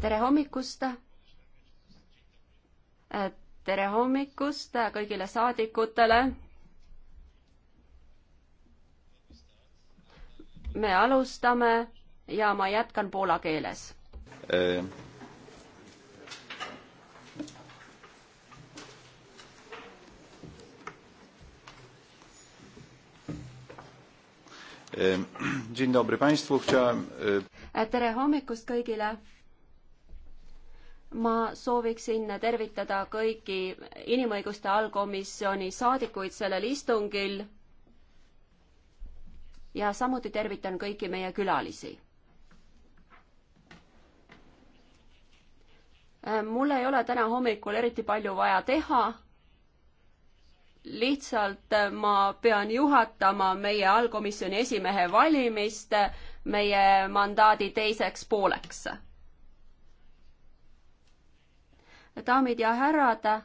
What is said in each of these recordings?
tere hommikust! Äh, tere hommikust kõigile saadikutele! me alustame ja ma jätkan poola keeles äh.. Ehm, e, tere hommikust kõigile! ma sooviksin tervitada kõiki inimõiguste allkomisjoni saadikuid sellel istungil ja samuti tervitan kõiki meie külalisi. Ehm, mul ei ole täna hommikul eriti palju vaja teha lihtsalt äh, ma pean juhatama meie allkomisjoni esimehe valimist äh, meie mandaadi teiseks pooleks. daamid ja härrad, äh,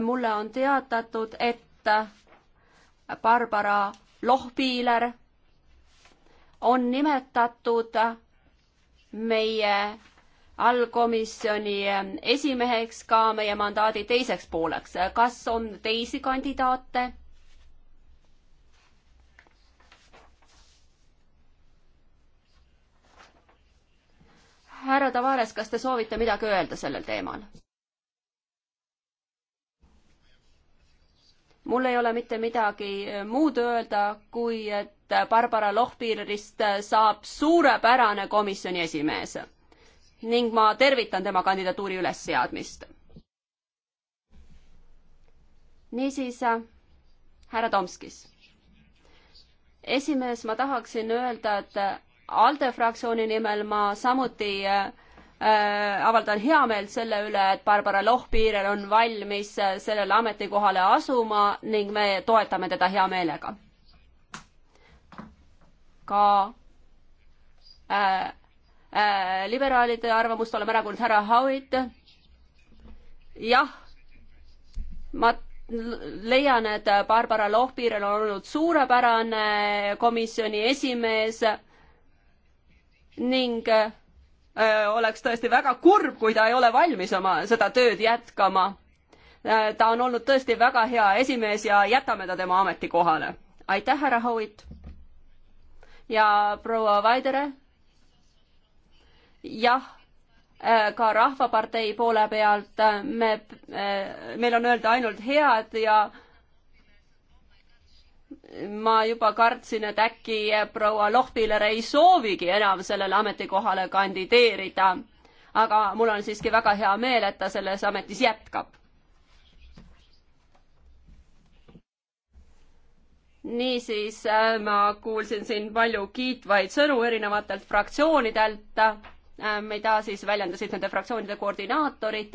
mulle on teatatud, et Barbara Lohpiiler on nimetatud meie allkomisjoni esimeheks ka meie mandaadi teiseks pooleks. kas on teisi kandidaate? härra Tavares, kas te soovite midagi öelda sellel teemal? mul ei ole mitte midagi muud öelda, kui et Barbara Lohpillerist saab suurepärane komisjoni esimees ning ma tervitan tema kandidatuuri ülesseadmist. niisiis, äh, härra Tomskis. esimees, ma tahaksin öelda, et äh, ALDE fraktsiooni nimel ma samuti äh, äh, avaldan heameelt selle üle, et Barbara Lohpiirel on valmis sellele ametikohale asuma ning me toetame teda hea meelega. ka äh, Äh, liberaalide arvamust oleme ära kuulnud, härra Howitt. jah, ma leian, et Barbara Lohbir on olnud suurepärane komisjoni esimees ning äh, oleks tõesti väga kurb, kui ta ei ole valmis oma seda tööd jätkama. Äh, ta on olnud tõesti väga hea esimees ja jätame ta tema ametikohale. aitäh, härra Howitt. ja proua Vaidere jah, äh, ka Rahvapartei poole pealt äh, me, äh, meil on öelda ainult head ja ma juba kartsin, et äkki proua Lohpiler ei soovigi enam sellele ametikohale kandideerida. aga mul on siiski väga hea meel, et ta selles ametis jätkab. niisiis ma kuulsin siin palju kiitvaid sõnu erinevatelt fraktsioonidelt Äh, mida siis väljendasid nende fraktsioonide koordinaatorid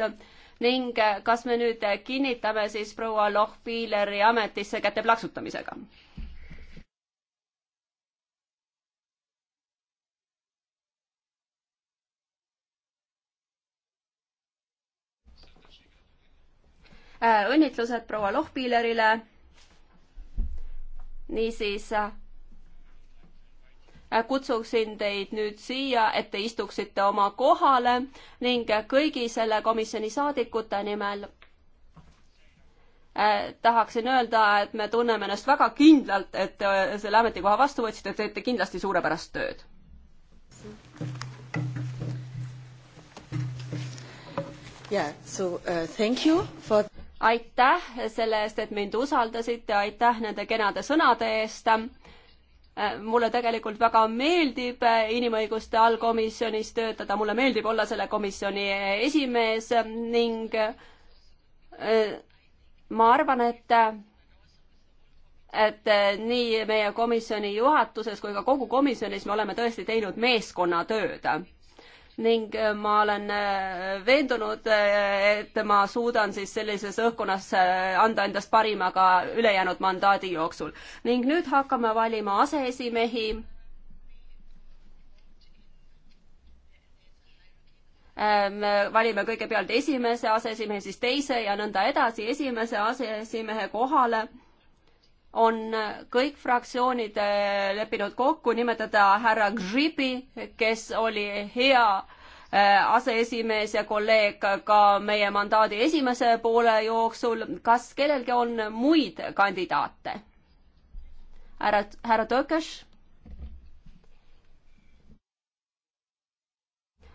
ning äh, kas me nüüd kinnitame siis proua Lohpiileri ametisse käte plaksutamisega? Äh, õnnitlused proua Lohpiilerile. niisiis Äh, kutsuksin teid nüüd siia, et te istuksite oma kohale ning kõigi selle komisjoni saadikute nimel äh, tahaksin öelda, et me tunneme ennast väga kindlalt, et te selle ametikoha vastu võtsite, teete kindlasti suurepärast tööd. Yeah, so uh, thank you for aitäh selle eest, et mind usaldasite, aitäh nende kenade sõnade eest Äh, mulle tegelikult väga meeldib äh, inimõiguste allkomisjonis töötada, mulle meeldib olla selle komisjoni äh, esimees ning ma arvan, et et nii meie komisjoni juhatuses kui ka kogu komisjonis me oleme tõesti teinud meeskonnatööd ning äh, ma olen äh, veendunud, äh, et ma suudan siis sellises õhkkonnas anda endast parima ka ülejäänud mandaadi jooksul. ning nüüd hakkame valima aseesimehi. me ähm, valime kõigepealt esimese aseesimehe, siis teise ja nõnda edasi esimese aseesimehe kohale on kõik fraktsioonid äh, leppinud kokku nimetada härra Gribi, kes oli hea äh, aseesimees ja kolleeg ka meie mandaadi esimese poole jooksul. kas kellelgi on muid kandidaate? härra, härra Tökes?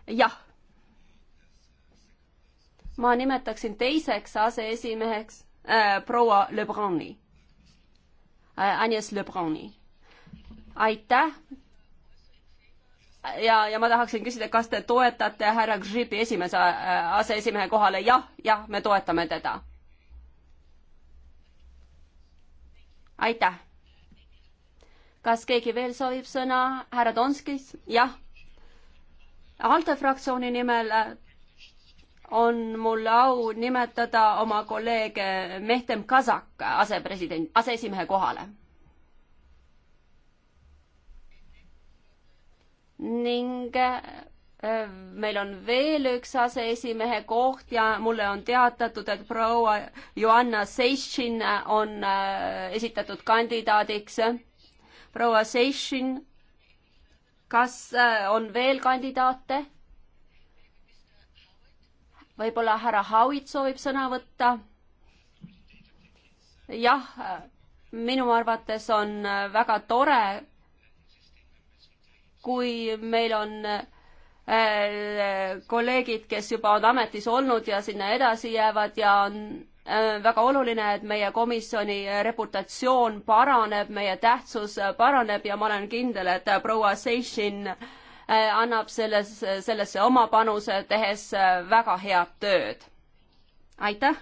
jah. ma nimetaksin teiseks aseesimeheks äh, proua Lebruni Äh, Agnes Lebruni. aitäh. ja, ja ma tahaksin küsida, kas te toetate härra Gripi esimese äh, aseesimehe kohale ja,? jah, jah, me toetame teda. aitäh. kas keegi veel soovib sõna? härra Donskis? jah. Alde fraktsiooni nimel äh, on mul au nimetada oma kolleeg Mehtem Kasak asepresident, aseesimehe kohale. ning äh, meil on veel üks aseesimehe koht ja mulle on teatatud, et proua Joanna Seishin on äh, esitatud kandidaadiks. proua Seishin, kas äh, on veel kandidaate? võib-olla härra Howitt soovib sõna võtta? jah, minu arvates on äh, väga tore, kui meil on äh, äh, kolleegid, kes juba on ametis olnud ja sinna edasi jäävad ja on väga oluline, et meie komisjoni reputatsioon paraneb, meie tähtsus paraneb ja ma olen kindel, et proua Seixin äh, Äh, annab selles, sellesse oma panuse, tehes äh, väga head tööd. aitäh!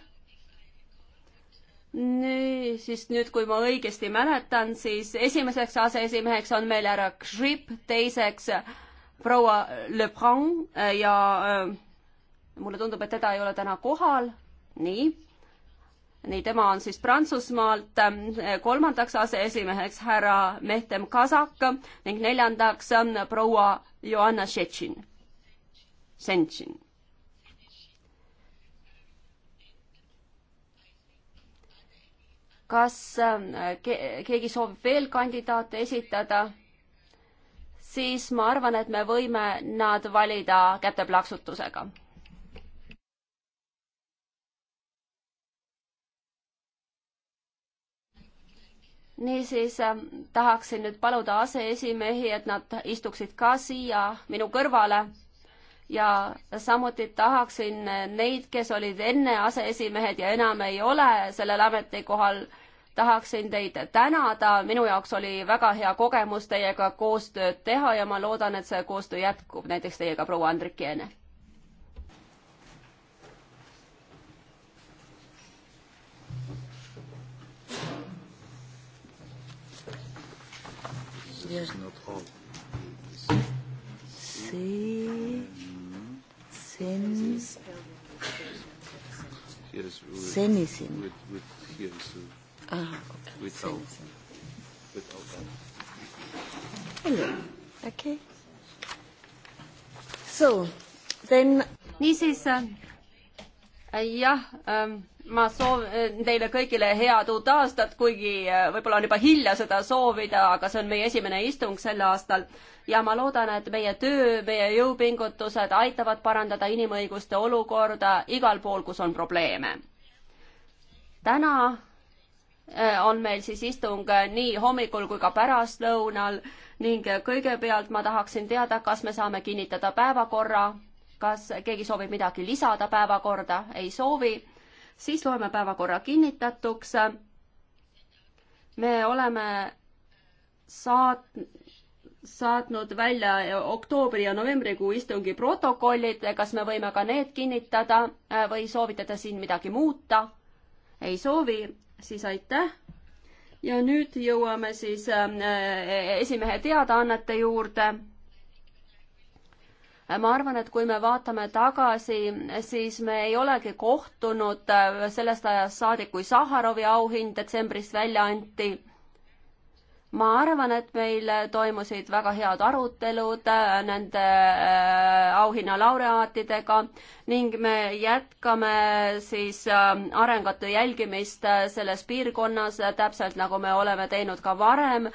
nii, siis nüüd, kui ma õigesti mäletan, siis esimeseks aseesimeheks on meil härra Grip, teiseks äh, proua Le Pen ja äh, mulle tundub, et teda ei ole täna kohal. nii nii tema on siis Prantsusmaalt, eh, kolmandaks aseesimeheks härra Mehtem Kasak ning neljandaks eh, proua Joanna Šetšin, Šentšin. kas eh, ke keegi soovib veel kandidaate esitada? siis ma arvan, et me võime nad valida käteplaksutusega niisiis ähm, tahaksin nüüd paluda aseesimehi, et nad istuksid ka siia minu kõrvale ja samuti tahaksin neid, kes olid enne aseesimehed ja enam ei ole sellel ametikohal, tahaksin teid tänada, minu jaoks oli väga hea kogemus teiega koostööd teha ja ma loodan, et see koostöö jätkub näiteks teiega, proua Andrik Jeene yeah. it's not all. C. Sin. Yes, with, Senisin. With, with, here is, uh, ah, okay. With Senisin. All, with all that. Hello. Okay. So, then... Niisiis äh, jah, ähm, ma soovin äh, teile kõigile head uut aastat, kuigi äh, võib-olla on juba hilja seda soovida, aga see on meie esimene istung sel aastal ja ma loodan, et meie töö, meie jõupingutused aitavad parandada inimõiguste olukorda igal pool, kus on probleeme. täna äh, on meil siis istung nii hommikul kui ka pärastlõunal ning kõigepealt ma tahaksin teada, kas me saame kinnitada päevakorra kas keegi soovib midagi lisada päevakorda? ei soovi. siis loeme päevakorra kinnitatuks. me oleme saat-, saatnud välja oktoobri ja novembrikuu istungi protokollid, kas me võime ka need kinnitada või soovite te siin midagi muuta? ei soovi, siis aitäh. ja nüüd jõuame siis äh, esimehe teadaannete juurde ma arvan, et kui me vaatame tagasi, siis me ei olegi kohtunud äh, sellest ajast saadik, kui Saharovi auhind detsembrist välja anti ma arvan, et meil toimusid väga head arutelud äh, nende äh, auhinna laureaatidega ning me jätkame siis ähm, arengute jälgimist äh, selles piirkonnas, täpselt nagu me oleme teinud ka varem.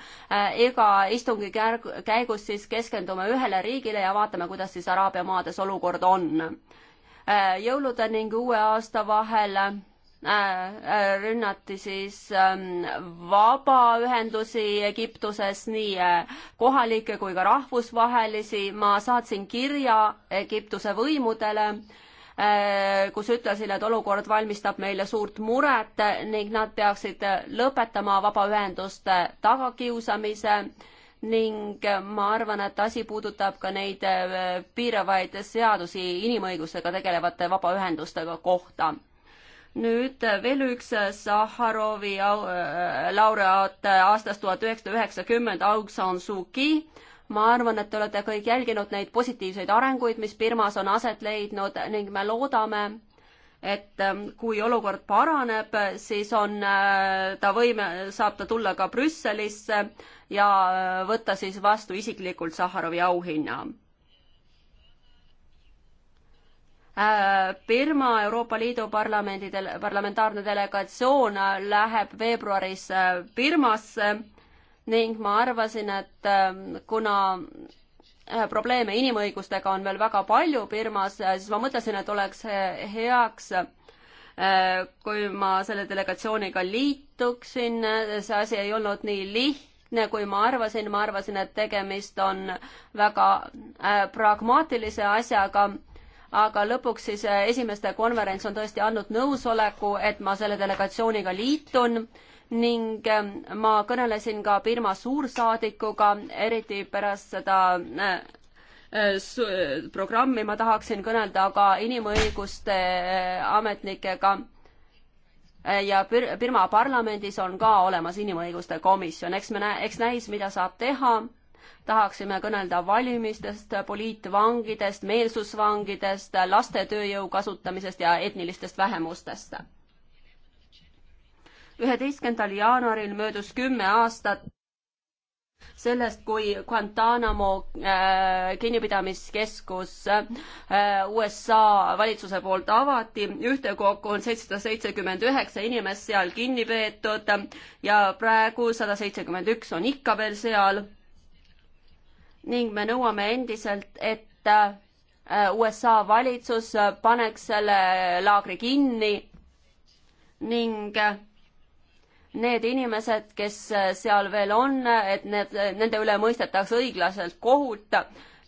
iga istungi käigus siis keskendume ühele riigile ja vaatame, kuidas siis Araabia maades olukord on. jõulude ning uue aasta vahel Äh, äh, rünnati siis ähm, vabaühendusi Egiptuses, nii äh, kohalikke kui ka rahvusvahelisi. ma saatsin kirja Egiptuse võimudele, kus ütlesin, et olukord valmistab meile suurt muret ning nad peaksid lõpetama vabaühenduste tagakiusamise ning ma arvan, et asi puudutab ka neid piiravaid seadusi inimõigusega tegelevate vabaühendustega kohta nüüd veel üks Saharovi äh, laureaat aastast tuhat üheksasada üheksakümmend, Aung San Suu Kyi. ma arvan, et te olete kõik jälginud neid positiivseid arenguid, mis Birmas on aset leidnud ning me loodame, et ähm, kui olukord paraneb, siis on äh, ta võime, saab ta tulla ka Brüsselisse ja äh, võtta siis vastu isiklikult Saharovi auhinna Äh, Birma Euroopa Liidu parlamendi, parlamentaarne delegatsioon äh, läheb veebruaris äh, Birmasse ning ma arvasin, et ähm, kuna probleeme inimõigustega on veel väga palju Birmas, siis ma mõtlesin, et oleks heaks kui ma selle delegatsiooniga liituksin, see asi ei olnud nii lihtne, kui ma arvasin, ma arvasin, et tegemist on väga pragmaatilise asjaga aga lõpuks siis äh, esimeste konverents on tõesti andnud nõusoleku, et ma selle delegatsiooniga liitun ning ähm, ma kõnelesin ka Birma suursaadikuga, eriti pärast seda äh, äh, programmi ma tahaksin kõnelda ka inimõiguste ametnikega ja Birma parlamendis on ka olemas inimõiguste komisjon, eks me näe, eks näis, mida saab teha tahaksime kõnelda valimistest, poliitvangidest, meelsusvangidest, laste tööjõu kasutamisest ja etnilistest vähemustest. üheteistkümnendal jaanuaril möödus kümme aastat sellest, kui Guantanamo äh, kinnipidamiskeskus äh, USA valitsuse poolt avati. ühtekokku on seitsesada seitsekümmend üheksa inimest seal kinni peetud ja praegu sada seitsekümmend üks on ikka veel seal ning me nõuame endiselt, et äh, USA valitsus äh, paneks selle äh, laagri kinni ning need inimesed, kes seal veel on, et need, nende üle mõistetakse õiglaselt kohut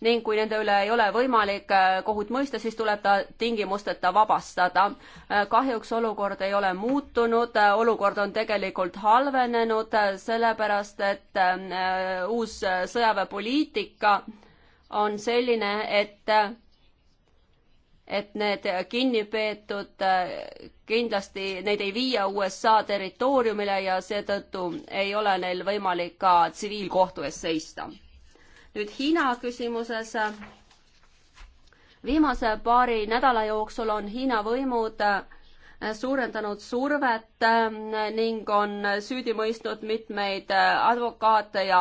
ning kui nende üle ei ole võimalik äh, kohut mõista, siis tuleb ta tingimusteta vabastada. Äh, kahjuks olukord ei ole muutunud, äh, olukord on tegelikult halvenenud, sellepärast et uus sõjaväepoliitika on selline, et et need kinnipeetud kindlasti, neid ei viia USA territooriumile ja seetõttu ei ole neil võimalik ka tsiviilkohtu ees seista nüüd Hiina küsimuses. viimase paari nädala jooksul on Hiina võimud äh, suurendanud survet äh, ning on süüdi mõistnud mitmeid äh, advokaate ja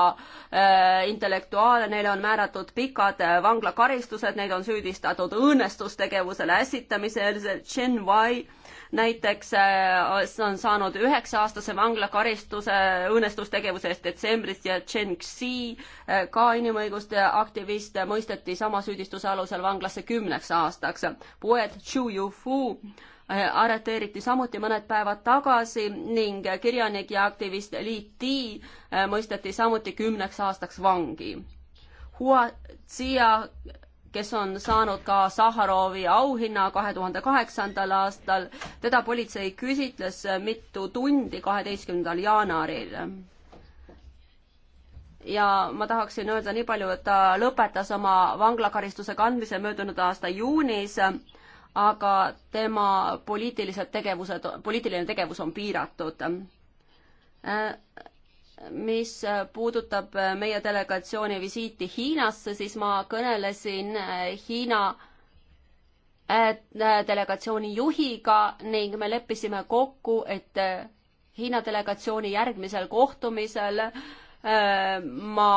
intellektuaale, neile on määratud pikad vanglakaristused, neid on süüdistatud õõnestustegevusele ässitamisel, Chen Wai näiteks äh, on saanud üheksa-aastase vanglakaristuse äh, õõnestustegevuse eest detsembris ja Chen Xi, äh, ka inimõiguste aktivist, mõisteti sama süüdistuse alusel vanglasse kümneks aastaks. poed Chu Yufu arreteeriti samuti mõned päevad tagasi ning kirjanik ja aktivist Li Ti mõisteti samuti kümneks aastaks vangi. Hua Xia kes on saanud ka Saharovi auhinna kahe tuhande kaheksandal aastal. teda politsei küsitles mitu tundi kaheteistkümnendal jaanuaril. ja ma tahaksin öelda nii palju, et ta lõpetas oma vanglakaristuse kandmise möödunud aasta juunis, aga tema poliitilised tegevused, poliitiline tegevus on piiratud äh, mis puudutab meie delegatsiooni visiiti Hiinasse, siis ma kõnelesin äh, Hiina äh, delegatsiooni juhiga ning me leppisime kokku, et äh, Hiina delegatsiooni järgmisel kohtumisel ma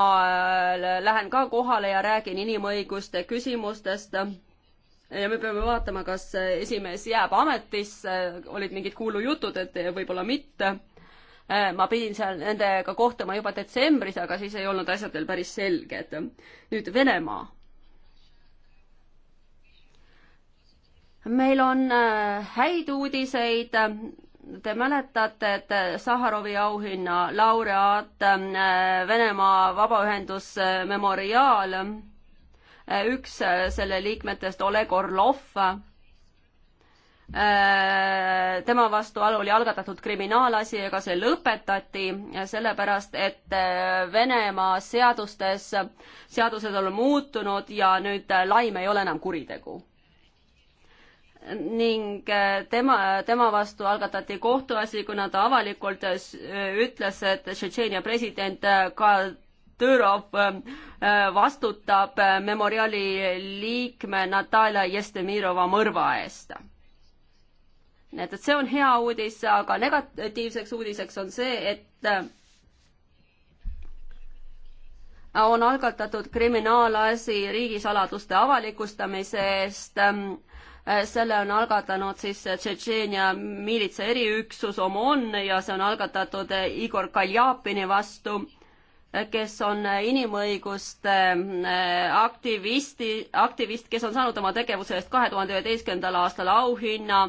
lähen ka kohale ja räägin inimõiguste küsimustest ja me peame vaatama, kas esimees jääb ametisse, olid mingid kuulujutud, et võib-olla mitte Äh, ma pidin seal nendega kohtuma juba detsembris, aga siis ei olnud asjad veel päris selged. nüüd Venemaa. meil on äh, häid uudiseid te mäletate, et äh, Saharovi auhinna laureaat Venemaa Vabaühendus Memoriaal, üks selle liikmetest, Oleg Orlov, Äh, tema vastu oli algatatud kriminaalasi, ega see lõpetati, äh, sellepärast et äh, Venemaa seadustes, seadused on muutunud ja nüüd laim ei ole enam kuritegu. ning tema, tema vastu algatati kohtuasi, kuna ta avalikult ütles, et Tšetšeenia president ka Tõrov vastutab Memoriali liikme Natalja Jestemirova mõrva eest nii et, et see on hea uudis, aga negatiivseks uudiseks on see, et äh, on algatatud kriminaalasi riigisaladuste avalikustamise eest. Ähm, äh, selle on algatanud siis Tšetšeenia miilitsa eriüksus OMON ja see on algatatud äh, Igor Kaljapini vastu, kes on inimõiguste aktivisti, aktivist, kes on saanud oma tegevuse eest kahe tuhande üheteistkümnendal aastal auhinna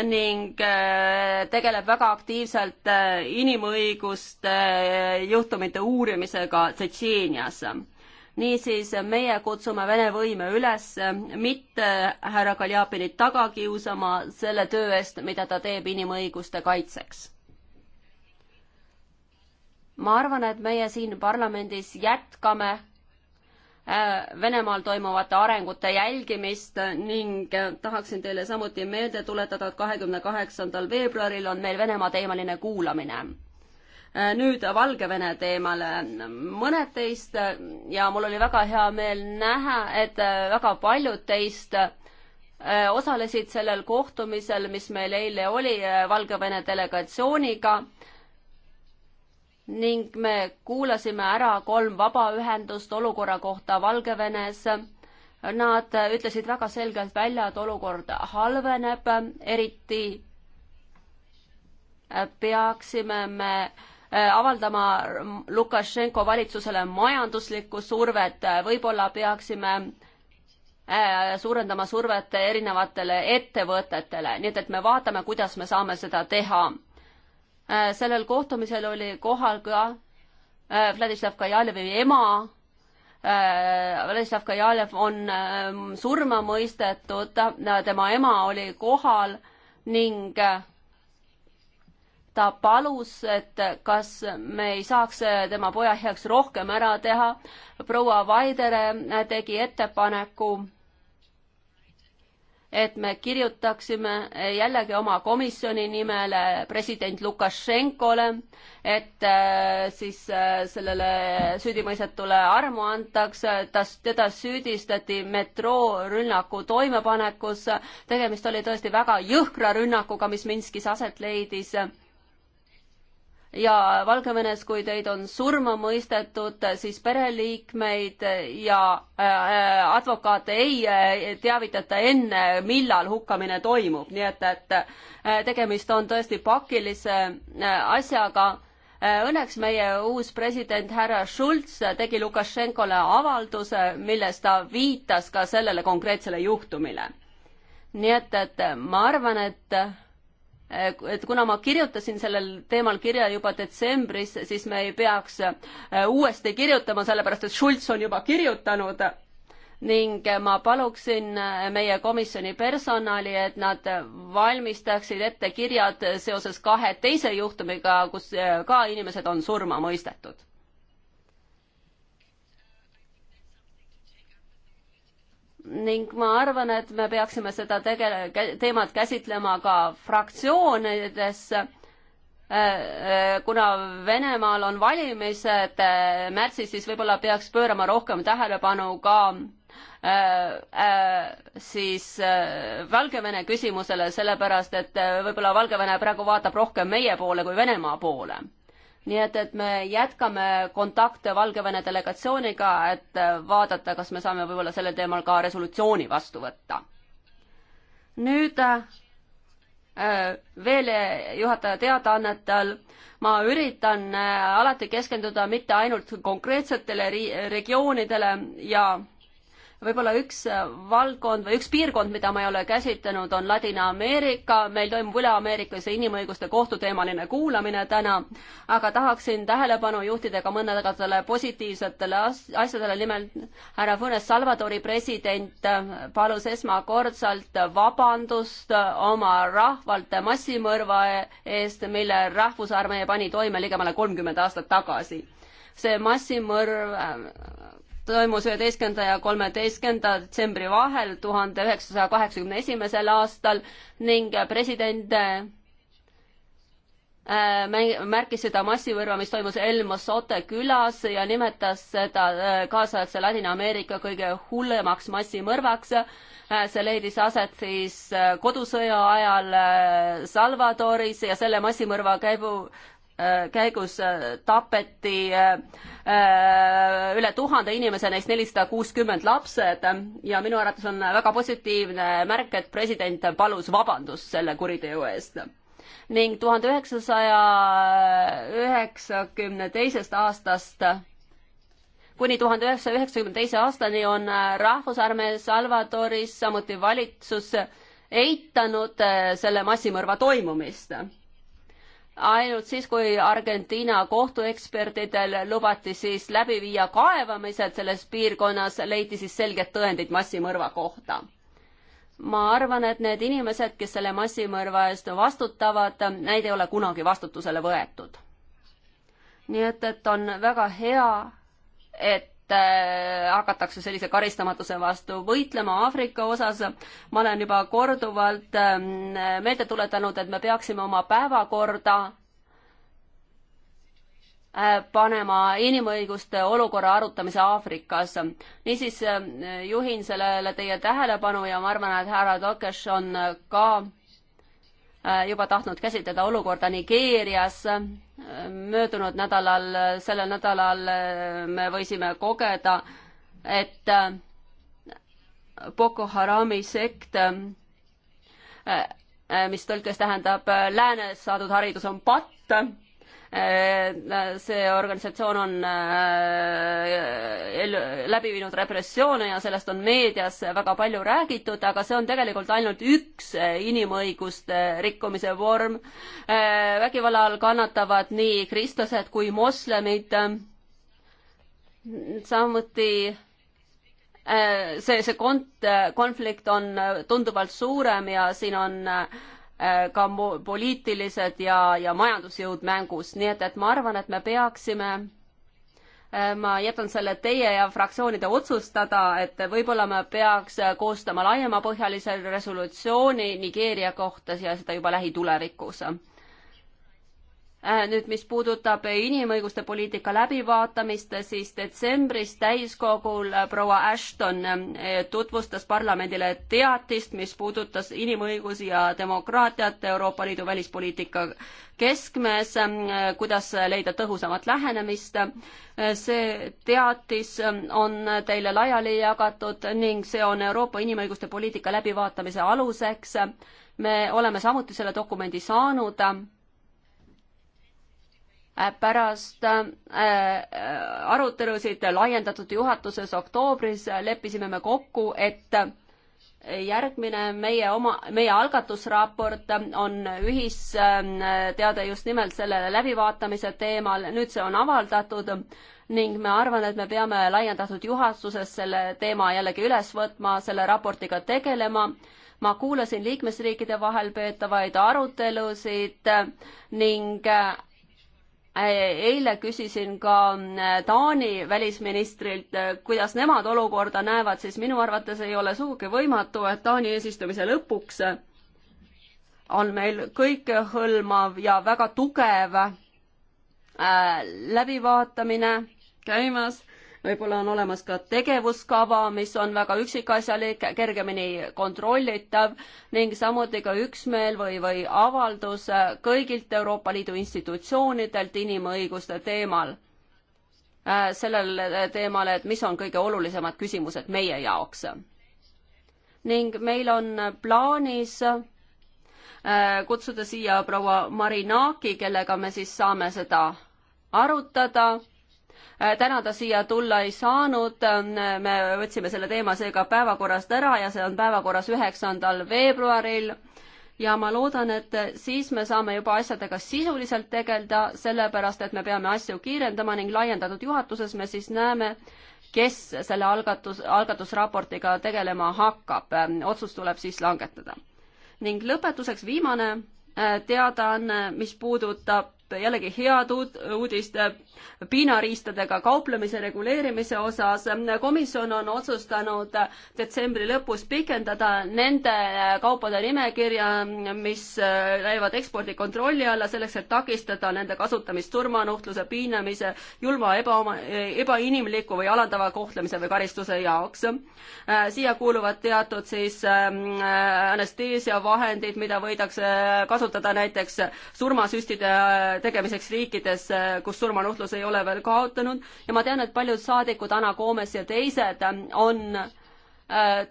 ning äh, tegeleb väga aktiivselt äh, inimõiguste äh, juhtumite uurimisega Tšetšeenias. niisiis, meie kutsume Vene võime üles mitte härra Kaljapinit taga kiusama selle töö eest, mida ta teeb inimõiguste kaitseks ma arvan, et meie siin parlamendis jätkame Äh, Venemaal toimuvate arengute jälgimist ning äh, tahaksin teile samuti meelde tuletada, et kahekümne kaheksandal veebruaril on meil Venemaa teemaline kuulamine. Äh, nüüd Valgevene teemale. mõned teist ja mul oli väga hea meel näha, et väga paljud teist osalesid sellel kohtumisel, mis meil eile oli Valgevene delegatsiooniga ning me kuulasime ära kolm vabaühendust olukorra kohta Valgevenes. Nad ütlesid väga selgelt välja, et olukord halveneb, eriti äh, peaksime me äh, avaldama Lukašenko valitsusele majanduslikku survet, võib-olla peaksime äh, suurendama survet erinevatele ettevõtetele, nii et, et me vaatame, kuidas me saame seda teha Äh, sellel kohtumisel oli kohal ka äh, Vladislav Kajalevi ema. Äh, Vladislav Kajalev on ähm, surma mõistetud, tema ema oli kohal ning ta palus, et kas me ei saaks tema poja heaks rohkem ära teha. proua Vaidere tegi ettepaneku et me kirjutaksime jällegi oma komisjoni nimel president Lukašenkole, et äh, siis äh, sellele süüdimõistetule armu antakse, ta, teda süüdistati metroorünnaku toimepanekus, tegemist oli tõesti väga jõhkra rünnakuga, mis Minskis aset leidis ja Valgevenes, kui teid on surma mõistetud, siis pereliikmeid ja äh, äh, advokaate ei äh, teavitata enne, millal hukkamine toimub, nii et, et tegemist on tõesti pakilise asjaga. Õnneks meie uus president härra Schulz tegi Lukašenkole avalduse, milles ta viitas ka sellele konkreetsele juhtumile. nii et, et ma arvan, et Äh, et kuna ma kirjutasin sellel teemal kirja juba detsembris, siis me ei peaks äh, uuesti kirjutama, sellepärast et Schulz on juba kirjutanud ning äh, ma paluksin meie komisjoni personali, et nad valmistaksid ette kirjad seoses kahe teise juhtumiga, kus ka inimesed on surma mõistetud ning ma arvan, et me peaksime seda tege-, teemat käsitlema ka fraktsioonides, äh, äh, kuna Venemaal on valimised äh, märtsis, siis võib-olla peaks pöörama rohkem tähelepanu ka Äh, äh, siis äh, Valgevene küsimusele, sellepärast et võib-olla Valgevene praegu vaatab rohkem meie poole kui Venemaa poole nii et, et me jätkame kontakte Valgevene delegatsiooniga, et äh, vaadata, kas me saame võib-olla sellel teemal ka resolutsiooni vastu võtta. nüüd äh, äh, veel juhataja teadaannetel ma üritan alati keskenduda mitte ainult konkreetsetele regioonidele ja võib-olla üks valdkond või üks piirkond, mida ma ei ole käsitlenud, on Ladina-Ameerika, meil toimub Üle-Ameerikas inimõiguste kohtuteemaline kuulamine täna, aga tahaksin tähelepanu juhtida ka mõnedele positiivsetele asjadele, nimelt härra Funes Salvadori president palus esmakordselt vabandust oma rahvalt massimõrva eest, mille rahvusarmee pani toime ligemale kolmkümmend aastat tagasi see massimõrv toimus üheteistkümnenda ja kolmeteistkümnenda detsembri vahel tuhande üheksasaja kaheksakümne esimesel aastal ning president äh, märkis seda massivõrra, mis toimus El Mosote külas ja nimetas seda äh, kaasaegse Ladina-Ameerika kõige hullemaks massimõrvaks. Äh, see leidis aset siis kodusõja ajal Salvadoris ja selle massimõrva käigu Äh, käigus äh, tapeti äh, üle tuhande inimese, neist nelisada kuuskümmend lapsed ja minu arvates on väga positiivne märk, et president palus vabandust selle kuriteo eest. ning tuhande üheksasaja üheksakümne teisest aastast kuni tuhande üheksasaja üheksakümne teise aastani on rahvusarmee Salvadoris, samuti valitsus eitanud selle massimõrva toimumist ainult siis, kui Argentiina kohtueksperdidel lubati siis läbi viia kaevamised selles piirkonnas, leiti siis selged tõendid massimõrva kohta. ma arvan, et need inimesed, kes selle massimõrva eest vastutavad, neid ei ole kunagi vastutusele võetud. nii et, et on väga hea, et et äh, hakatakse sellise karistamatuse vastu võitlema Aafrika osas. ma olen juba korduvalt ähm, meelde tuletanud, et me peaksime oma päevakorda äh, panema inimõiguste olukorra arutamise Aafrikas. niisiis äh, juhin sellele teie tähelepanu ja ma arvan, et härra Tokes on ka Äh, juba tahtnud käsitleda olukorda Nigeerias. möödunud nädalal, sellel nädalal äh, me võisime kogeda, et äh, Boko Harami sekt, mis tõlkes tähendab läänes saadud haridus on patt, Äh, see organisatsioon on äh, läbi viinud repressioone ja sellest on meedias väga palju räägitud, aga see on tegelikult ainult üks äh, inimõiguste rikkumise vorm. vägivalla all kannatavad nii kristlased kui moslemid. samuti see, see kont-, konflikt on tunduvalt suurem ja siin on äh, Äh, ka poliitilised ja, ja majandusjõud mängus, nii et, et ma arvan, et me peaksime äh, ma jätan selle teie ja fraktsioonide otsustada, et võib-olla ma peaks äh, koostama laiemapõhjalise resolutsiooni Nigeeria kohta ja seda juba lähitulevikus. Äh, nüüd, mis puudutab inimõiguste poliitika läbivaatamist, siis detsembris täiskogul äh, proua Ashton äh, tutvustas parlamendile teatist, mis puudutas inimõigusi ja demokraatiat Euroopa Liidu välispoliitika keskmes, kuidas leida tõhusamat lähenemist. see teatis on teile laiali jagatud ning see on Euroopa inimõiguste poliitika läbivaatamise aluseks. me oleme samuti selle dokumendi saanud Äh, pärast äh, äh, arutelusid laiendatud juhatuses oktoobris leppisime me kokku, et järgmine meie oma, meie algatusraport on ühisteade just nimelt sellele läbivaatamise teemal, nüüd see on avaldatud ning ma arvan, et me peame laiendatud juhatuses selle teema jällegi üles võtma, selle raportiga tegelema ma kuulasin liikmesriikide vahel peetavaid arutelusid ning Äh, eile küsisin ka äh, Taani välisministrilt, äh, kuidas nemad olukorda näevad, siis minu arvates ei ole sugugi võimatu, et Taani eesistumise lõpuks on meil kõikehõlmav ja väga tugev läbivaatamine käimas võib-olla on olemas ka tegevuskava, mis on väga üksikasjalik, kergemini kontrollitav ning samuti ka üksmeel või, või avaldus kõigilt Euroopa Liidu institutsioonidelt inimõiguste teemal. Äh, sellel teemal, et mis on kõige olulisemad küsimused meie jaoks. ning meil on plaanis äh, kutsuda siia proua Marinaki, kellega me siis saame seda arutada Äh, täna ta siia tulla ei saanud, ähm, me võtsime selle teema seega päevakorrast ära ja see on päevakorras üheksandal veebruaril ja ma loodan, et siis me saame juba asjadega sisuliselt tegeleda, sellepärast et me peame asju kiirendama ning laiendatud juhatuses me siis näeme, kes selle algatus, algatusraportiga tegelema hakkab. Ähm, otsus tuleb siis langetada. ning lõpetuseks viimane äh, teadaanne, mis puudutab jällegi head uud, uudist piinariistadega kauplemise reguleerimise osas. komisjon on otsustanud detsembri lõpus pikendada nende kaupade nimekirja, mis käivad ekspordikontrolli alla, selleks et takistada nende kasutamist surmanuhtluse, piinamise, julma ebaoma-, ebainimliku või alandava kohtlemise või karistuse jaoks. siia kuuluvad teatud siis ähm, anesteesiavahendid, mida võidakse kasutada näiteks surmasüstide tegemiseks riikides, äh, kus surmanuhtlus ei ole veel kaotanud ja ma tean, et paljud saadikud, Ana Koomes ja teised, äh, on äh,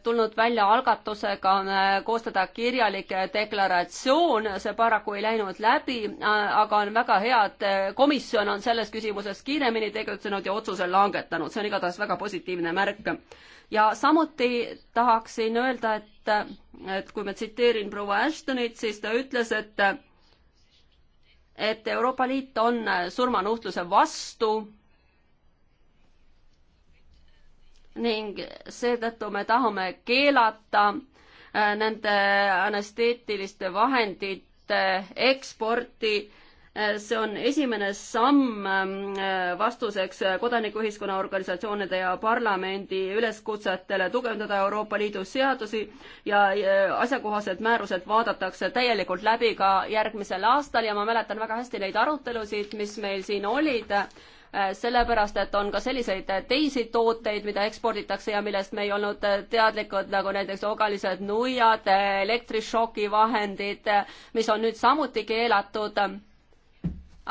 tulnud välja algatusega koostada kirjalik deklaratsioon, see paraku ei läinud läbi, aga on väga hea, et komisjon on selles küsimuses kiiremini tegutsenud ja otsuse langetanud, see on igatahes väga positiivne märk. ja samuti tahaksin öelda, et, et kui ma tsiteerin proua Ashtonit, siis ta ütles, et et Euroopa Liit on surmanuhtluse vastu ning seetõttu me tahame keelata äh, nende anesteetiliste vahendite eksporti Äh, see on esimene samm ähm, äh, vastuseks äh, kodanikuühiskonna organisatsioonide ja parlamendi üleskutsetele tugevdada Euroopa Liidu seadusi ja asjakohased määrused vaadatakse täielikult läbi ka järgmisel aastal ja ma mäletan väga hästi neid arutelusid, mis meil siin olid sellepärast, et on ka selliseid teisi tooteid, mida eksporditakse ja millest me ei olnud teadlikud, nagu näiteks ogalised nuiad, elektrišokivahendid, mis on nüüd samuti keelatud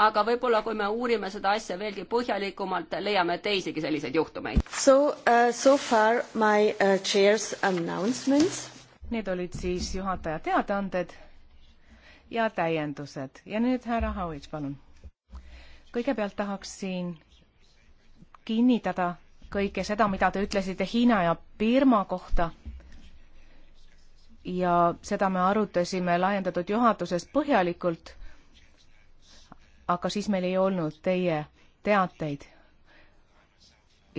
aga võib-olla kui me uurime seda asja veelgi põhjalikumalt, leiame teisigi selliseid juhtumeid. So uh,, so far my uh, chair's announcements. Need olid siis juhataja teadaanded ja täiendused ja nüüd härra Hauits, palun. kõigepealt tahaksin kinnitada kõike seda, mida te ütlesite Hiina ja Birma kohta. ja seda me arutasime laiendatud juhatuses põhjalikult aga siis meil ei olnud teie teateid.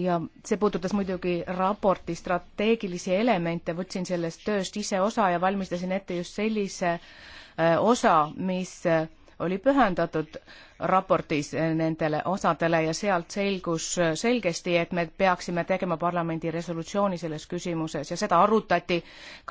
ja see puudutas muidugi raporti strateegilisi elemente, võtsin sellest tööst ise osa ja valmistasin ette just sellise äh, osa, mis äh, oli pühendatud raportis nendele osadele ja sealt selgus selgesti, et me peaksime tegema parlamendi resolutsiooni selles küsimuses ja seda arutati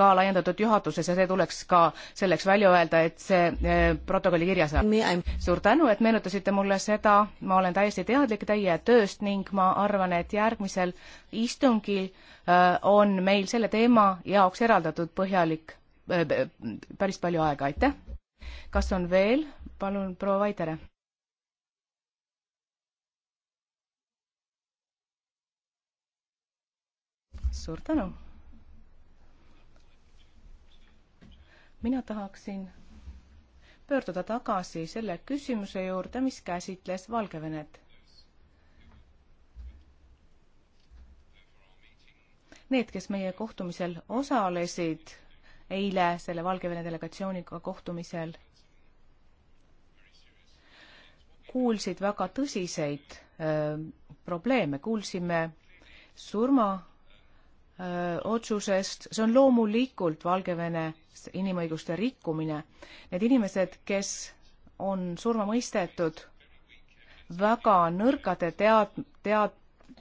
ka laiendatud juhatuses ja see tuleks ka selleks välja öelda, et see eh, protokolli kirjas on. suur tänu, et meenutasite mulle seda, ma olen täiesti teadlik teie tööst ning ma arvan, et järgmisel istungil eh, on meil selle teema jaoks eraldatud põhjalik eh, päris palju aega, aitäh! kas on veel? palun, proua Vaidere. suur tänu. mina tahaksin pöörduda tagasi selle küsimuse juurde, mis käsitles Valgevenet. Need, kes meie kohtumisel osalesid, eile selle Valgevene delegatsiooniga kohtumisel kuulsid väga tõsiseid öö, probleeme, kuulsime surma öö, otsusest, see on loomulikult Valgevene inimõiguste rikkumine. Need inimesed, kes on surma mõistetud väga nõrgade tead-, tead-,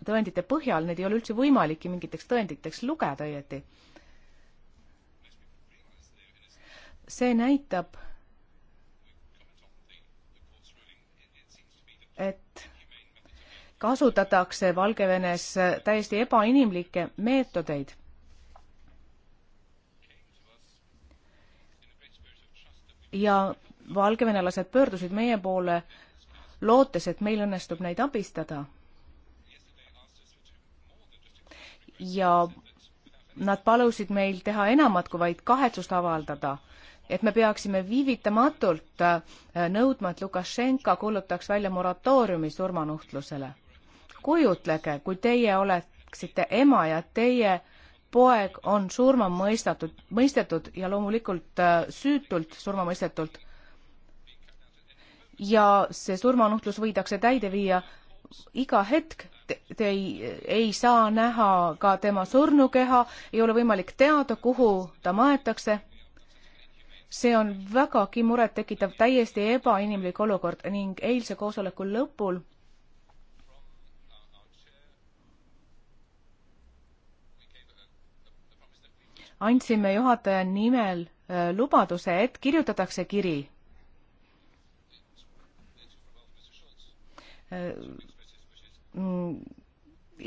tõendite põhjal, neid ei ole üldse võimalikki mingiteks tõenditeks lugeda õieti see näitab, et kasutatakse Valgevenes täiesti ebainimlikke meetodeid. ja valgevenelased pöördusid meie poole lootes, et meil õnnestub neid abistada. ja nad palusid meil teha enamat kui vaid kahetsust avaldada et me peaksime viivitamatult äh, nõudma, et Lukašenka kuulutaks välja moratooriumi surmanuhtlusele. kujutlege, kui teie oleksite ema ja teie poeg on surma mõistatud, mõistetud ja loomulikult äh, süütult surma mõistetult. ja see surmanuhtlus võidakse täide viia iga hetk te, te ei, ei saa näha ka tema surnukeha, ei ole võimalik teada, kuhu ta maetakse see on vägagi murettekitav, täiesti ebainimlik olukord ning eilse koosoleku lõpul andsime juhataja nimel äh, lubaduse, et kirjutatakse kiri äh, mm,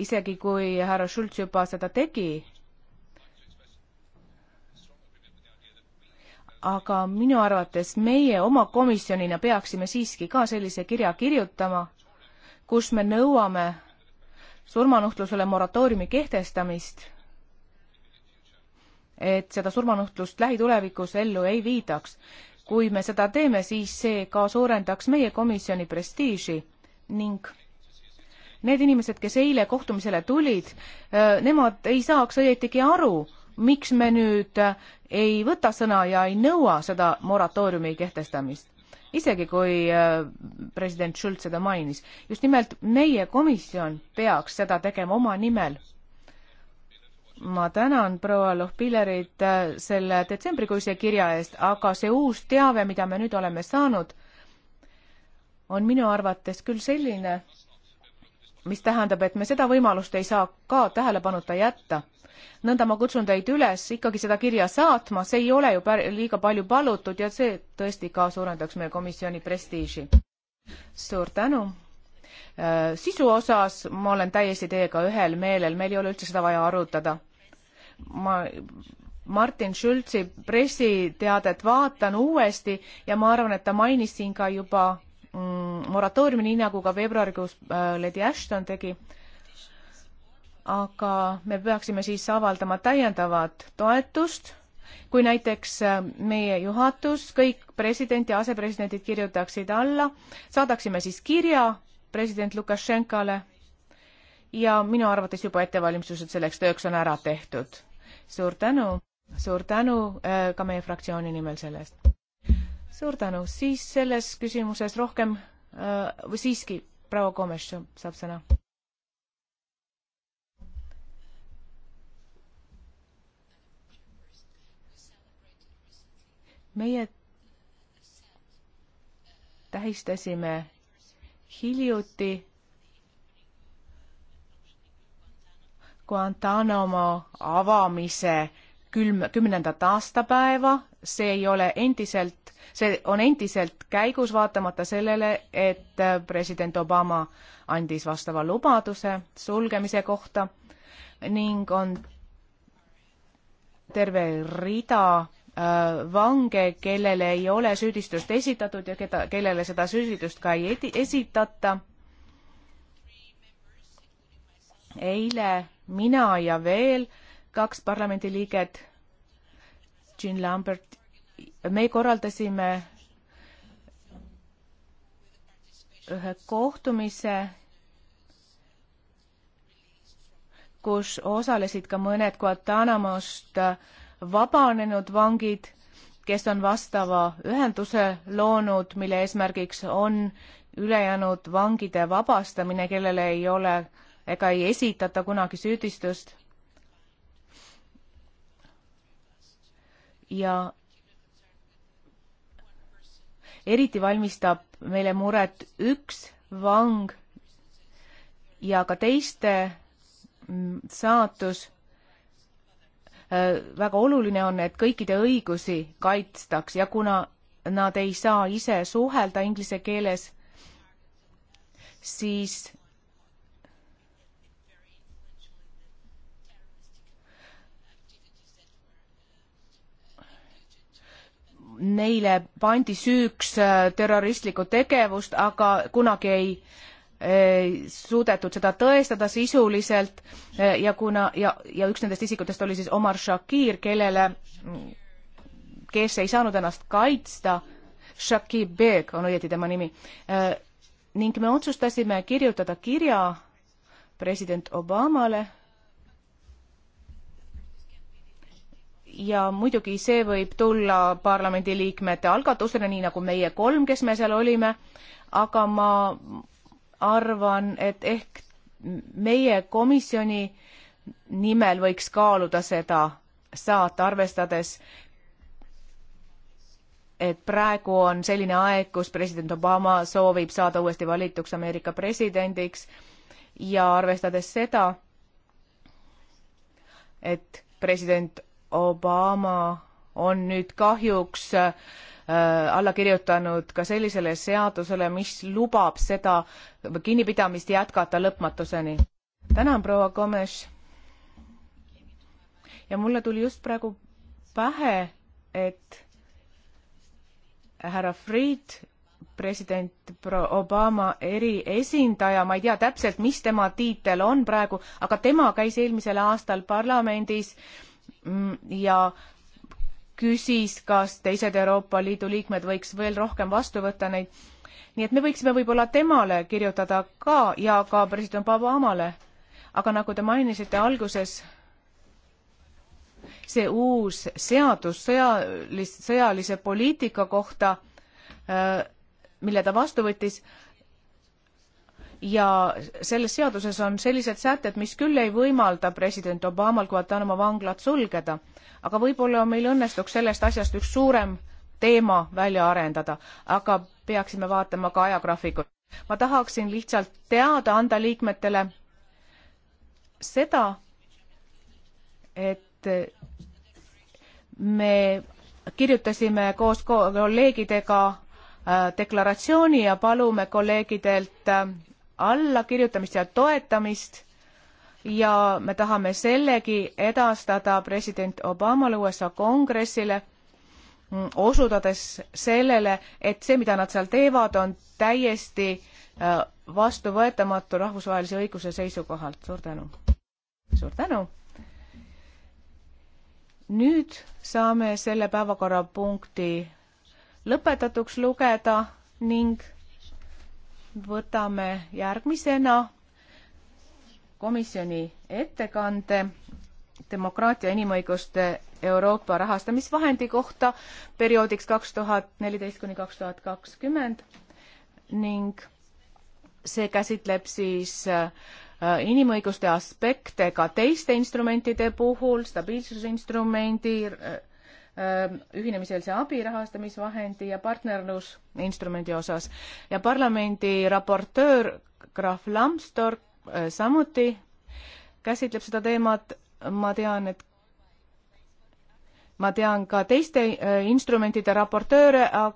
isegi kui härra Schulz juba seda tegi, aga minu arvates meie oma komisjonina peaksime siiski ka sellise kirja kirjutama, kus me nõuame surmanuhtlusele moratooriumi kehtestamist, et seda surmanuhtlust lähitulevikus ellu ei viidaks. kui me seda teeme, siis see ka suurendaks meie komisjoni prestiiži ning need inimesed, kes eile kohtumisele tulid, eh, nemad ei saaks õietigi aru, miks me nüüd eh, ei võta sõna ja ei nõua seda moratooriumi kehtestamist, isegi kui äh, president Schulz seda mainis. just nimelt meie komisjon peaks seda tegema oma nimel. ma tänan proua Lohpillerit äh, selle detsembrikuise kirja eest, aga see uus teave, mida me nüüd oleme saanud, on minu arvates küll selline, mis tähendab, et me seda võimalust ei saa ka tähelepanuta jätta nõnda ma kutsun teid üles ikkagi seda kirja saatma, see ei ole ju liiga palju palutud ja see tõesti ka suurendaks meie komisjoni prestiiži. suur tänu. Äh, sisu osas ma olen täiesti teiega ühel meelel, meil ei ole üldse seda vaja arutada. ma Martin Schulzi pressiteadet vaatan uuesti ja ma arvan, et ta mainis siin ka juba mm, moratooriumi, nii nagu ka veebruarikuus äh, Lady Ashton tegi äh,, aga me peaksime siis avaldama täiendavat toetust, kui näiteks äh, meie juhatus, kõik president ja asepresidendid kirjutaksid alla, saadaksime siis kirja president Lukašenkale ja minu arvates juba ettevalmistused selleks tööks on ära tehtud. suur tänu, suur tänu äh, ka meie fraktsiooni nimel selle eest. suur tänu, siis selles küsimuses rohkem äh, või siiski proua Komes saab sõna meie tähistasime hiljuti Guantanamo avamise külm, kümnendat aastapäeva, see ei ole endiselt, see on endiselt käigus, vaatamata sellele, et president Obama andis vastava lubaduse sulgemise kohta ning on terve rida Äh, vange, kellele ei ole süüdistust esitatud ja keda, kellele seda süüdistust ka ei esitata. eile mina ja veel kaks parlamendiliiget, Jean Lambert, me korraldasime ühe kohtumise, kus osalesid ka mõned Guantanamost äh, vabanenud vangid, kes on vastava ühenduse loonud, mille eesmärgiks on ülejäänud vangide vabastamine, kellele ei ole ega ei esitata kunagi süüdistust. ja eriti valmistab meile muret üks vang ja ka teiste saatus Äh, väga oluline on, et kõikide õigusi kaitstaks ja kuna nad ei saa ise suhelda inglise keeles, siis neile pandi süüks äh, terroristlikku tegevust, aga kunagi ei suudetud seda tõestada sisuliselt eh, ja kuna, ja, ja üks nendest isikutest oli siis Omar Shakir, kellele, kes ei saanud ennast kaitsta, Shakir Beg on õieti tema nimi, eh, ning me otsustasime kirjutada kirja president Obamale ja muidugi see võib tulla parlamendiliikmete algatusena, nii nagu meie kolm, kes me seal olime, aga ma arvan, et ehk meie komisjoni nimel võiks kaaluda seda saat, arvestades, et praegu on selline aeg, kus president Obama soovib saada uuesti valituks Ameerika presidendiks ja arvestades seda, et president Obama on nüüd kahjuks äh, Äh, alla kirjutanud ka sellisele seadusele, mis lubab seda kinnipidamist jätkata lõpmatuseni. tänan, proua Komes. ja mulle tuli just praegu pähe, et härra Fried, president Obama eriesindaja, ma ei tea täpselt, mis tema tiitel on praegu, aga tema käis eelmisel aastal parlamendis mm, ja küsis, kas teised Euroopa Liidu liikmed võiks veel rohkem vastu võtta neid. nii et me võiksime võib-olla temale kirjutada ka ja ka president Obamale. aga nagu te mainisite alguses, see uus seadus sõjalist, sõjalise poliitika kohta, äh, mille ta vastu võttis, ja selles seaduses on sellised sätted, mis küll ei võimalda president Obamal Guantanamo vanglat sulgeda, aga võib-olla meil õnnestuks sellest asjast üks suurem teema välja arendada, aga peaksime vaatama ka ajagraafikut. ma tahaksin lihtsalt teada anda liikmetele seda, et me kirjutasime koos kolleegidega äh, deklaratsiooni ja palume kolleegidelt äh, allakirjutamist ja toetamist ja me tahame sellegi edastada president Obamale USA kongressile, mm, osutades sellele, et see, mida nad seal teevad, on täiesti äh, vastuvõetamatu rahvusvahelise õiguse seisukohalt. suur tänu. suur tänu. nüüd saame selle päevakorrapunkti lõpetatuks lugeda ning võtame järgmisena komisjoni ettekande demokraatia inimõiguste Euroopa rahastamisvahendi kohta perioodiks kaks tuhat neliteist kuni kaks tuhat kakskümmend ning see käsitleb siis äh, inimõiguste aspekte ka teiste instrumentide puhul, stabiilsusinstrumendi, äh, Ähm, ühinemiseelse abi rahastamisvahendi ja partnerlusinstrumendi osas ja parlamendi raportöör Graf Lambsdorff äh, samuti käsitleb seda teemat, ma tean, et ma tean ka teiste äh, instrumentide raportööre, äh,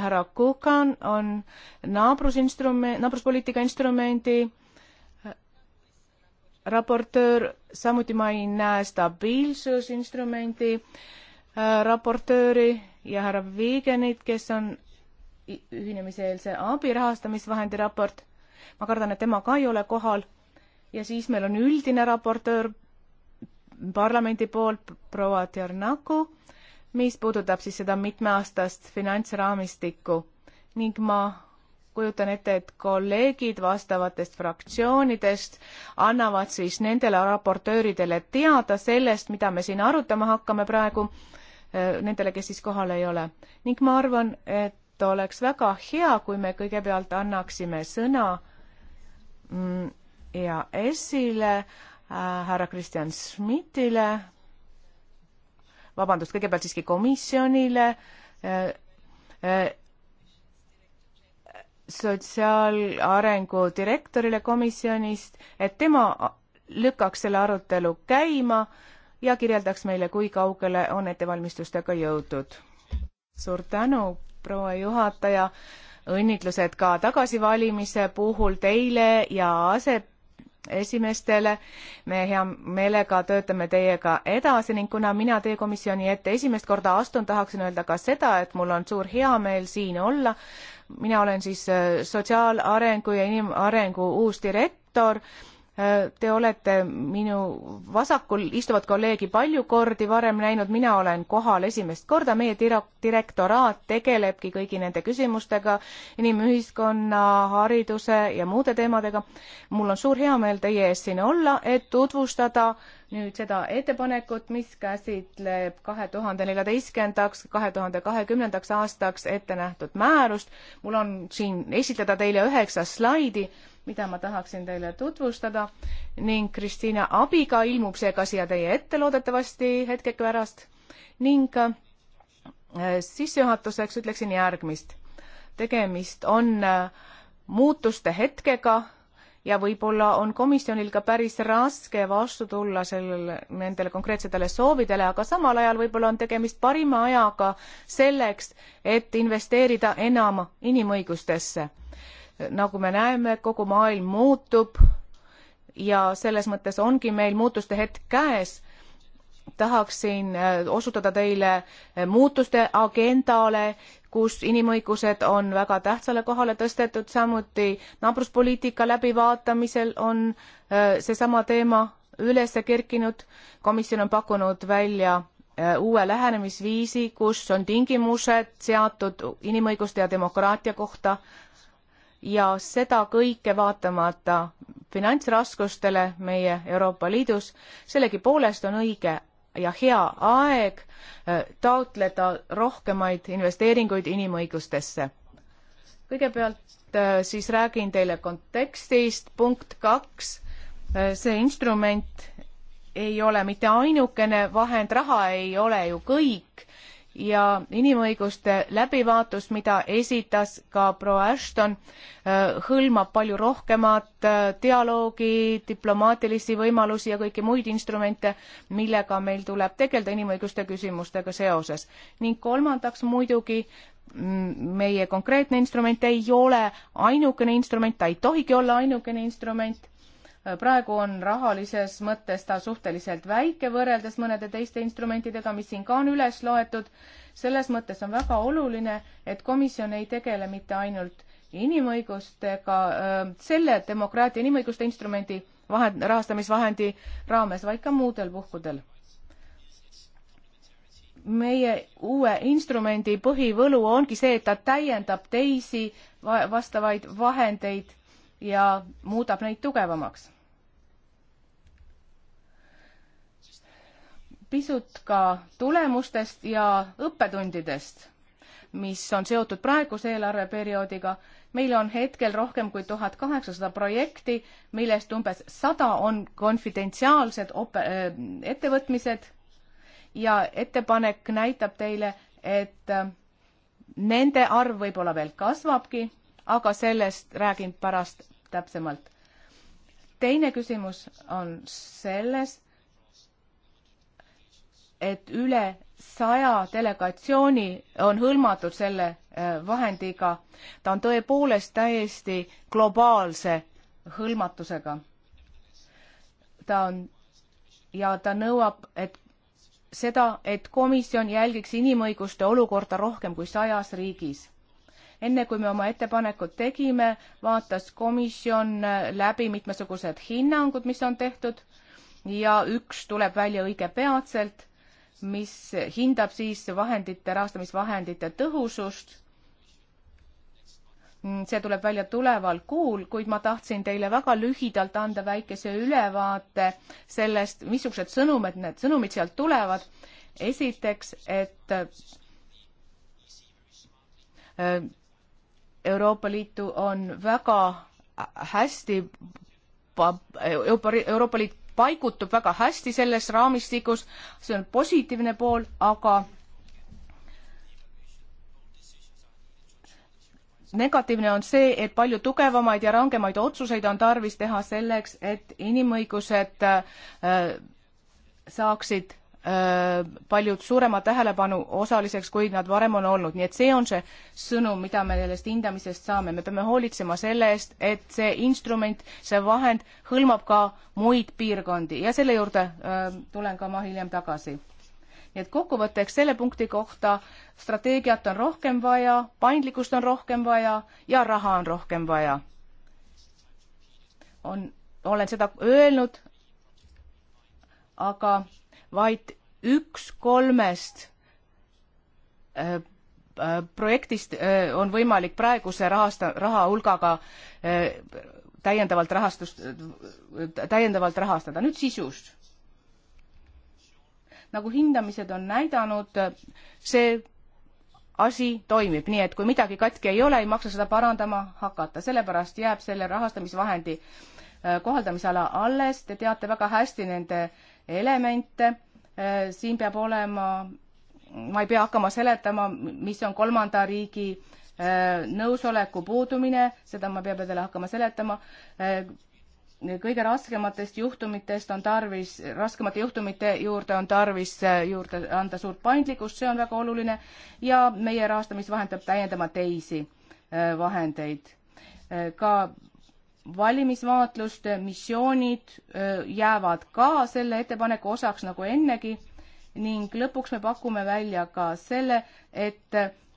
härra Kukan on naabrusinstrument, naabruspoliitika instrumendi raportöör, samuti ma ei näe stabiilsusinstrumendi äh, Äh, raportööri ja härra Viigenit, kes on ühinemiseelse abi rahastamisvahendi raport. ma kardan, et tema ka ei ole kohal. ja siis meil on üldine raportöör parlamendi poolt, proua Tjarnaku, mis puudutab siis seda mitmeaastast finantsraamistikku ning ma kujutan ette, et kolleegid vastavatest fraktsioonidest annavad siis nendele raportööridele teada sellest, mida me siin arutama hakkame praegu Äh, nendele, kes siis kohal ei ole. ning ma arvan, et oleks väga hea, kui me kõigepealt annaksime sõna mm, EAS-ile äh,, härra Kristjan Schmidtile, vabandust, kõigepealt siiski komisjonile äh,, äh, sotsiaalarengu direktorile komisjonist, et tema lükkaks selle arutelu käima äh, ja kirjeldaks meile, kui kaugele on ettevalmistustega jõutud. suur tänu, proua juhataja, õnnitlused ka tagasivalimise puhul teile ja aseesimeestele. me hea meelega töötame teiega edasi ning kuna mina teie komisjoni ette esimest korda astun, tahaksin öelda ka seda, et mul on suur heameel siin olla. mina olen siis äh, sotsiaalarengu ja inimarengu uus direktor sektor Äh, te olete minu vasakul istuvat kolleegi palju kordi varem näinud, mina olen kohal esimest korda, meie direktoraat tegelebki kõigi nende küsimustega, inimühiskonna, hariduse ja muude teemadega. mul on suur heameel teie ees siin olla, et tutvustada nüüd seda ettepanekut, mis käsitleb kahe tuhande neljateistkümnendaks, kahe tuhande kahekümnendaks aastaks ette nähtud määrust. mul on siin esitleda teile üheksa slaidi mida ma tahaksin teile tutvustada ning Kristiina abiga ilmub see ka siia teie ette loodetavasti hetkeke pärast ning äh, sissejuhatuseks ütleksin järgmist. tegemist on äh, muutuste hetkega ja võib-olla on komisjonil ka päris raske vastu tulla sellele, nendele konkreetsetele soovidele, aga samal ajal võib-olla on tegemist parima ajaga selleks, et investeerida enam inimõigustesse nagu me näeme, kogu maailm muutub ja selles mõttes ongi meil muutuste hetk käes. tahaksin äh, osutada teile äh, muutuste agendale, kus inimõigused on väga tähtsale kohale tõstetud, samuti naabruspoliitika läbivaatamisel on äh, seesama teema üles kerkinud. komisjon on pakkunud välja uue lähenemisviisi, kus on tingimused seatud inimõiguste ja demokraatia kohta ja seda kõike vaatamata finantsraskustele meie Euroopa Liidus, sellegipoolest on õige ja hea aeg äh, taotleda rohkemaid investeeringuid inimõigustesse. kõigepealt äh, siis räägin teile kontekstist, punkt kaks, äh, see instrument ei ole mitte ainukene vahend, raha ei ole ju kõik ja inimõiguste läbivaatus, mida esitas ka proua Ashton, äh, hõlmab palju rohkemat äh, dialoogi, diplomaatilisi võimalusi ja kõiki muid instrumente, millega meil tuleb tegeleda inimõiguste küsimustega seoses. ning kolmandaks muidugi mm, meie konkreetne instrument ei ole ainukene instrument, ta ei tohigi olla ainukene instrument praegu on rahalises mõttes ta suhteliselt väike võrreldes mõnede teiste instrumentidega, mis siin ka on üles loetud. selles mõttes on väga oluline, et komisjon ei tegele mitte ainult inimõigustega äh, selle demokraatia inimõiguste instrumendi vahend, rahastamisvahendi raames, vaid ka muudel puhkudel. meie uue instrumendi põhivõlu ongi see, et ta täiendab teisi vastavaid vahendeid ja muudab neid tugevamaks. pisut ka tulemustest ja õppetundidest, mis on seotud praeguse eelarveperioodiga. meil on hetkel rohkem kui tuhat kaheksasada projekti, millest umbes sada on konfidentsiaalsed op-, äh, ettevõtmised ja ettepanek näitab teile, et äh, nende arv võib-olla veel kasvabki, aga sellest räägin pärast täpsemalt. teine küsimus on selles, et üle saja delegatsiooni on hõlmatud selle äh, vahendiga. ta on tõepoolest täiesti globaalse hõlmatusega. ta on ja ta nõuab, et seda, et komisjon jälgiks inimõiguste olukorda rohkem kui sajas riigis. enne kui me oma ettepanekud tegime, vaatas komisjon äh, läbi mitmesugused hinnangud, mis on tehtud ja üks tuleb välja õige peatselt mis hindab siis vahendite, rahastamisvahendite tõhusust. see tuleb välja tuleval kuul, kuid ma tahtsin teile väga lühidalt anda väikese ülevaate sellest, missugused sõnumid, need sõnumid sealt tulevad. esiteks, et äh, Euroopa Liitu on väga hästi Euroopa Liit paigutub väga hästi selles raamistikus, see on positiivne pool, aga negatiivne on see, et palju tugevamaid ja rangemaid otsuseid on tarvis teha selleks, et inimõigused äh, saaksid Äh, paljud suurema tähelepanu osaliseks, kui nad varem on olnud, nii et see on see sõnum, mida me sellest hindamisest saame, me peame hoolitsema selle eest, et see instrument, see vahend hõlmab ka muid piirkondi ja selle juurde äh, tulen ka ma hiljem tagasi. nii et kokkuvõtteks selle punkti kohta strateegiat on rohkem vaja, paindlikkust on rohkem vaja ja raha on rohkem vaja. on, olen seda öelnud, aga vaid üks kolmest äh, äh, projektist äh, on võimalik praeguse rahasta, raha hulgaga täiendavalt rahastust, täiendavalt rahastada. nüüd sisust. nagu hindamised on näidanud, see asi toimib, nii et kui midagi katki ei ole, ei maksa seda parandama hakata, sellepärast jääb selle rahastamisvahendi kohaldamisala alles, te teate väga hästi nende äh, elemente, äh, siin peab olema, ma ei pea hakkama seletama, mis on kolmanda riigi äh, nõusoleku puudumine, seda ma pean teile hakkama seletama. Äh, kõige raskematest juhtumitest on tarvis, raskemate juhtumite juurde on tarvis juurde anda suurt paindlikkust, see on väga oluline ja meie rahastamisvahend peab täiendama teisi vahendeid. ka valimisvaatlust, missioonid äh, jäävad ka selle ettepaneku osaks nagu ennegi ning lõpuks me pakume välja ka selle, et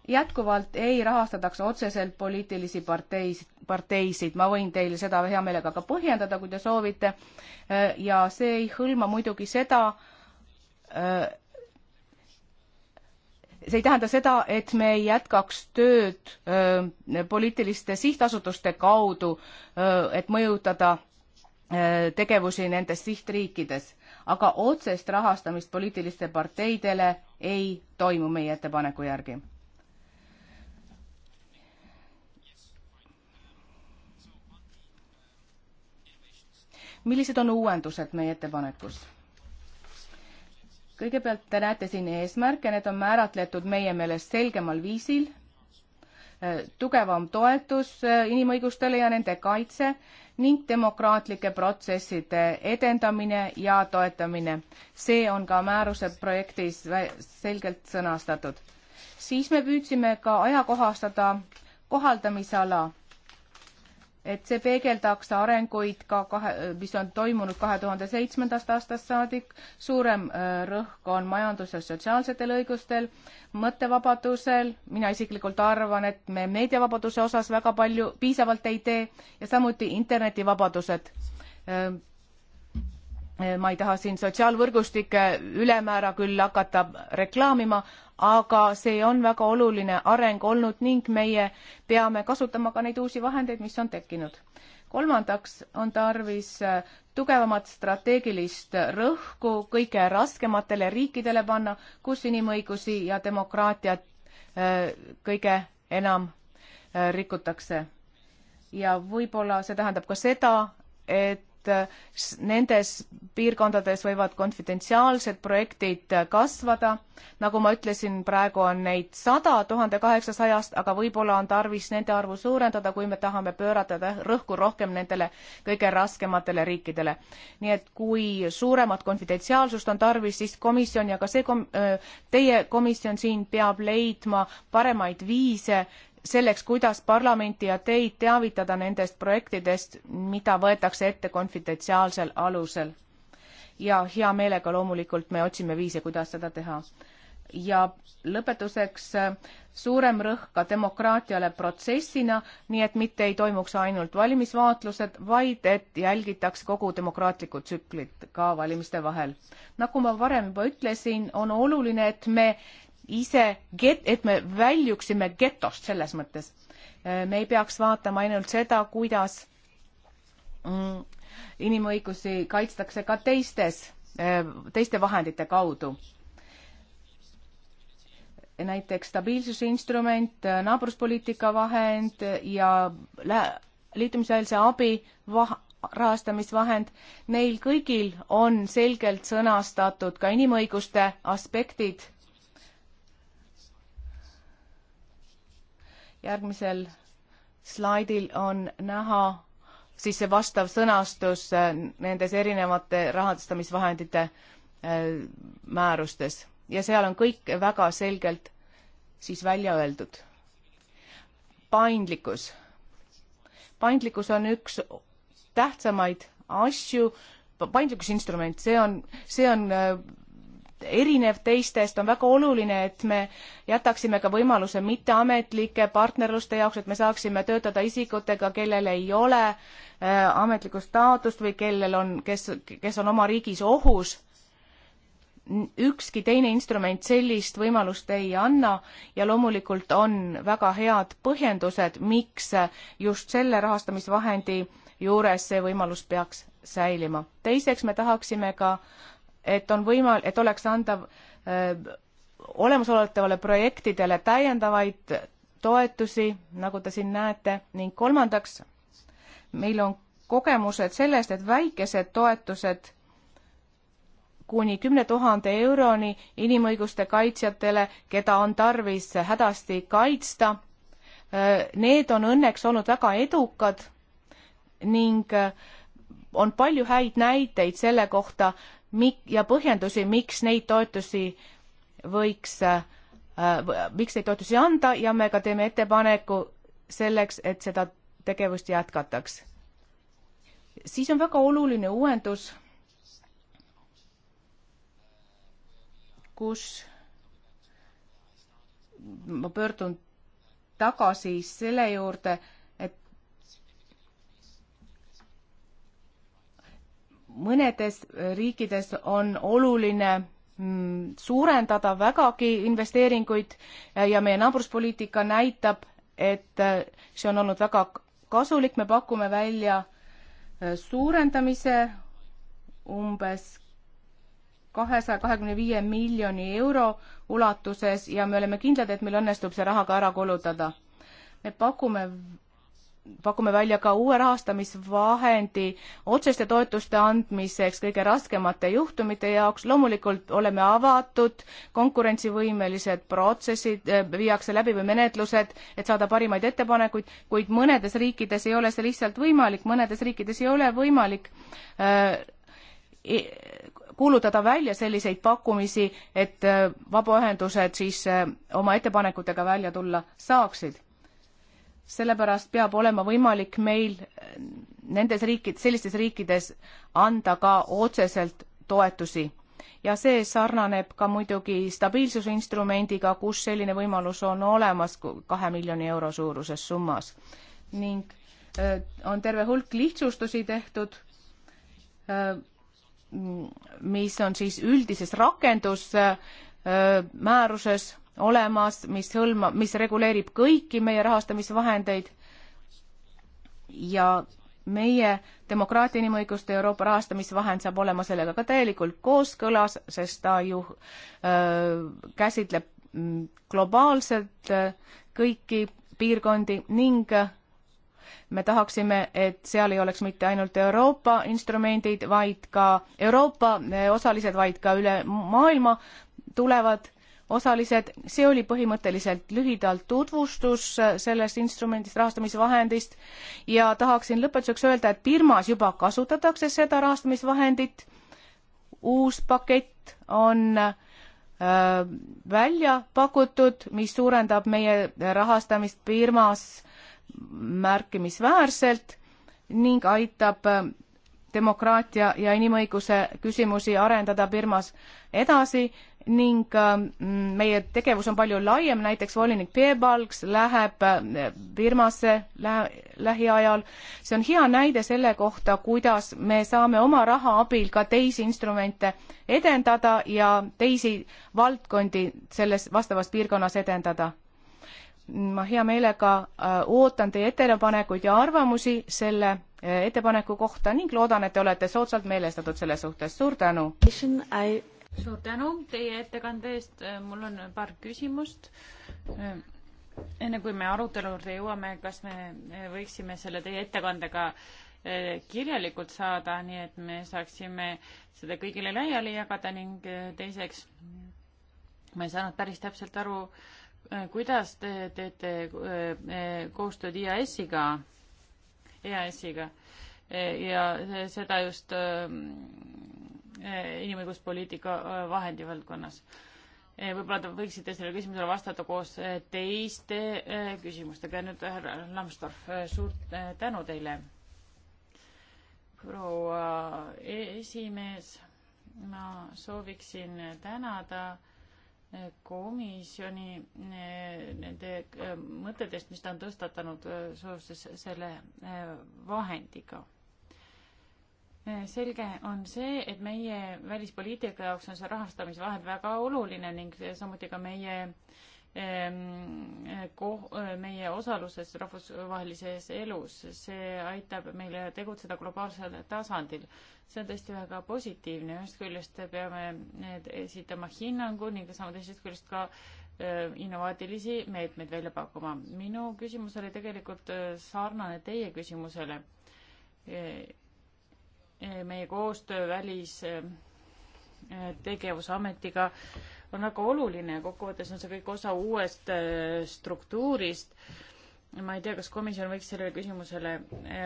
jätkuvalt ei rahastataks otseselt poliitilisi parteis, parteisid, ma võin teile seda hea meelega ka põhjendada, kui te soovite. Äh, ja see ei hõlma muidugi seda, äh, see ei tähenda seda, et me ei jätkaks tööd öö, poliitiliste sihtasutuste kaudu, et mõjutada öö, tegevusi nendes sihtriikides, aga otsest rahastamist poliitiliste parteidele ei toimu meie ettepaneku järgi. millised on uuendused meie ettepanekus? kõigepealt te näete siin eesmärke, need on määratletud meie meelest selgemal viisil, äh, tugevam toetus äh, inimõigustele ja nende kaitse ning demokraatlike protsesside edendamine ja toetamine. see on ka määruse projektis selgelt sõnastatud. siis me püüdsime ka ajakohastada kohaldamisala et see peegeldaks arenguid ka kahe, mis on toimunud kahe tuhande seitsmendast aastast saadik, suurem äh, rõhk on majanduse sotsiaalsetel õigustel, mõttevabadusel, mina isiklikult arvan, et me meediavabaduse osas väga palju, piisavalt ei tee, ja samuti internetivabadused. Äh, äh, ma ei taha siin sotsiaalvõrgustike ülemäära küll hakata reklaamima, aga see on väga oluline areng olnud ning meie peame kasutama ka neid uusi vahendeid, mis on tekkinud. kolmandaks on tarvis äh, tugevamat strateegilist rõhku kõige raskematele riikidele panna, kus inimõigusi ja demokraatiat äh, kõige enam äh, rikutakse. ja võib-olla see tähendab ka seda, et et äh, nendes piirkondades võivad konfidentsiaalsed projektid äh, kasvada. nagu ma ütlesin, praegu on neid sada tuhande kaheksasajast, aga võib-olla on tarvis nende arvu suurendada, kui me tahame pöörata rõhku rohkem nendele kõige raskematele riikidele. nii et kui suuremat konfidentsiaalsust on tarvis, siis komisjon ja ka see kom-, äh, teie komisjon siin peab leidma paremaid viise, selleks, kuidas parlamenti ja teid teavitada nendest projektidest, mida võetakse ette konfidentsiaalsel alusel. ja hea meelega loomulikult me otsime viise, kuidas seda teha. ja lõpetuseks suurem rõhk ka demokraatiale protsessina, nii et mitte ei toimuks ainult valimisvaatlused, vaid et jälgitaks kogu demokraatlikku tsüklit ka valimiste vahel. nagu ma varem juba ütlesin, on oluline, et me ise get-, et me väljuksime getost selles mõttes. Äh, me ei peaks vaatama ainult seda, kuidas mm, inimõigusi kaitstakse ka teistes, äh, teiste vahendite kaudu. näiteks stabiilsusinstrument, äh, naabruspoliitika vahend ja liitumiseelse abi vah-, rahastamisvahend, neil kõigil on selgelt sõnastatud ka inimõiguste aspektid järgmisel slaidil on näha siis see vastav sõnastus äh, nendes erinevate rahastamisvahendite äh, määrustes ja seal on kõik väga selgelt siis välja öeldud. paindlikkus. paindlikkus on üks tähtsamaid asju, paindlikkusinstrument, see on, see on äh, erinev teistest, on väga oluline, et me jätaksime ka võimaluse mitteametlike partnerluste jaoks, et me saaksime töötada isikutega, kellel ei ole äh, ametlikku staatust või kellel on, kes, kes on oma riigis ohus. ükski teine instrument sellist võimalust ei anna ja loomulikult on väga head põhjendused, miks just selle rahastamisvahendi juures see võimalus peaks säilima. teiseks me tahaksime ka äh, et on võimal-, et oleks anda äh, olemasolevatele projektidele täiendavaid toetusi, nagu te siin näete, ning kolmandaks, meil on kogemused sellest, et väikesed toetused kuni kümne tuhande euroni inimõiguste kaitsjatele, keda on tarvis hädasti kaitsta. Äh, need on õnneks olnud väga edukad ning äh, on palju häid näiteid selle kohta, mik- ja põhjendusi, miks neid toetusi võiks äh,, miks neid toetusi anda ja me ka teeme ettepaneku selleks, et seda tegevust jätkataks. siis on väga oluline uuendus, kus ma pöördun tagasi selle juurde, mõnedes riikides on oluline mm, suurendada vägagi investeeringuid ja meie naabruspoliitika näitab, et äh, see on olnud väga kasulik, me pakume välja äh, suurendamise umbes kahesaja kahekümne viie miljoni euro ulatuses ja me oleme kindlad, et meil õnnestub see raha ka ära kulutada. me pakume pakume välja ka uue rahastamisvahendi otseste toetuste andmiseks kõige raskemate juhtumite jaoks. loomulikult oleme avatud, konkurentsivõimelised protsessid eh, viiakse läbi või menetlused, et saada parimaid ettepanekuid, kuid mõnedes riikides ei ole see lihtsalt võimalik, mõnedes riikides ei ole võimalik äh, kuulutada välja selliseid pakkumisi, et eh, vabaühendused siis oma ettepanekutega välja tulla saaksid sellepärast peab olema võimalik meil nendes riikides, sellistes riikides anda ka otseselt toetusi. ja see sarnaneb ka muidugi stabiilsusinstrumendiga, kus selline võimalus on olemas kahe miljoni euro suuruses summas. ning on terve hulk lihtsustusi tehtud, mis on siis üldises rakendusmääruses olemas, mis hõlmab, mis reguleerib kõiki meie rahastamisvahendeid ja meie demokraatia inimõiguste Euroopa rahastamisvahend saab olema sellega ka täielikult kooskõlas, sest ta ju öö, käsitleb mm, globaalselt öö, kõiki piirkondi ning me tahaksime, et seal ei oleks mitte ainult Euroopa instrumendid, vaid ka Euroopa osalised, vaid ka üle maailma tulevad osalised, see oli põhimõtteliselt lühidalt tutvustus sellest instrumendist, rahastamisvahendist ja tahaksin lõpetuseks öelda, et Birmas juba kasutatakse seda rahastamisvahendit. uus pakett on äh, välja pakutud, mis suurendab meie rahastamist Birmas märkimisväärselt ning aitab äh, demokraatia ja inimõiguse küsimusi arendada Birmas edasi ning äh, meie tegevus on palju laiem, näiteks volinik Peebalgs läheb äh, Birmasse lä lähiajal. see on hea näide selle kohta, kuidas me saame oma raha abil ka teisi instrumente edendada ja teisi valdkondi selles vastavas piirkonnas edendada. ma hea meelega äh, ootan teie ettepanekuid ja arvamusi selle ettepaneku kohta ning loodan, et te olete soodsalt meelestatud selle suhtes. suur tänu! I suur tänu teie ettekande eest, mul on paar küsimust. enne kui me arutelu juurde jõuame, kas me võiksime selle teie ettekandega e, kirjalikult saada, nii et me saaksime seda kõigile laiali jagada ning e, teiseks, ma ei saanud päris täpselt aru, e, kuidas te teete koostööd IAS-iga, EAS-iga ja seda just Eh, inimõiguspoliitika eh, vahendi valdkonnas. Eh, võib-olla te võiksite sellele küsimusele vastata koos teiste küsimustega. nüüd härra Lambsdorff, suur tänu teile. proua esimees, ma sooviksin tänada komisjoni nende mõtetest, mis ta on tõstatanud seoses selle vahendiga selge on see, et meie välispoliitika jaoks on see rahastamisvahend väga oluline ning samuti ka meie ehm, koh-, meie osaluses rahvusvahelises elus, see aitab meile tegutseda globaalsel tasandil. see on tõesti väga positiivne, ühest küljest peame eh, esitama hinnangu ning sama teisest küljest ka eh, innovaatilisi meetmeid välja pakkuma. minu küsimus oli tegelikult eh, sarnane teie küsimusele meie koostöö välistegevusametiga on väga oluline ja kokkuvõttes on see kõik osa uuest äh, struktuurist. ma ei tea, kas komisjon võiks sellele küsimusele äh,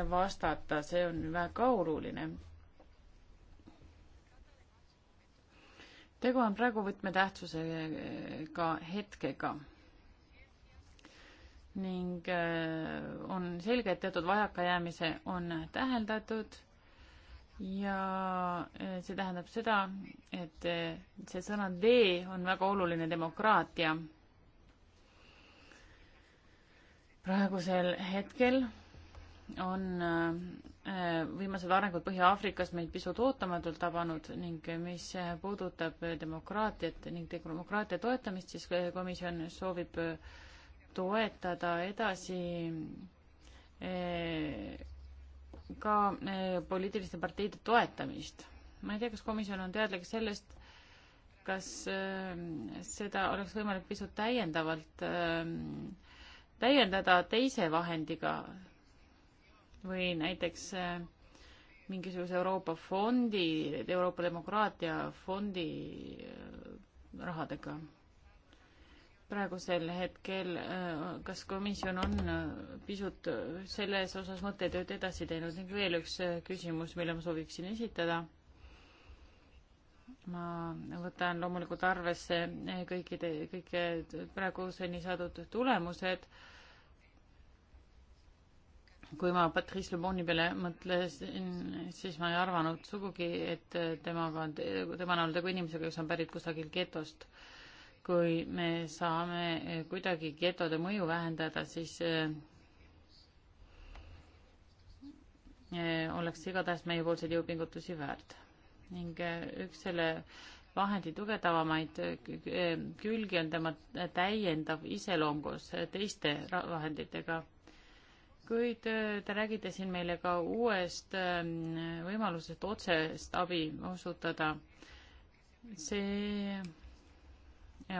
vastata, see on väga oluline. tegu on praegu võtmetähtsusega äh, hetkega ning on selge, et teatud vajakajäämise on täheldatud ja e, see tähendab seda, et e, see sõna D on väga oluline demokraatia. praegusel hetkel on e, viimased arengud Põhja-Aafrikas meid pisut ootamatult tabanud ning mis puudutab demokraatiat ning demokraatia toetamist, siis komisjon soovib toetada edasi ka eh, poliitiliste parteide toetamist. ma ei tea, kas komisjon on teadlik sellest, kas eh, seda oleks võimalik pisut täiendavalt eh, täiendada teise vahendiga või näiteks mingisuguse Euroopa fondi, Euroopa demokraatia fondi rahadega praegusel hetkel, äh, kas komisjon on äh, pisut äh, selles osas mõttetööd edasi teinud ning veel üks küsimus, mille ma sooviksin esitada. ma võtan loomulikult arvesse kõikide, kõike praeguseni saadud tulemused. kui ma Patrice Leboni peale mõtlesin, siis ma ei arvanud sugugi, et temaga, tema näol tegu nagu inimesega, kes on pärit kusagilt getost kui me saame eh, kuidagi getode mõju vähendada, siis eh, eh, oleks igatahes meiepoolseid jõupingutusi väärt. ning üks selle vahendi tugevamaid külgi on tema täiendav iseloom koos teiste vahenditega. kuid te räägite siin meile ka uuest võimalusest otsest abi osutada. see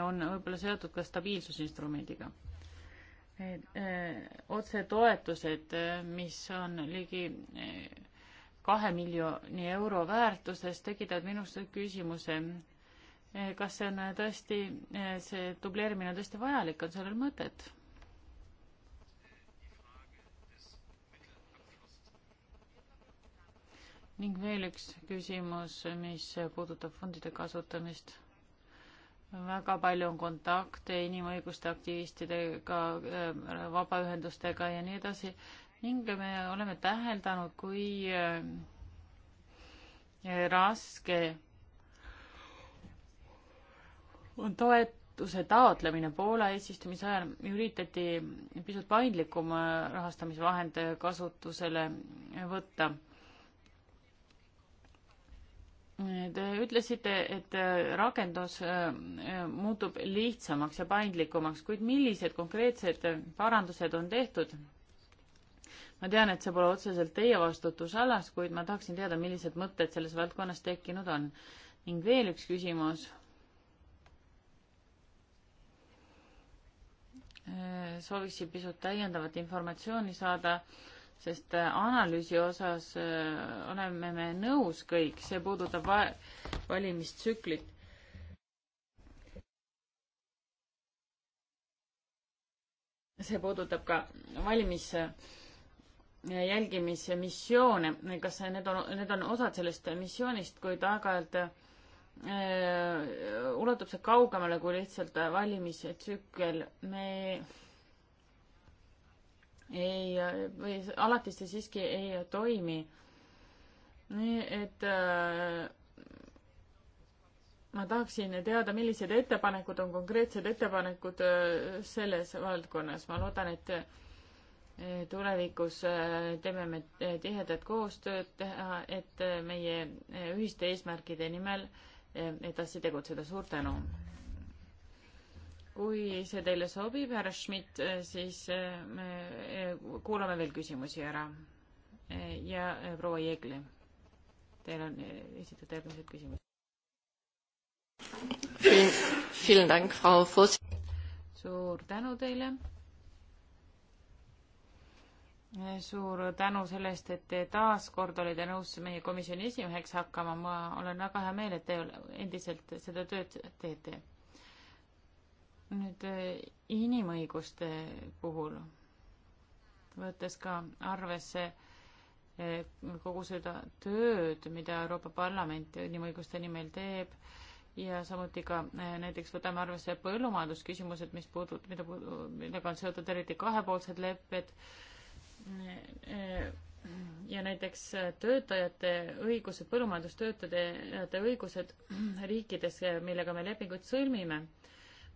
on võib-olla seotud ka stabiilsusinstrumendiga. Eh, otsetoetused, eh, mis on ligi eh, kahe miljoni euro väärtuses, tekitavad minust küsimuse, kas see on tõesti, see dubleerimine on tõesti vajalik, on sellel mõtet? ning veel üks küsimus, mis puudutab fondide kasutamist väga palju on kontakte inimõiguste aktivistidega, äh, vabaühendustega ja nii edasi ning me oleme täheldanud, kui äh, raske on toetuse taotlemine. Poola eesistumise ajal üritati pisut paindlikuma rahastamisvahend kasutusele võtta Te ütlesite, et äh, rakendus äh, äh, muutub lihtsamaks ja paindlikumaks, kuid millised konkreetsed parandused on tehtud? ma tean, et see pole otseselt teie vastutusalas, kuid ma tahaksin teada, millised mõtted selles valdkonnas tekkinud on. ning veel üks küsimus. sooviksin pisut täiendavat informatsiooni saada äh, sest äh, analüüsi osas äh, oleme me nõus kõik, see puudutab va valimistsüklit. see puudutab ka valimis äh, jälgimismissioone, kas need on, need on osad sellest missioonist, kuid aeg-ajalt ulatub see kaugemale kui lihtsalt valimistsükkel. me ei, või alati see siiski ei toimi. nii et äh, ma tahaksin teada, millised ettepanekud on konkreetsed ettepanekud äh, selles valdkonnas. ma loodan, et äh, tulevikus äh, teeme me äh, tihedat koostööd teha, et äh, meie ühiste eesmärkide nimel edasi tegutseda. suur tänu! kui see teile sobib, härra Schmidt, eh, siis eh, me eh, kuulame veel küsimusi ära. ja proua Jeegli, teil on esitada järgmised küsimused. suur tänu teile. suur tänu selle eest, et te taas kord olite nõus meie komisjoni esimeheks hakkama. ma olen väga hea meel, et te endiselt seda tööd teete nüüd eh, inimõiguste puhul, võttes ka arvesse eh, kogu seda tööd, mida Euroopa Parlament inimõiguste nimel teeb ja samuti ka eh, näiteks võtame arvesse põllumajandusküsimused, mis puudut-, mida, millega on seotud eriti kahepoolsed lepped ja näiteks töötajate õigused, põllumajandustöötajate õigused riikides, millega me lepinguid sõlmime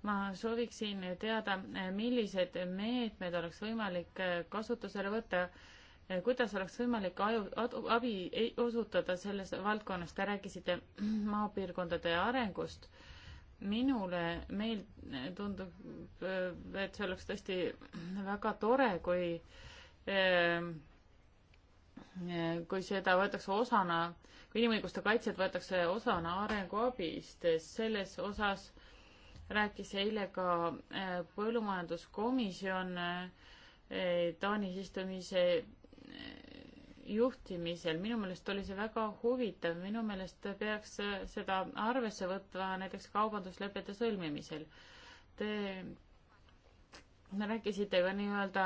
ma sooviksin teada, millised meetmed oleks võimalik äh, kasutusele võtta, äh, kuidas oleks võimalik aju, abi e, osutada selles valdkonnas, te rääkisite maapiirkondade arengust minule meil äh, tundub, et see oleks tõesti väga tore, kui, ähm, kui seda võetakse osana, kui inimõiguste kaitset võetakse osana arenguabist, selles osas rääkis eile ka äh, põllumajanduskomisjon äh, Taani istumise äh, juhtimisel, minu meelest oli see väga huvitav, minu meelest peaks seda arvesse võtma näiteks kaubanduslepete sõlmimisel. Te rääkisite ka nii-öelda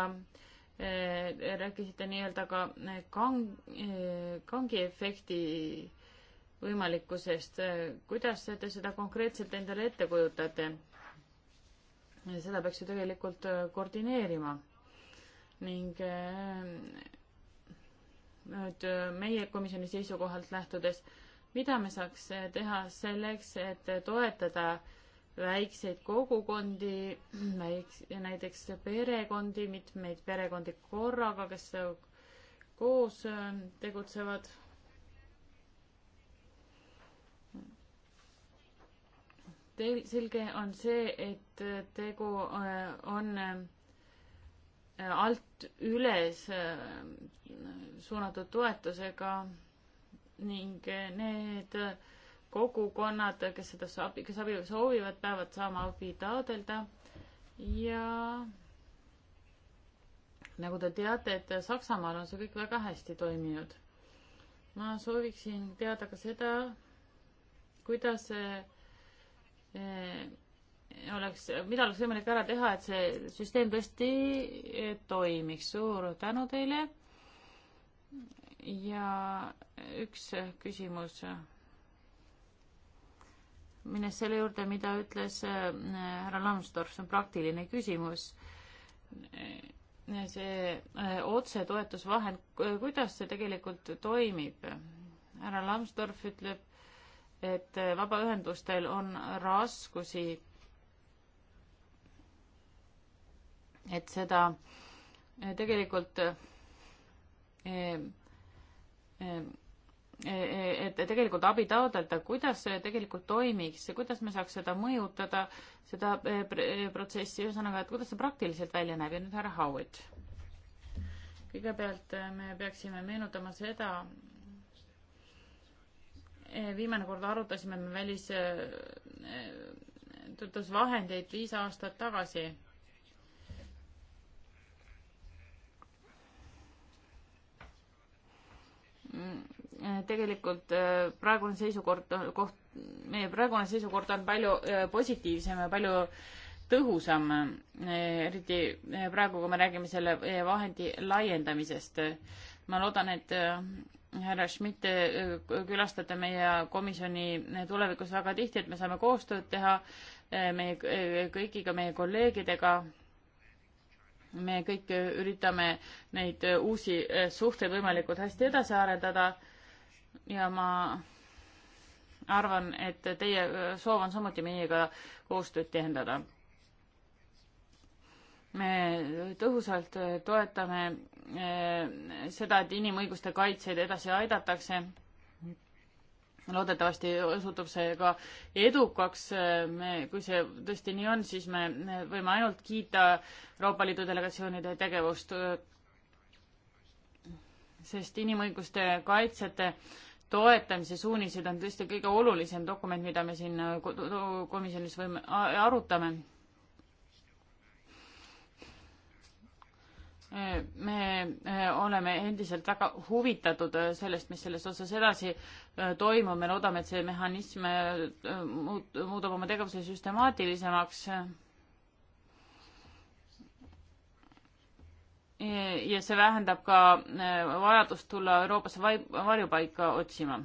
rääkisite nii-öelda ka kang-, kangiefekti võimalikkusest. kuidas te seda konkreetselt endale ette kujutate? seda peaks ju tegelikult äh, koordineerima ning äh, nüüd äh, meie komisjoni seisukohalt lähtudes, mida me saaks teha selleks, et toetada väikseid kogukondi, näiteks perekondi, mitmeid perekondi korraga, kes koos tegutsevad tel-, selge on see, et tegu äh, on äh, alt üles äh, suunatud toetusega ning need kogukonnad, kes seda abi, kes abi soovivad, peavad saama abi taotleda ja nagu te teate, et Saksamaal on see kõik väga hästi toiminud. ma sooviksin teada ka seda, kuidas see Eh, oleks, mida oleks võimalik ära teha, et see süsteem tõesti eh, toimiks. suur tänu teile. ja üks küsimus. minnes selle juurde, mida ütles eh, härra Lambsdorff, see on praktiline küsimus. see otsetoetusvahend, kuidas see tegelikult toimib? härra Lambsdorff ütleb, et vabaühendustel on raskusi, et seda eh, tegelikult, eh, eh, et tegelikult abi taotleda, kuidas see tegelikult toimiks ja kuidas me saaks seda mõjutada, seda protsessi, ühesõnaga, et kuidas see praktiliselt välja näeb ja nüüd härra Howitt. kõigepealt me peaksime meenutama seda, Eh, viimane kord arutasime me välistöötlusvahendeid eh, eh, viis aastat tagasi. Mm, tegelikult praegune seisukord, koht, meie praegune seisukord on palju positiivsem ja palju tõhusam, eriti praegu, kui me räägime selle vahendi laiendamisest. ma loodan, et härra Schmidt, äh, külastate meie komisjoni tulevikus väga tihti, et me saame koostööd teha äh, meie äh, kõigiga, meie kolleegidega. me kõik üritame neid uusi suhteid võimalikult hästi edasi arendada ja ma arvan, et teie soov on samuti meiega koostööd tihendada. me tõhusalt toetame Äh, seda, et inimõiguste kaitseid edasi aidatakse. loodetavasti osutub see ka edukaks. me, kui see tõesti nii on, siis me võime ainult kiita Euroopa Liidu delegatsioonide tegevust, sest inimõiguste kaitsjate toetamise suunised on tõesti kõige olulisem dokument, mida me siin komisjonis võime, arutame me eh, oleme endiselt väga huvitatud eh, sellest, mis selles osas edasi eh, toimub, me loodame, et see mehhanism muut-, muudab oma tegevuse süstemaatilisemaks. ja see vähendab ka vajadust tulla Euroopasse varjupaika otsima.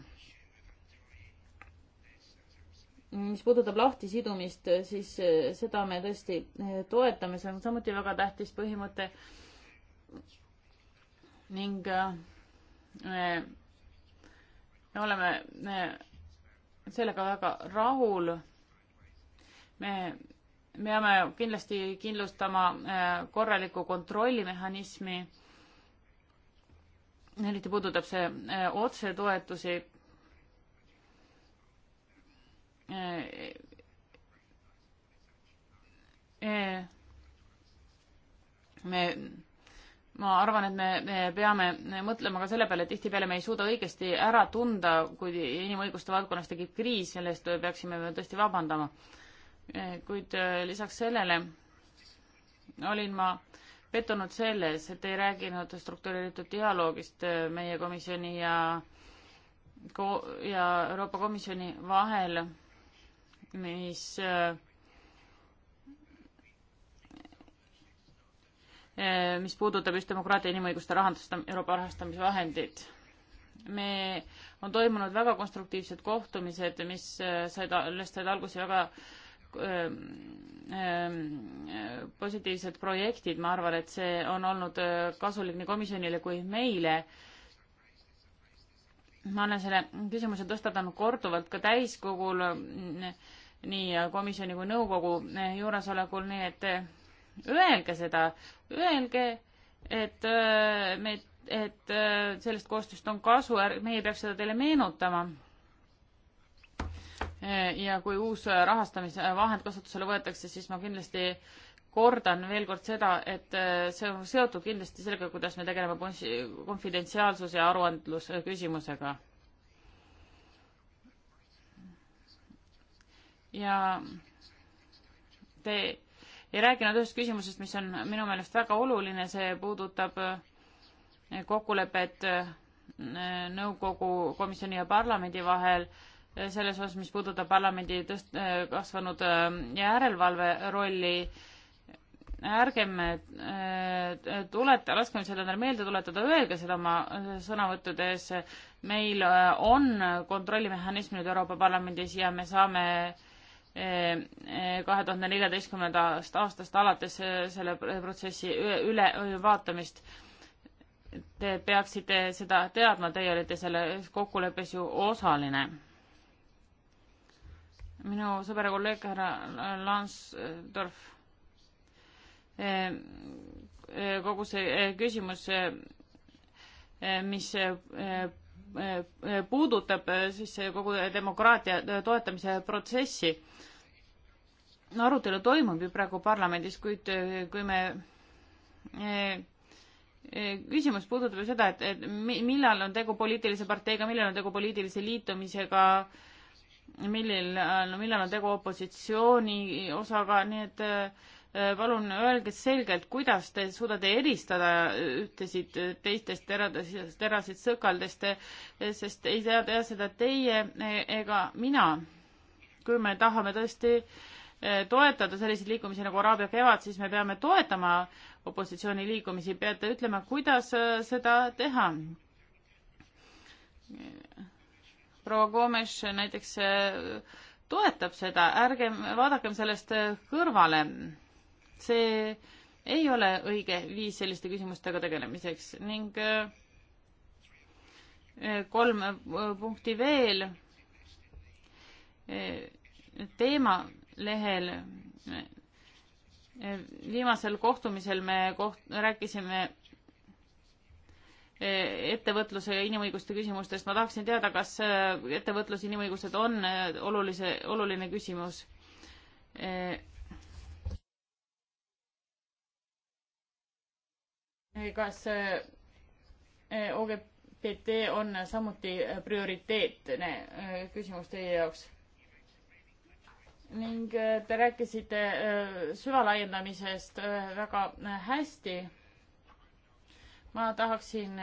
mis puudutab lahtisidumist, siis seda me tõesti toetame, see on samuti väga tähtis põhimõte ning äh, äh, me oleme me äh, sellega väga rahul. me peame kindlasti kindlustama korraliku kontrollimehhanismi. eriti puudutab see otsetoetusi me ma arvan, et me, me peame mõtlema ka selle peale, et tihtipeale me ei suuda õigesti ära tunda, kui inimõiguste valdkonnas tekib kriis, selle eest peaksime me tõesti vabandama. kuid äh, lisaks sellele olin ma pettunud selles, et ei rääginud struktureeritud dialoogist äh, meie komisjoni ja ko- ja Euroopa Komisjoni vahel, mis äh, Eh, mis puudutab just demokraatia inimõiguste rahandustam-, Euroopa rahastamisvahendid. me, on toimunud väga konstruktiivsed kohtumised, mis eh, said, millest said alguse väga öö, eh, öö, positiivsed projektid, ma arvan, et see on olnud kasulik nii komisjonile kui meile. ma olen selle küsimuse tõstatanud korduvalt ka täiskogul, nii komisjoni kui nõukogu juuresolekul, nii et öelge seda, öelge, et äh, me, et äh, sellest koostööst on kasu, meie ei peaks seda teile meenutama. Äh, ja kui uus rahastamisvahend kasutusele võetakse, siis ma kindlasti kordan veel kord seda, et see on seotud kindlasti sellega, kuidas me tegeleme konfidentsiaalsuse ja aruandluse küsimusega. ja te ei rääkinud ühest küsimusest, mis on minu meelest väga oluline, see puudutab eh, kokkulepet eh, nõukogu, komisjoni ja parlamendi vahel eh, selles osas, mis puudutab parlamendi tõst-, kasvanud järelevalve rolli. ärgem tuleta, laskem seda endale meelde tuletada, öelge seda oma sõnavõttudes. meil on kontrollimehhanism nüüd Euroopa Parlamendis ja me saame äh, kahe tuhande neljateistkümnendast aastast alates äh, selle protsessi üle vaatamist. Te peaksite seda teadma, teie olite selles kokkuleppes ju osaline. minu sõber ja kolleeg härra Lansdorf, äh, äh, kogu see küsimus, mis puudutab siis kogu demokraatia toetamise protsessi arutelu toimub ju praegu parlamendis, kuid eh, kui me eh, eh, küsimus puudutab ju seda, et, et millal on tegu poliitilise parteiga, millal on tegu poliitilise liitumisega, millil, millal on tegu opositsiooni osaga, nii et palun öelge selgelt, kuidas te suudate eristada ühtesid teistest teradest, terasid sõkaldest, sest ei tea seda teie ega mina. kui me tahame tõesti äh, Eh, toetada selliseid liikumisi nagu Araabia kevad, siis me peame toetama opositsiooni liikumisi, peate ütlema, kuidas eh, seda teha. proua Gomes näiteks eh, toetab seda, ärgem vaadakem sellest kõrvale. see ei ole õige viis selliste küsimustega tegelemiseks ning kolm punkti veel. teema lehel. viimasel kohtumisel me koht-, rääkisime ettevõtluse ja inimõiguste küsimustest. ma tahaksin teada, kas ettevõtlus ja inimõigused on olulise, oluline küsimus. kas OGPT on samuti prioriteetne küsimus teie jaoks? ning äh, te rääkisite äh, süvalaiendamisest äh, väga hästi. ma tahaksin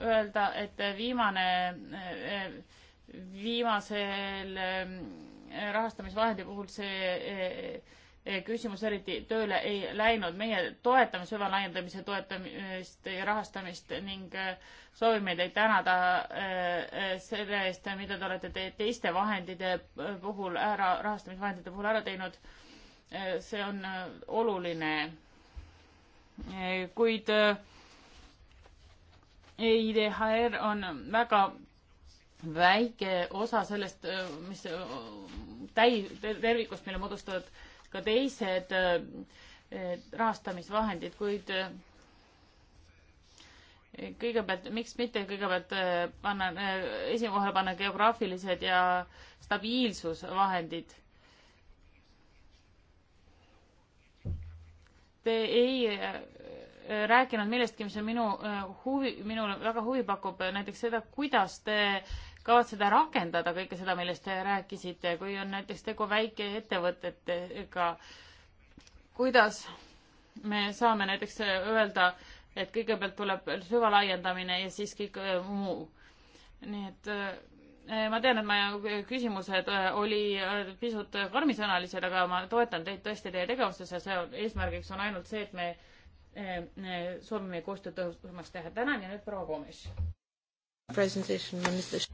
öelda, et viimane, viimasel rahastamisvahendi puhul see Eh, küsimus eriti tööle ei läinud. meie toetame süvalaiendamise toetamist ja rahastamist ning eh, soovime teid tänada eh, selle eest, mida te olete te teiste vahendite puhul ära, rahastamisvahendite puhul ära teinud. see on oluline. kuid EIDHR e on väga väike osa sellest, mis täi-, tervikust, mille moodustavad ka teised eh, eh, rahastamisvahendid, kuid eh, kõigepealt, miks mitte kõigepealt panna, esikohale panna geograafilised ja stabiilsusvahendid. Te ei rääkinud millestki, mis on minu huvi, minule väga huvi pakub, näiteks seda, kuidas te kavatseda rakendada kõike seda, millest te rääkisite, kui on näiteks tegu väikeettevõtetega, kuidas me saame näiteks öelda, et kõigepealt tuleb süvalaiendamine ja siis kõik äh, muu. nii et äh, ma tean, et ma küsimused äh, oli pisut karmisõnalised, aga ma toetan teid tõesti teie tegevuses ja see on, eesmärgiks on ainult see, et me soovime koostööd tõhusamaks teha. tänan ja nüüd proua Komis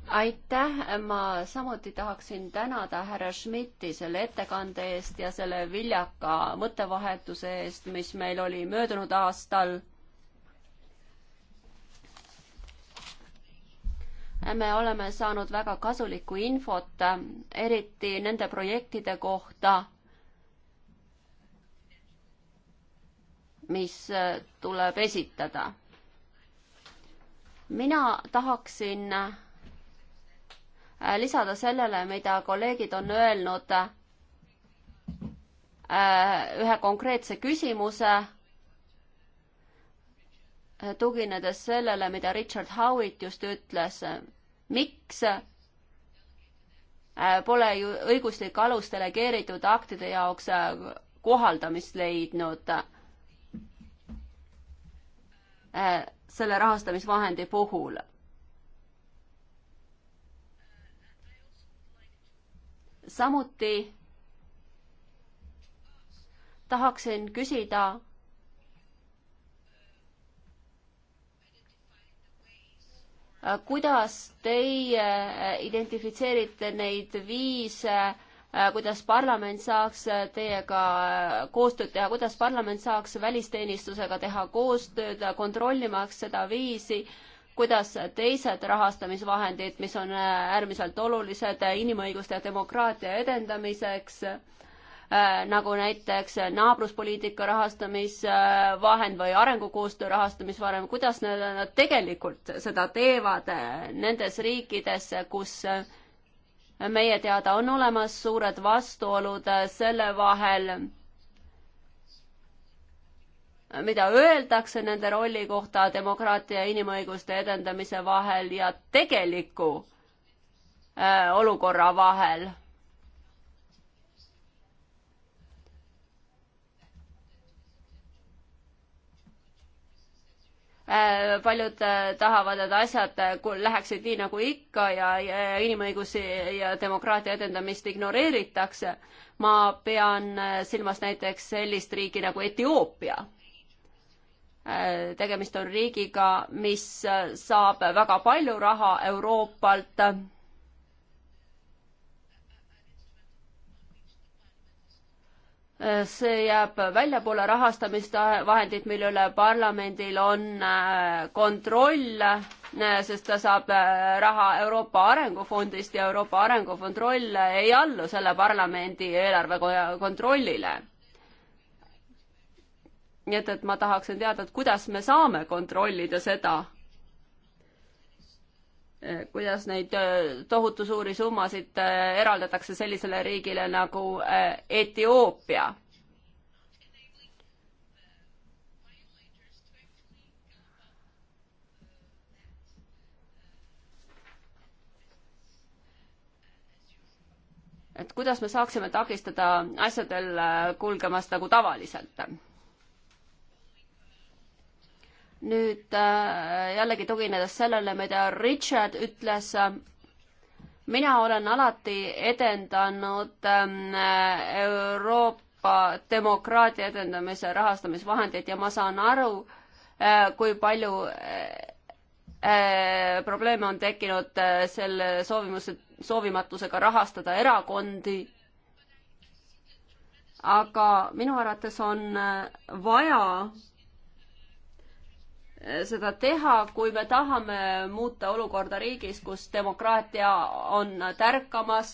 aitäh, ma samuti tahaksin tänada härra Schmidti selle ettekande eest ja selle viljaka mõttevahetuse eest, mis meil oli möödunud aastal me oleme saanud väga kasulikku infot, eriti nende projektide kohta, mis tuleb esitada mina tahaksin äh, lisada sellele, mida kolleegid on öelnud äh, ühe konkreetse küsimuse, äh, tuginedes sellele, mida Richard Howitt just ütles. miks pole ju õiguslik alus delegeeritud aktide jaoks kohaldamist leidnud? Äh, selle rahastamisvahendi puhul. samuti tahaksin küsida kuidas teie identifitseerite neid viise äh, Äh, kuidas parlament saaks äh, teiega äh, koostööd teha, kuidas parlament saaks välisteenistusega teha koostööd, kontrollimaks seda viisi, kuidas teised rahastamisvahendid, mis on äärmiselt olulised inimõiguste ja demokraatia edendamiseks, nagu näiteks naabruspoliitika rahastamisvahend või arengukoostöö rahastamisvahend, kuidas nad, nad tegelikult seda teevad nendes riikides, kus meie teada on olemas suured vastuolud äh, selle vahel, äh, mida öeldakse nende rolli kohta demokraatia ja inimõiguste edendamise vahel ja tegeliku äh, olukorra vahel Äh, paljud äh, tahavad, et asjad äh, läheksid nii nagu ikka ja, ja inimõigusi ja demokraatia edendamist ignoreeritakse. ma pean silmas näiteks sellist riiki nagu Etioopia. tegemist on riigiga, mis saab väga palju raha Euroopalt see jääb väljapoole rahastamisvahendit, mille üle parlamendil on äh, kontroll, äh, sest ta saab äh, raha Euroopa Arengufondist ja Euroopa Arengufond roll ei allu selle parlamendi eelarve kontrollile. nii et, et ma tahaksin teada, et kuidas me saame kontrollida seda, Äh, kuidas neid äh, tohutu suuri summasid äh, eraldatakse sellisele riigile nagu Etioopia. et kuidas me saaksime takistada asjadel kulgemast nagu tavaliselt nüüd äh, jällegi tuginedes sellele, mida Richard ütles, mina olen alati edendanud ähm, Euroopa demokraatia edendamise rahastamisvahendeid ja ma saan aru, äh, kui palju äh, probleeme on tekkinud selle soovimuse, soovimatusega rahastada erakondi. aga minu arvates on vaja seda teha, kui me tahame muuta olukorda riigis, kus demokraatia on tärkamas,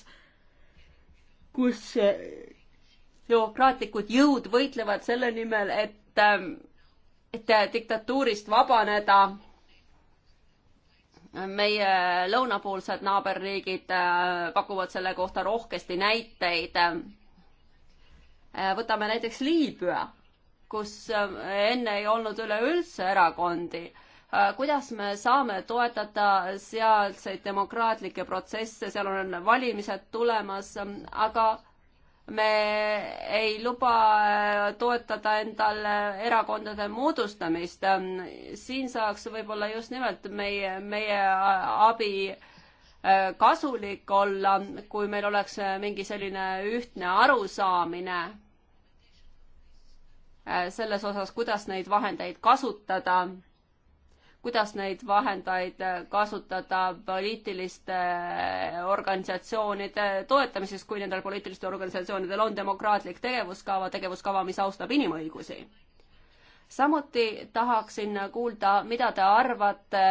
kus demokraatlikud jõud võitlevad selle nimel, et, et diktatuurist vabaneda. meie lõunapoolsed naaberriigid äh, pakuvad selle kohta rohkesti näiteid. Äh, võtame näiteks Liibüa kus äh, enne ei olnud üleüldse erakondi. Äh, kuidas me saame toetada sealseid demokraatlikke protsesse, seal on valimised tulemas, ähm, aga me ei luba äh, toetada endal erakondade moodustamist. Ähm, siin saaks võib-olla just nimelt meie, meie abi kasulik olla, kui meil oleks mingi selline ühtne arusaamine Äh, selles osas, kuidas neid vahendeid kasutada, kuidas neid vahendeid äh, kasutada poliitiliste äh, organisatsioonide toetamises, kui nendel poliitilistel organisatsioonidel on demokraatlik tegevuskava, tegevuskava, mis austab inimõigusi. samuti tahaksin kuulda, mida te arvate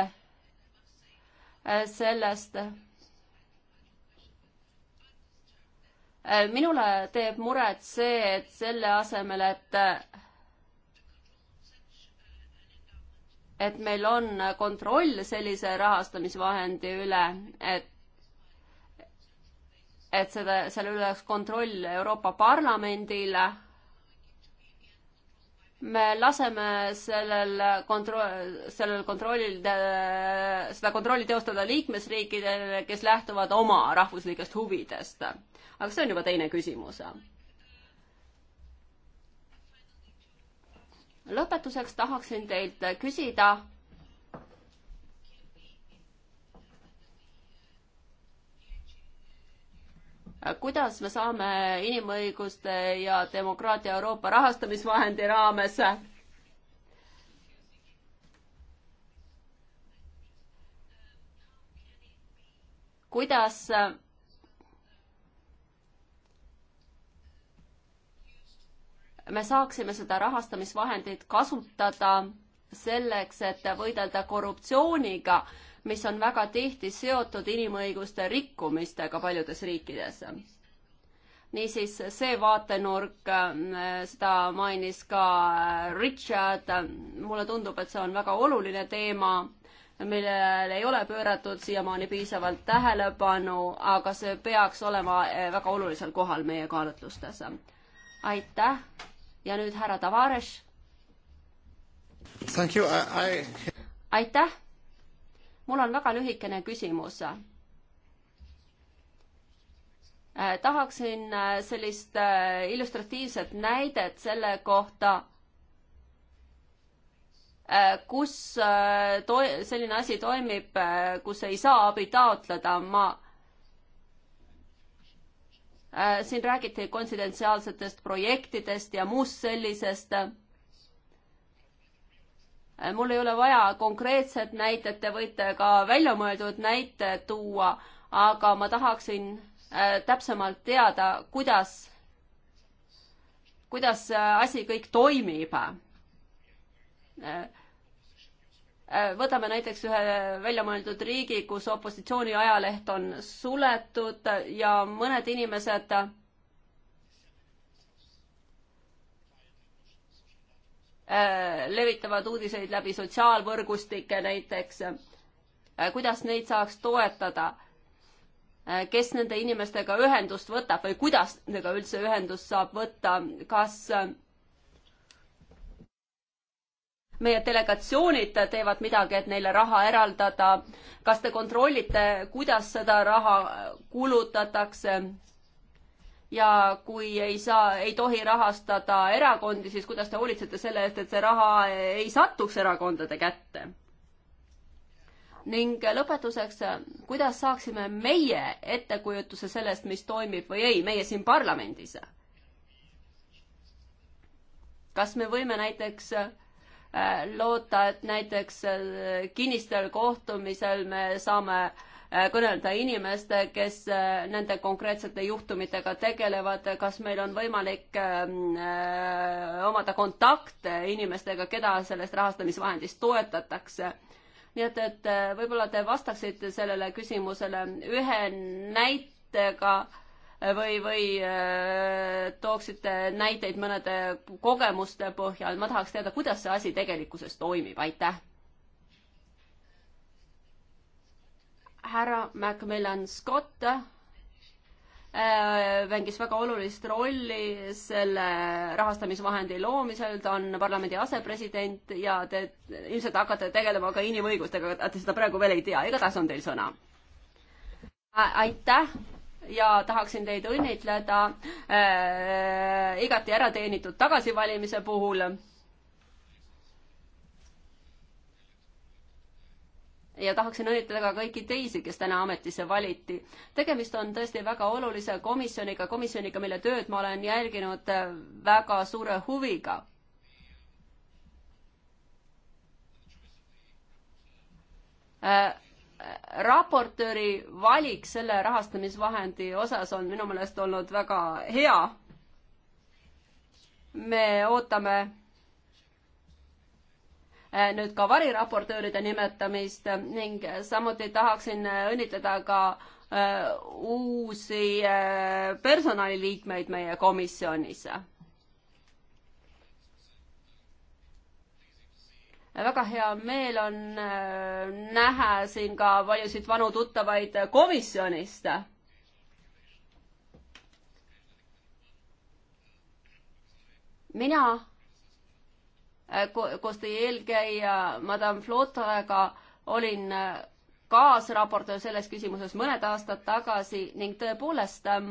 sellest, minule teeb muret see, et selle asemel, et et meil on kontroll sellise rahastamisvahendi üle, et et seda, selle üle oleks kontroll Euroopa Parlamendile. me laseme sellel kontroll, sellel kontrollil, seda kontrolli teostada liikmesriikidele, kes lähtuvad oma rahvuslikest huvidest. aga see on juba teine küsimus lõpetuseks tahaksin teilt küsida. kuidas me saame inimõiguste ja demokraatia Euroopa rahastamisvahendi raames kuidas me saaksime seda rahastamisvahendit kasutada selleks, et võidelda korruptsiooniga, mis on väga tihti seotud inimõiguste rikkumistega paljudes riikides. niisiis, see vaatenurk, seda mainis ka Richard, mulle tundub, et see on väga oluline teema millele ei ole pööratud siiamaani piisavalt tähelepanu, aga see peaks olema väga olulisel kohal meie kaalutlustes. aitäh ja nüüd härra Tavares. I... aitäh. mul on väga lühikene küsimus äh, tahaksin äh, sellist äh, illustratiivset näidet selle kohta, kus to-, selline asi toimib, kus ei saa abi taotleda, ma Äh, siin räägiti konfidentsiaalsetest projektidest ja muust sellisest. Äh, mul ei ole vaja konkreetset näitet, te võite ka väljamõeldud näite tuua, aga ma tahaksin äh, täpsemalt teada, kuidas, kuidas see asi kõik toimib Äh, võtame näiteks ühe väljamõeldud riigi, kus opositsiooni ajaleht on suletud ja mõned inimesed äh, levitavad uudiseid läbi sotsiaalvõrgustike näiteks. Äh, kuidas neid saaks toetada? kes nende inimestega ühendust võtab või kuidas nendega üldse ühendust saab võtta, kas äh, meie delegatsioonid teevad midagi, et neile raha eraldada. kas te kontrollite, kuidas seda raha kulutatakse? ja kui ei saa, ei tohi rahastada erakondi, siis kuidas te hoolitsete selle eest, et see raha ei satuks erakondade kätte? ning lõpetuseks, kuidas saaksime meie ettekujutuse sellest, mis toimib või ei, meie siin parlamendis? kas me võime näiteks äh, Äh, loota, et näiteks äh, kinnistel kohtumisel me saame äh, kõnelda inimeste, kes nende konkreetsete juhtumitega tegelevad, kas meil on võimalik öö, ähm, omada kontakte inimestega, keda sellest rahastamisvahendist toetatakse. nii et, et võib-olla te vastaksite sellele küsimusele ühe näitega või, või äh, tooksite näiteid mõnede kogemuste põhjal, ma tahaks teada, kuidas see asi tegelikkuses toimib, aitäh. härra Macmillan Scott äh, mängis väga olulist rolli selle rahastamisvahendi loomisel, ta on parlamendi asepresident ja te ilmselt hakkate tegelema ka inimõigustega, te seda praegu veel ei tea, igatahes on teil sõna. aitäh ja tahaksin teid õnnitleda äh, igati ära teenitud tagasivalimise puhul. ja tahaksin õnnitleda ka kõiki teisi, kes täna ametisse valiti. tegemist on tõesti väga olulise komisjoniga, komisjoniga, mille tööd ma olen jälginud äh, väga suure huviga äh, raportööri valik selle rahastamisvahendi osas on minu meelest olnud väga hea. me ootame äh, nüüd ka variraportööride nimetamist ning samuti tahaksin äh, õnnitleda ka äh, uusi personaliliikmeid meie komisjonis väga hea meel on äh, näha siin ka paljusid vanu tuttavaid komisjonist. mina äh, koos teie eelkäija Madame Flotraga olin äh, kaasraportöör selles küsimuses mõned aastad tagasi ning tõepoolest ähm,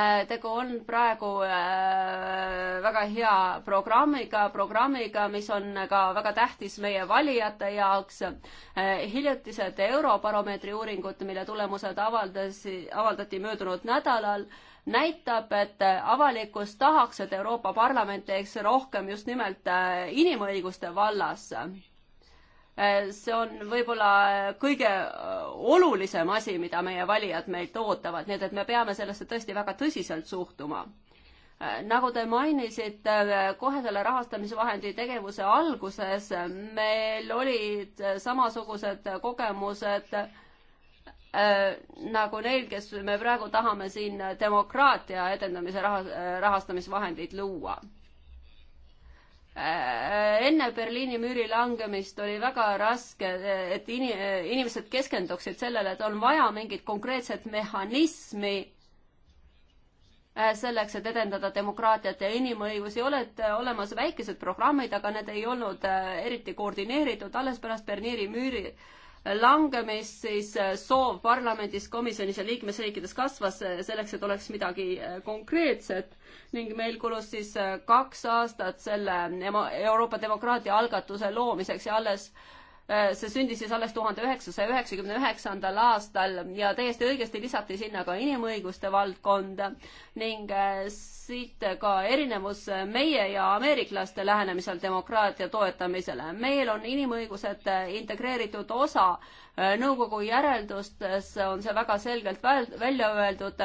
Äh, tegu on praegu äh, väga hea programmiga, programmiga, mis on ka väga tähtis meie valijate jaoks. Äh, hiljutised Eurobaromeetri uuringud, mille tulemused avaldas, avaldati möödunud nädalal, näitab, et avalikkus tahaks, et Euroopa Parlament teeks rohkem just nimelt inimõiguste vallas Äh, see on võib-olla äh, kõige äh, olulisem asi, mida meie valijad meilt ootavad, nii et, et me peame sellesse tõesti väga tõsiselt suhtuma. nagu te mainisite, kohe selle rahastamisvahendi tegevuse alguses meil olid samasugused kogemused nagu neil, kes me praegu tahame siin demokraatia edendamise raha, rahastamisvahendeid luua Äh, enne Berliini müüri langemist oli väga raske, et in-, inimesed keskenduksid sellele, et on vaja mingit konkreetset mehhanismi äh, selleks, et edendada demokraatiat ja inimõigusi, oled äh, olemas väikesed programmid, aga need ei olnud eriti koordineeritud, alles pärast Berliini müüri langemist siis soov parlamendis, komisjonis ja liikmesriikides kasvas selleks, et oleks midagi konkreetset ning meil kulus siis äh, kaks aastat selle Euroopa demokraatia algatuse loomiseks ja alles äh, see sündis siis alles tuhande üheksasaja üheksakümne üheksandal aastal ja täiesti õigesti lisati sinna ka inimõiguste valdkond ning äh, siit ka erinevus meie ja ameeriklaste lähenemisel demokraatia toetamisele. meil on inimõigused integreeritud osa nõukogu järeldustes, on see väga selgelt välja öeldud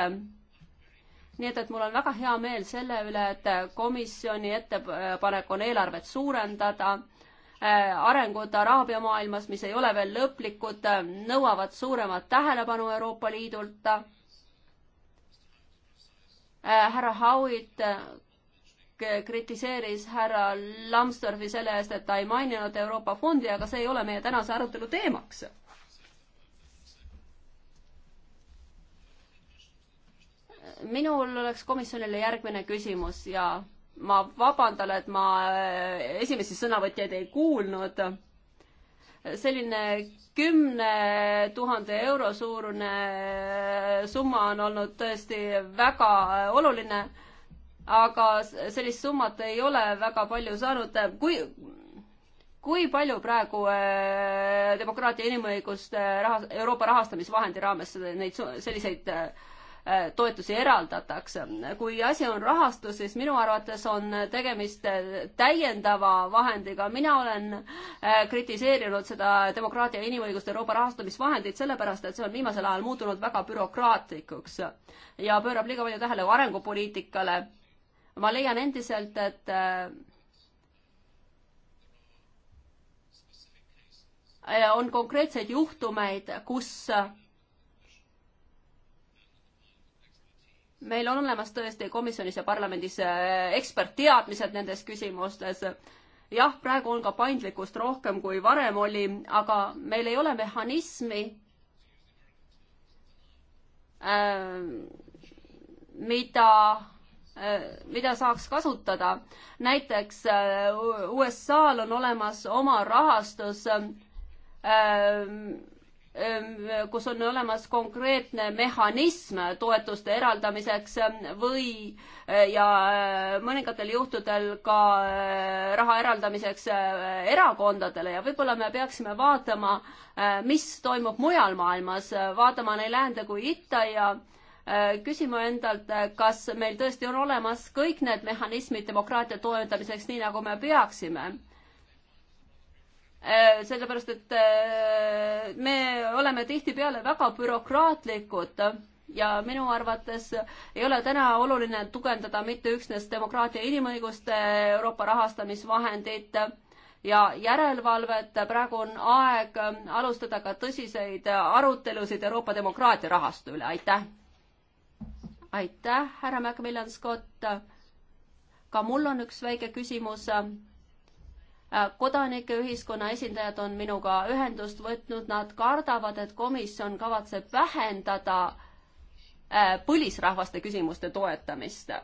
nii et, et mul on väga hea meel selle üle, et komisjoni ettepanek on eelarvet suurendada äh, arengud Araabia maailmas, mis ei ole veel lõplikud, äh, nõuavad suuremat tähelepanu Euroopa Liidult. Äh, härra Howitt kritiseeris härra Lambsdorfi selle eest, et ta ei maininud Euroopa fondi, aga see ei ole meie tänase arutelu teemaks minul oleks komisjonile järgmine küsimus ja ma vabandan, et ma äh, esimesi sõnavõtjaid ei kuulnud. selline kümne tuhande euro suurune äh, summa on olnud tõesti väga äh, oluline, aga sellist summat ei ole väga palju saanud. kui, kui palju praegu demokraatia inimõiguste raha, Euroopa rahastamisvahendi raames neid selliseid äh, toetusi eraldatakse. kui asi on rahastus, siis minu arvates on tegemist täiendava vahendiga. mina olen äh, kritiseerinud seda demokraatia ja inimõiguste Euroopa rahastamisvahendit sellepärast, et see on viimasel ajal muutunud väga bürokraatlikuks ja pöörab liiga palju tähelepanu arengupoliitikale. ma leian endiselt, et äh, on konkreetseid juhtumeid, kus meil on olemas tõesti komisjonis ja parlamendis äh, ekspertteadmised nendes küsimustes. jah, praegu on ka paindlikkust rohkem kui varem oli, aga meil ei ole mehhanismi, äh, mida, äh, mida saaks kasutada. näiteks USA-l on olemas oma rahastus Ehm, kus on olemas konkreetne mehhanism toetuste eraldamiseks ehm, või eh, ja eh, mõningatel juhtudel ka eh, raha eraldamiseks erakondadele ja võib-olla me peaksime vaatama, mis toimub mujal maailmas, vaatama nii läände kui itta ja küsima endalt, kas meil tõesti on olemas kõik need mehhanismid demokraatia toetamiseks, nii nagu me peaksime Äh, sellepärast et äh, me oleme tihtipeale väga bürokraatlikud ja minu arvates ei ole täna oluline tugevdada mitte üksnes demokraatia inimõiguste Euroopa rahastamisvahendit ja järelevalvet, praegu on aeg alustada ka tõsiseid arutelusid Euroopa demokraatia rahastu üle, aitäh! aitäh, härra Macmillan Scott! ka mul on üks väike küsimus Äh, kodanike ühiskonna esindajad on minuga ühendust võtnud, nad kardavad, et komisjon kavatseb vähendada äh, põlisrahvaste küsimuste toetamist äh,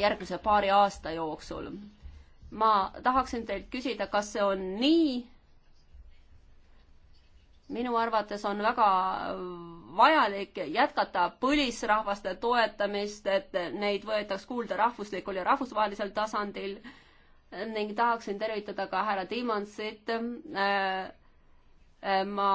järgmise paari aasta jooksul. ma tahaksin teilt küsida, kas see on nii? minu arvates on väga vajalik jätkata põlisrahvaste toetamist, et neid võetaks kuulda rahvuslikul ja rahvusvahelisel tasandil ning tahaksin tervitada ka härra Timansit. Äh, äh, ma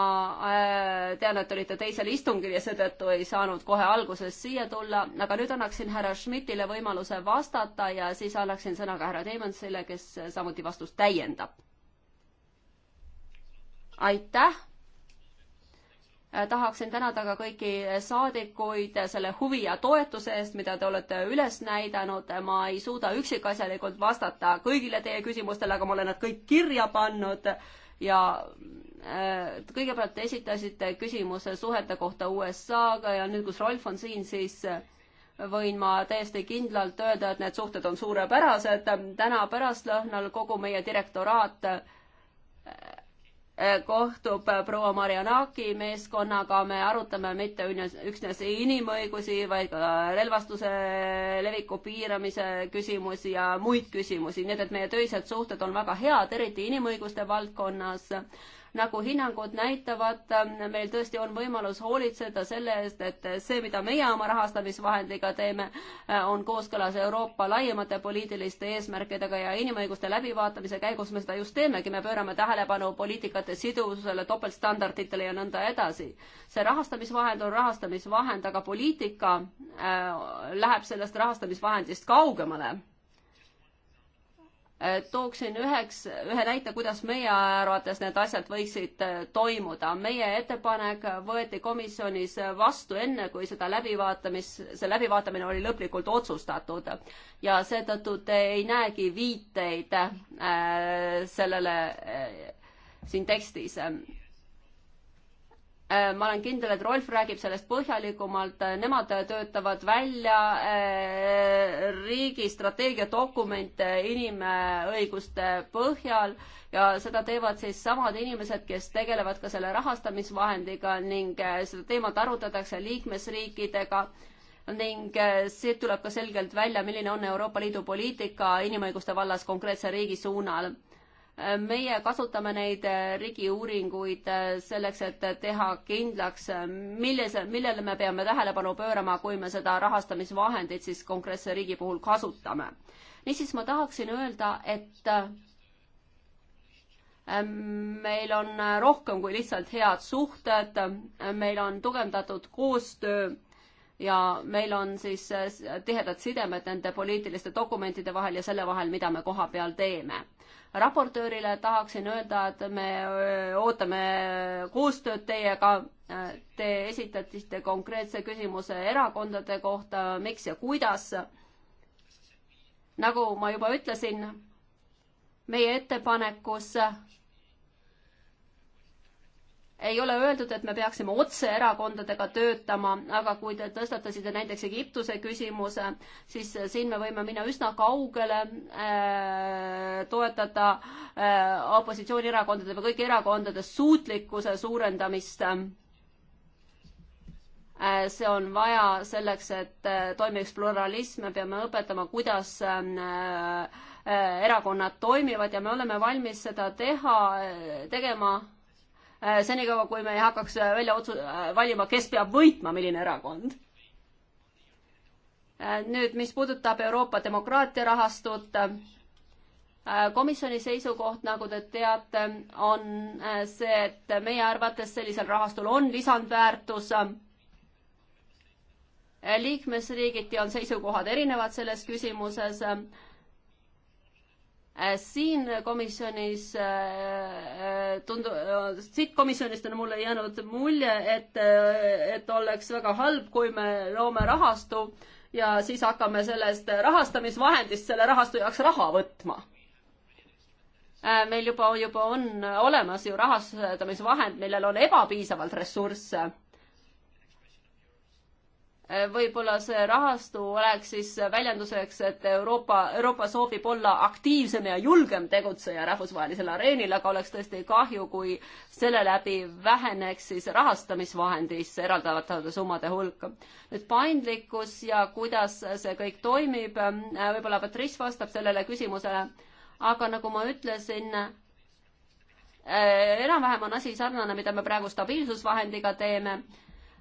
äh, tean, et olite teisel istungil ja seetõttu ei saanud kohe alguses siia tulla, aga nüüd annaksin härra Schmidtile võimaluse vastata ja siis annaksin sõna ka härra Timansile, kes samuti vastust täiendab. aitäh Äh, tahaksin tänada ka kõiki saadikuid selle huvi ja toetuse eest, mida te olete üles näidanud. ma ei suuda üksikasjalikult vastata kõigile teie küsimustele, aga ma olen nad kõik kirja pannud ja äh, kõigepealt te esitasite küsimuse suhete kohta USA-ga ja nüüd, kus Rolf on siin, siis äh, võin ma täiesti kindlalt öelda, et need suhted on suurepärased. täna pärastlõhnal kogu meie direktoraat Eh, kohtub eh, proua Marianaki meeskonnaga, me arutame mitte üksnes inimõigusi, vaid ka relvastuse leviku piiramise küsimusi ja muid küsimusi, nii et, et meie töised suhted on väga head, eriti inimõiguste valdkonnas nagu hinnangud näitavad, meil tõesti on võimalus hoolitseda selle eest, et see, mida meie oma rahastamisvahendiga teeme, on kooskõlas Euroopa laiemate poliitiliste eesmärkidega ja inimõiguste läbivaatamise käigus me seda just teemegi, me pöörame tähelepanu poliitikate sidususele, topeltstandarditele ja nõnda edasi. see rahastamisvahend on rahastamisvahend, aga poliitika äh, läheb sellest rahastamisvahendist kaugemale tooksin üheks, ühe näite, kuidas meie arvates need asjad võiksid äh, toimuda. meie ettepanek võeti komisjonis vastu enne, kui seda läbivaatamis, see läbivaatamine oli lõplikult otsustatud ja seetõttu te ei näegi viiteid äh, sellele äh, siin tekstis Äh, ma olen kindel, et Rolf räägib sellest põhjalikumalt, äh, nemad töötavad välja äh, riigi strateegiadokumente inimõiguste põhjal ja seda teevad siis samad inimesed, kes tegelevad ka selle rahastamisvahendiga ning seda teemat arutatakse liikmesriikidega ning siit tuleb ka selgelt välja, milline on Euroopa Liidu poliitika inimõiguste vallas konkreetse riigi suunal meie kasutame neid äh, rigiuuringuid äh, selleks, et teha kindlaks, äh, millise, millele me peame tähelepanu pöörama, kui me seda rahastamisvahendit siis konkreetse riigi puhul kasutame. niisiis ma tahaksin öelda, et meil on rohkem kui lihtsalt head suhted, meil on tugevdatud koostöö ja meil on siis tihedad sidemed nende poliitiliste dokumentide vahel ja selle vahel, mida me koha peal teeme raportöörile tahaksin öelda, et me ootame koostööd teiega. Te esitasite konkreetse küsimuse erakondade kohta, miks ja kuidas. nagu ma juba ütlesin, meie ettepanekus ei ole öeldud, et me peaksime otse erakondadega töötama, aga kui te tõstatasite näiteks Egiptuse küsimuse, siis siin me võime minna üsna kaugele äh,, toetada äh, opositsioonierakondade või kõigi erakondade suutlikkuse suurendamist äh, see on vaja selleks, et äh, toimiks pluralism, me peame õpetama, kuidas äh, äh, erakonnad toimivad ja me oleme valmis seda teha, tegema Äh, senikaua, kui me ei hakkaks äh, välja otsu-, äh, valima, kes peab võitma, milline erakond. nüüd, mis puudutab Euroopa demokraatia rahastut, komisjoni seisukoht, nagu te teate, on see, et meie arvates sellisel rahastul on lisandväärtus. liikmesriigiti on seisukohad erinevad selles küsimuses Äh, siin komisjonis äh, äh, tundu-, siit komisjonist on mulle jäänud mulje, et, et oleks väga halb, kui me loome rahastu ja siis hakkame sellest rahastamisvahendist selle rahastu jaoks raha võtma. meil juba, juba on olemas ju rahastamisvahend, millel on ebapiisavalt ressursse võib-olla see rahastu oleks siis väljenduseks, et Euroopa, Euroopa soovib olla aktiivsem ja julgem tegutseja rahvusvahelisel areenil, aga oleks tõesti kahju, kui selle läbi väheneks siis rahastamisvahendisse eraldatavate summade hulk. nüüd paindlikkus ja kuidas see kõik toimib, võib-olla Patrice vastab sellele küsimusele, aga nagu ma ütlesin, eh, enam-vähem on asi sarnane, mida me praegu stabiilsusvahendiga teeme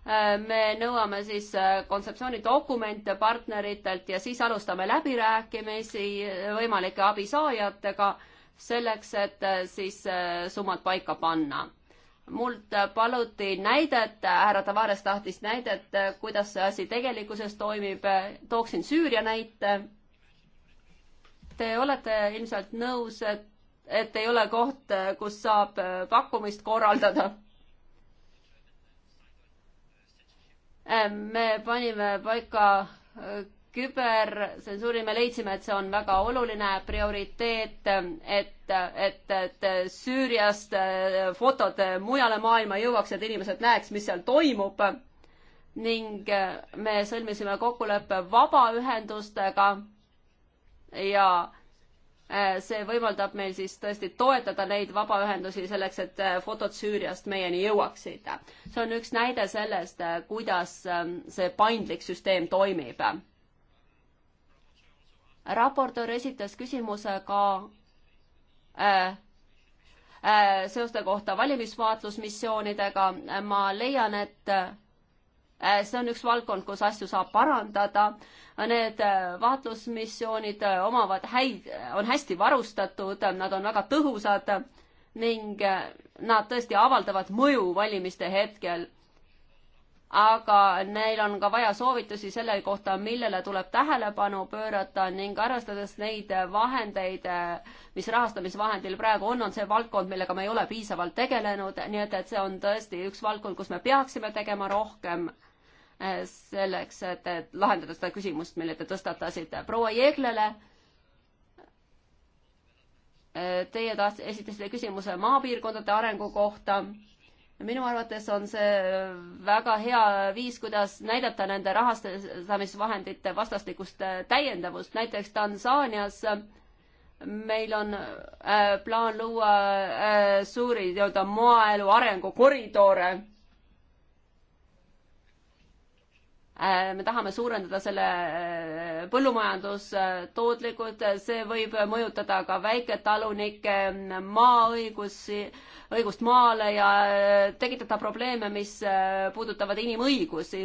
Äh, me nõuame siis äh, kontseptsioonidokumente partneritelt ja siis alustame läbirääkimisi äh, võimalike abisaajatega selleks, et siis summad paika panna mult paluti näidet, härra Tavares tahtis näidet, kuidas see asi tegelikkuses toimib, tooksin Süüria näite. Te olete ilmselt nõus, et, et ei ole koht, kus saab pakkumist korraldada Ehm, me panime paika äh, kübertsensuuri, me leidsime, et see on väga oluline prioriteet, ehm, et, et, et Süüriast äh, fotod mujale maailma jõuaks, et inimesed näeks, mis seal toimub. ning äh, me sõlmisime kokkuleppe vabaühendustega ja Äh, see võimaldab meil siis tõesti toetada neid vabaühendusi selleks, et äh, fotod Süüriast meieni jõuaksid. see on üks näide sellest, äh, kuidas ähm, see paindlik süsteem toimib. raportöör esitas küsimuse ka äh, äh, seoste kohta valimisvaatlusmissioonidega. ma leian, et Äh, see on üks valdkond, kus asju saab parandada. Need äh, vaatlusmissioonid äh, omavad häid, on hästi varustatud, nad on väga tõhusad ning nad tõesti avaldavad mõju valimiste hetkel aga neil on ka vaja soovitusi selle kohta, millele tuleb tähelepanu pöörata ning arvestades neid vahendeid, mis rahastamisvahendil praegu on, on see valdkond, millega me ei ole piisavalt tegelenud, nii et, et see on tõesti üks valdkond, kus me peaksime tegema rohkem eh, selleks, et, et lahendada seda küsimust, mille te tõstatasite. proua Jeeglele eh, Teie taas esitasite küsimuse maapiirkondade arengu kohta minu arvates on see äh, väga hea viis, kuidas näidata nende rahastamisvahendite vastastikust äh, täiendavust. näiteks Tansaanias äh, meil on äh, plaan luua äh, suuri nii-öelda maaelu arengukoridore äh,. me tahame suurendada selle põllumajandustoodlikult, see võib mõjutada ka väiketalunike maaõigusi äh, õigust maale ja äh, tekitada probleeme, mis äh, puudutavad inimõigusi.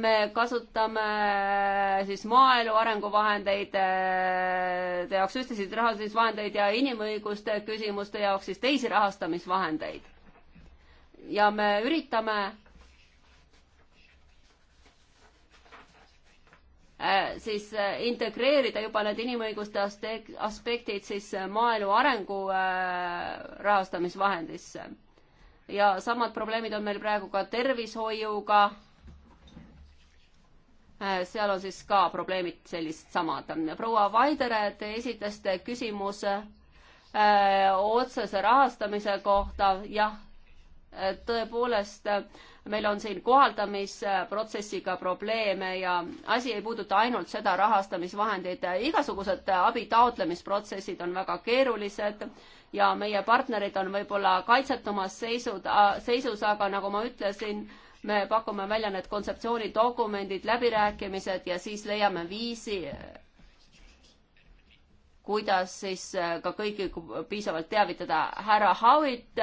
me kasutame äh, siis maaelu arenguvahendeid jaoks ühtesid rahastamisvahendeid ja inimõiguste küsimuste jaoks siis teisi rahastamisvahendeid. ja me üritame Äh, siis äh, integreerida juba need inimõiguste aspektid siis äh, maaelu arengu rahastamisvahendisse. ja samad probleemid on meil praegu ka tervishoiuga. seal on siis ka probleemid sellised samad. proua Vaidere, te esitasite küsimuse öö, otsese rahastamise kohta, jah, tõepoolest öö, meil on siin kohaldamisprotsessiga probleeme ja asi ei puuduta ainult seda rahastamisvahendit, igasugused abi taotlemisprotsessid on väga keerulised ja meie partnerid on võib-olla kaitsetumas seisud, seisus, aga nagu ma ütlesin, me pakume välja need kontseptsioonidokumendid, läbirääkimised ja siis leiame viisi, kuidas siis eh, ka kõiki piisavalt teavitada. härra Howitt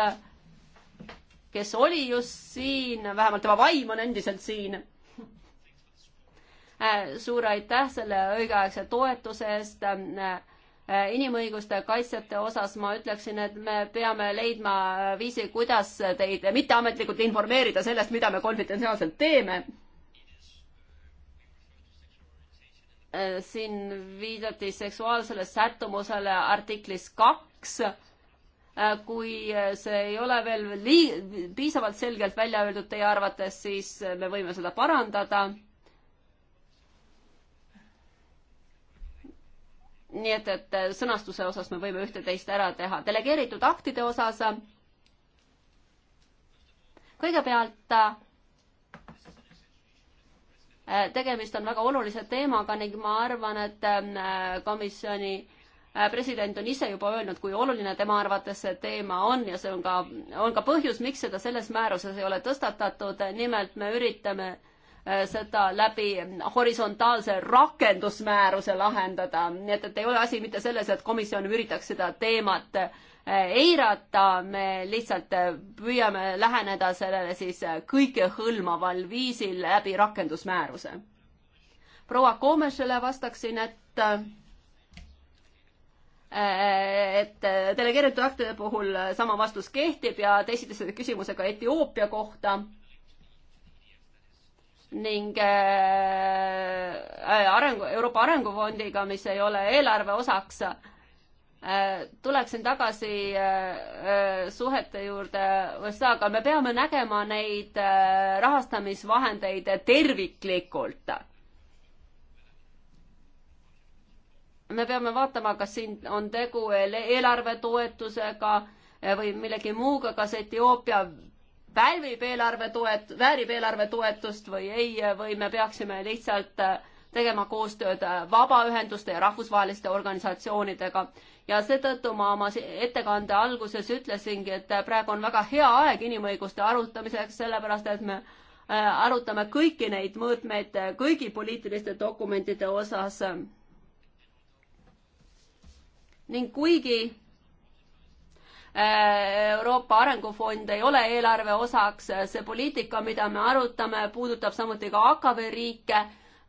kes oli just siin, vähemalt tema vaim on endiselt siin. Äh, suur aitäh selle õigeaegse toetuse eest äh, inimõiguste kaitsjate osas ma ütleksin, et me peame leidma viisi, kuidas teid mitteametlikult informeerida sellest, mida me konfidentsiaalselt teeme. Äh, siin viidati seksuaalsele sättumusele artiklis kaks Äh, kui äh, see ei ole veel lii-, piisavalt selgelt välja öeldud teie arvates, siis äh, me võime seda parandada. nii et, et sõnastuse osas me võime ühte-teist ära teha. delegeeritud aktide osas kõigepealt tegemist on väga olulise teemaga ning ma arvan, et ähm, komisjoni äh, Äh, president on ise juba öelnud, kui oluline tema arvates see teema on ja see on ka, on ka põhjus, miks seda selles määruses ei ole tõstatatud, nimelt me üritame äh, seda läbi horisontaalse rakendusmääruse lahendada, nii et, et ei ole asi mitte selles, et komisjon üritaks seda teemat äh, eirata, me lihtsalt püüame läheneda sellele siis kõikehõlmaval viisil läbi rakendusmääruse. proua Koomešele vastaksin, et et äh, delegeeritud aktide puhul sama vastus kehtib ja te esitasite küsimuse ka Etioopia kohta ning äh, arengu, Euroopa Arengufondiga, mis ei ole eelarve osaks äh,. tuleksin tagasi äh, äh suhete juurde USA-ga, me peame nägema neid äh, rahastamisvahendeid terviklikult äh, me peame vaatama, kas siin on tegu eelarvetoetusega või millegi muuga, kas Etioopia pälvib eelarvetoet-, väärib eelarvetoetust või ei, või me peaksime lihtsalt tegema koostööd vabaühenduste ja rahvusvaheliste organisatsioonidega. ja seetõttu ma oma ettekande alguses ütlesingi, et praegu on väga hea aeg inimõiguste arutamiseks, sellepärast et me äh, arutame kõiki neid mõõtmeid kõigi poliitiliste dokumentide osas ning kuigi äh, Euroopa Arengufond ei ole eelarve osaks, äh, see poliitika, mida me arutame, puudutab samuti ka AKV riike,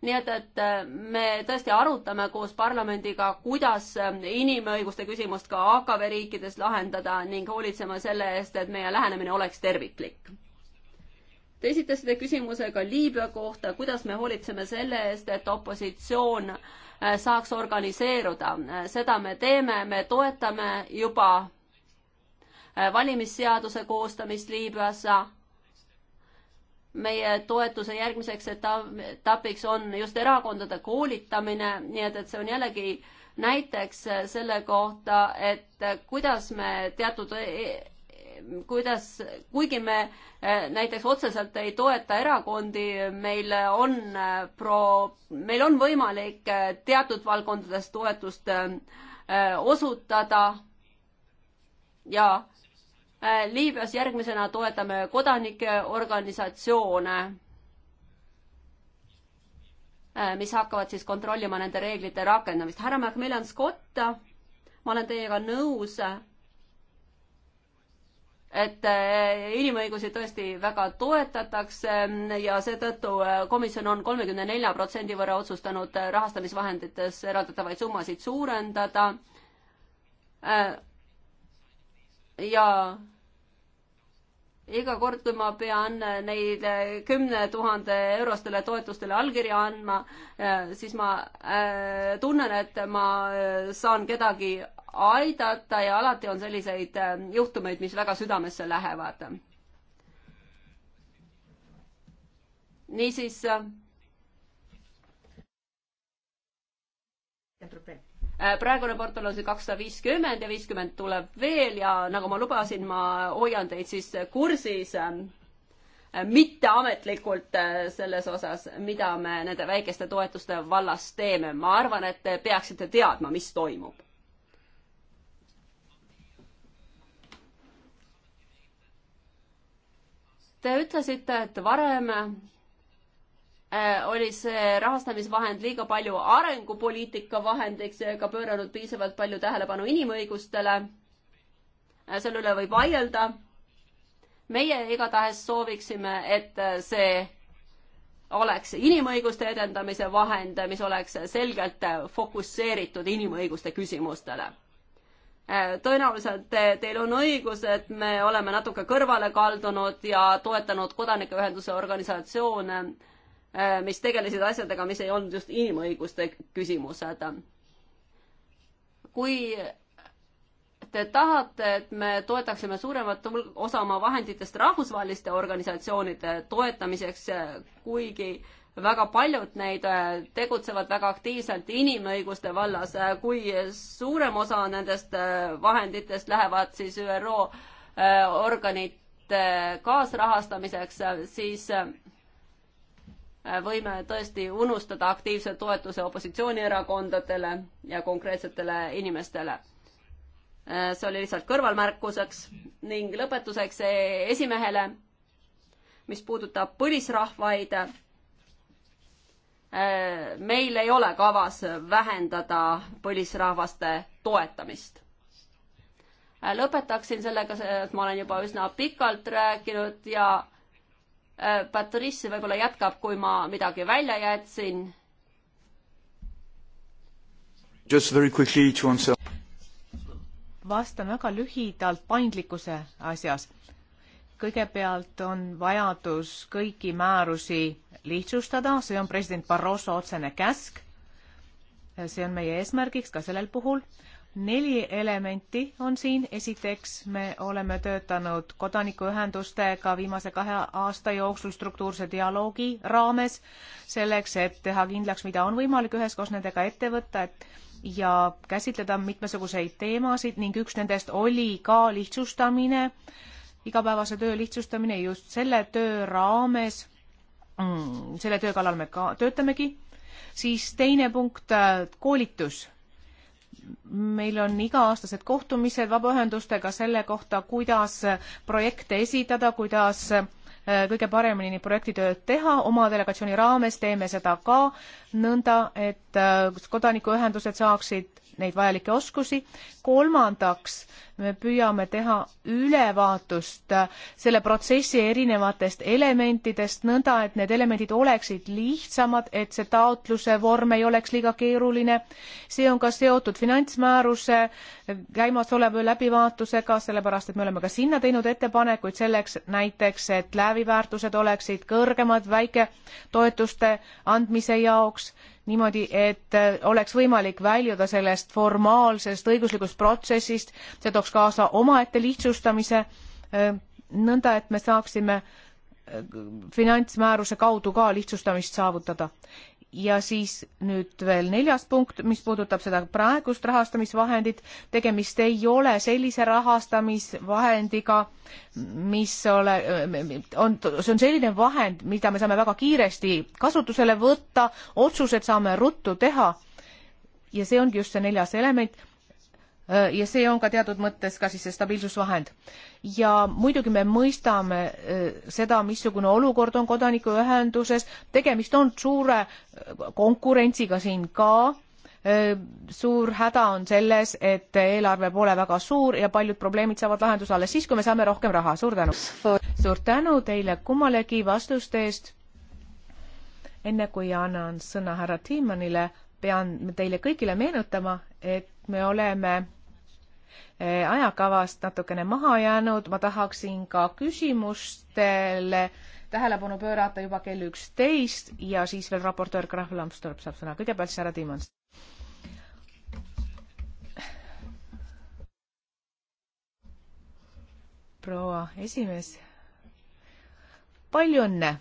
nii et, et äh, me tõesti arutame koos parlamendiga, kuidas inimõiguste küsimust ka AKV riikides lahendada ning hoolitsema selle eest, et meie lähenemine oleks terviklik. Te esitasite küsimuse ka Liibüa kohta, kuidas me hoolitseme selle eest, et opositsioon äh, Äh, saaks organiseeruda. Äh, seda me teeme, me toetame juba äh, valimisseaduse koostamist Liibüas. meie toetuse järgmiseks etapiks on just erakondade koolitamine, nii et, et see on jällegi näiteks selle kohta, et kuidas me teatud e-, kuidas, kuigi me äh, näiteks otseselt ei toeta erakondi, meil on äh, pro-, meil on võimalik äh, teatud valdkondades toetust osutada ja Liibüas järgmisena toetame kodanike organisatsioone, mis hakkavad siis kontrollima nende reeglite rakendamist. härra Macmillan Scott, ma olen teiega nõus et eh, inimõigusi tõesti väga toetatakse ja seetõttu eh, komisjon on kolmekümne nelja protsendi võrra otsustanud eh, rahastamisvahendites eraldatavaid summasid suurendada. ja iga kord, kui ma pean neile kümne tuhande eurostele toetustele allkirja andma, eh, siis ma eh, tunnen, et ma eh, saan kedagi aidata ja alati on selliseid juhtumeid, mis väga südamesse lähevad. niisiis. probleem Äh, praegune portal on see kakssada viiskümmend ja viiskümmend tuleb veel ja nagu ma lubasin, ma hoian teid siis kursis ähm, äh, mitteametlikult äh, selles osas, mida me nende väikeste toetuste vallas teeme. ma arvan, et te peaksite teadma, mis toimub. Te ütlesite, et varem Äh, oli see rahastamisvahend liiga palju arengupoliitika vahendiks ja ega pööranud piisavalt palju tähelepanu inimõigustele. Äh, selle üle võib vaielda. meie igatahes sooviksime, et see oleks inimõiguste edendamise vahend, mis oleks selgelt fokusseeritud inimõiguste küsimustele. Äh, tõenäoliselt eh, teil on õigus, et me oleme natuke kõrvale kaldunud ja toetanud kodanikeühenduse organisatsioone Äh, mis tegelesid asjadega, mis ei olnud just inimõiguste küsimused. kui te tahate, et me toetaksime suuremat osa oma vahenditest rahvusvaheliste organisatsioonide toetamiseks, kuigi väga paljud neid äh, tegutsevad väga aktiivselt inimõiguste vallas, äh, kui suurem osa nendest vahenditest lähevad siis ÜRO organite kaasrahastamiseks, siis Äh, võime tõesti unustada aktiivse toetuse opositsioonierakondadele ja konkreetsetele inimestele. Äh, see oli lihtsalt kõrvalmärkuseks ning lõpetuseks esimehele, mis puudutab põlisrahvaid. Äh, meil ei ole kavas vähendada põlisrahvaste toetamist lõpetaksin sellega, et ma olen juba üsna pikalt rääkinud ja Äh, Patrice võib-olla jätkab, kui ma midagi välja jätsin. vastan väga lühidalt paindlikkuse asjas. kõigepealt on vajadus kõiki määrusi lihtsustada, see on president Barroso otsene käsk. see on meie eesmärgiks ka sellel puhul neli elementi on siin. esiteks me oleme töötanud kodanikuühendustega viimase kahe aasta jooksul struktuurse dialoogi raames selleks, et teha kindlaks, mida on võimalik üheskoos nendega ette võtta, et ja käsitleda mitmesuguseid teemasid ning üks nendest oli ka lihtsustamine, igapäevase töö lihtsustamine just selle töö raames mm,, selle töö kallal me ka töötamegi. siis teine punkt, koolitus meil on iga-aastased kohtumised vabaühendustega selle kohta, kuidas projekte esitada, kuidas äh, kõige paremini projektitööd teha, oma delegatsiooni raames teeme seda ka nõnda, et äh, kodanikuühendused saaksid neid vajalikke oskusi. kolmandaks, me püüame teha ülevaatust selle protsessi erinevatest elementidest, nõnda et need elemendid oleksid lihtsamad, et see taotluse vorm ei oleks liiga keeruline. see on ka seotud finantsmääruse käimasoleva läbivaatusega, sellepärast et me oleme ka sinna teinud ettepanekuid selleks näiteks, et läbiväärtused oleksid kõrgemad väiketoetuste andmise jaoks niimoodi, et äh, oleks võimalik väljuda sellest formaalsest õiguslikust protsessist, see tooks kaasa omaette lihtsustamise, äh, nõnda et me saaksime äh, finantsmääruse kaudu ka lihtsustamist saavutada ja siis nüüd veel neljas punkt, mis puudutab seda praegust rahastamisvahendit. tegemist ei ole sellise rahastamisvahendiga, mis ole, on, see on selline vahend, mida me saame väga kiiresti kasutusele võtta, otsused saame ruttu teha. ja see ongi just see neljas element Äh, ja see on ka teatud mõttes ka siis see stabiilsusvahend. ja muidugi me mõistame äh, seda, missugune olukord on kodanikuühenduses, tegemist on suure äh, konkurentsiga siin ka, suur häda on selles, et eelarve pole väga suur ja paljud probleemid saavad lahenduse alles siis, kui me saame rohkem raha, suur tänu! suur tänu teile kummalegi vastuste eest, enne kui annan sõna härra Tiimanile, pean teile kõigile meenutama, et me oleme Eh, ajakavast natukene maha jäänud, ma tahaksin ka küsimustele tähelepanu pöörata juba kell üksteist ja siis veel raportöör Krahv Lambsdorp saab sõna. kõigepealt Sarah Timmons. proua esimees, palju õnne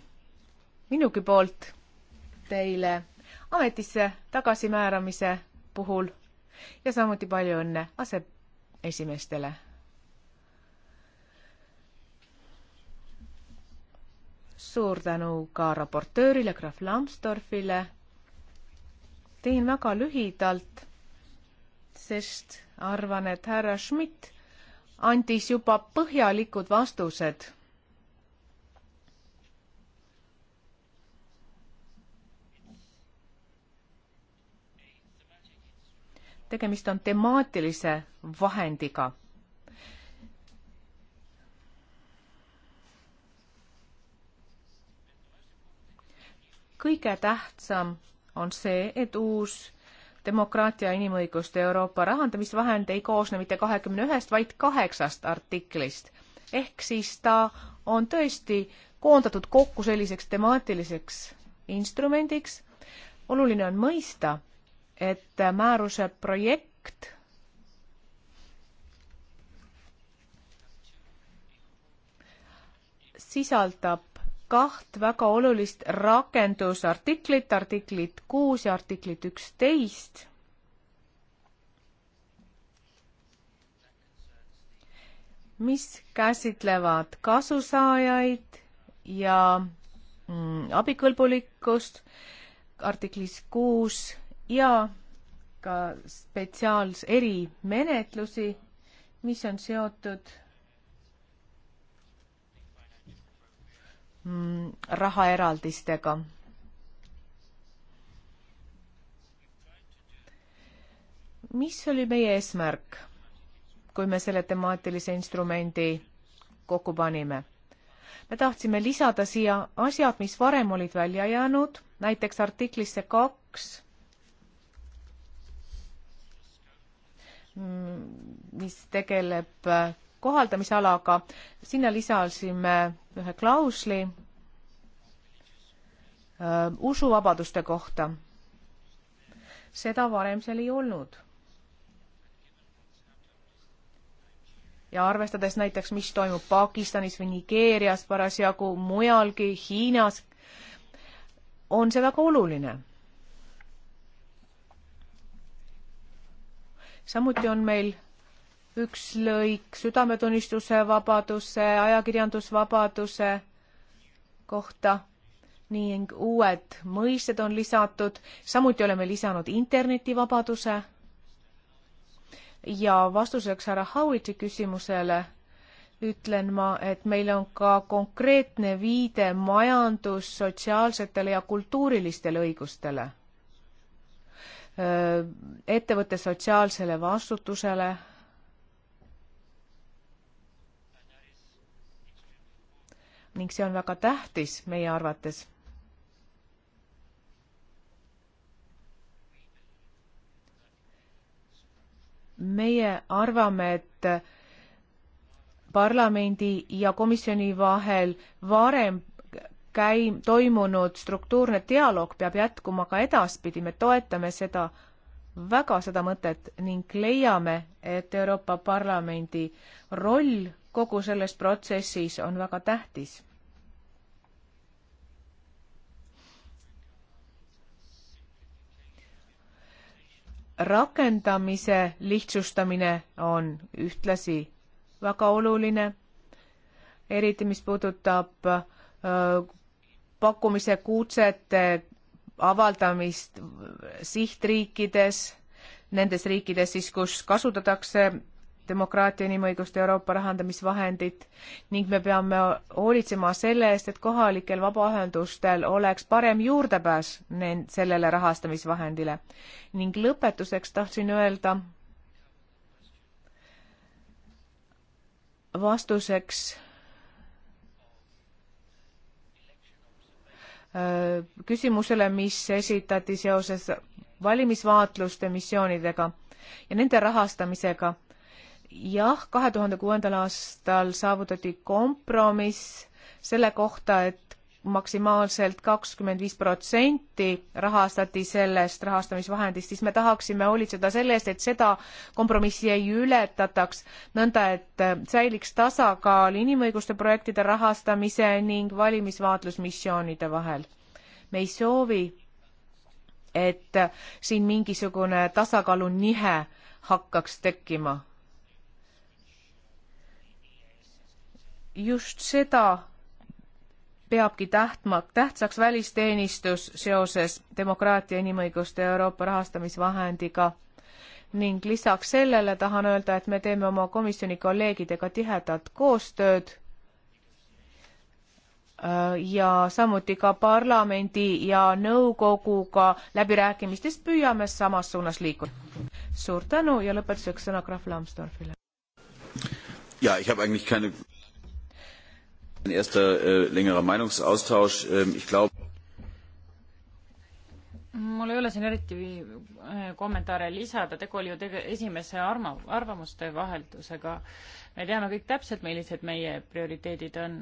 minugi poolt teile ametisse tagasimääramise puhul ja samuti palju õnne asep-, esimestele. suur tänu ka raportöörile, krahv Lambsdorffile. teen väga lühidalt, sest arvan, et härra Schmidt andis juba põhjalikud vastused tegemist on temaatilise vahendiga. kõige tähtsam on see, et uus demokraatia ja inimõiguste Euroopa rahandamisvahend ei koosne mitte kahekümne ühest, vaid kaheksast artiklist. ehk siis ta on tõesti koondatud kokku selliseks temaatiliseks instrumendiks. oluline on mõista, et määruse projekt sisaldab kaht väga olulist rakendusartiklit, artiklit kuus ja artiklit üksteist. mis käsitlevad kasusaajaid ja mm, abikõlbulikkust artiklis kuus ja ka spetsiaals-, erimenetlusi, mis on seotud mm, rahaeraldistega. mis oli meie eesmärk, kui me selle temaatilise instrumendi kokku panime? me tahtsime lisada siia asjad, mis varem olid välja jäänud, näiteks artiklisse kaks Mm, mis tegeleb äh, kohaldamisalaga, sinna lisasime ühe klausli äh, usuvabaduste kohta. seda varem seal ei olnud. ja arvestades näiteks, mis toimub Pakistanis või Nigeerias parasjagu, mujalgi Hiinas, on see väga oluline samuti on meil üks lõik südametunnistuse vabaduse, ajakirjandusvabaduse kohta ning uued mõisted on lisatud, samuti oleme lisanud internetivabaduse. ja vastuseks härra Howiti küsimusele ütlen ma, et meil on ka konkreetne viide majandus, sotsiaalsetele ja kultuurilistele õigustele ettevõtte sotsiaalsele vastutusele. ning see on väga tähtis meie arvates. meie arvame, et parlamendi ja komisjoni vahel varem käi-, toimunud struktuurne dialoog peab jätkuma ka edaspidi, me toetame seda, väga seda mõtet ning leiame, et Euroopa Parlamendi roll kogu selles protsessis on väga tähtis. rakendamise lihtsustamine on ühtlasi väga oluline, eriti mis puudutab äh, pakkumise kutsete eh, avaldamist sihtriikides, nendes riikides siis, kus kasutatakse demokraatia inimõiguste Euroopa lahendamisvahendit ning me peame hoolitsema selle eest, et kohalikel vabaühendustel oleks parem juurdepääs sellele rahastamisvahendile. ning lõpetuseks tahtsin öelda vastuseks Äh, küsimusele, mis esitati seoses valimisvaatluste missioonidega ja nende rahastamisega. jah, kahe tuhande kuuendal aastal saavutati kompromiss selle kohta, et maksimaalselt kakskümmend viis protsenti rahastati sellest rahastamisvahendist, siis me tahaksime hoolitseda selle eest, et seda kompromissi ei ületataks, nõnda et säiliks tasakaal inimõiguste projektide rahastamise ning valimisvaatlusmissioonide vahel. me ei soovi, et siin mingisugune tasakaalunihe hakkaks tekkima. just seda peabki tähtma, tähtsaks välisteenistus seoses demokraatia inimõiguste Euroopa rahastamisvahendiga ning lisaks sellele tahan öelda, et me teeme oma komisjoni kolleegidega tihedat koostööd äh, ja samuti ka parlamendi ja nõukoguga läbirääkimistest püüame samas suunas liikuda. suur tänu ja lõpetuseks sõna Graf Lambsdorffile. Keine... Äh, ähm, mul ei ole siin eriti äh, kommentaare lisada, tegu oli ju tege-, esimese arma-, arvamuste vaheldusega. me teame kõik täpselt, millised meie prioriteedid on.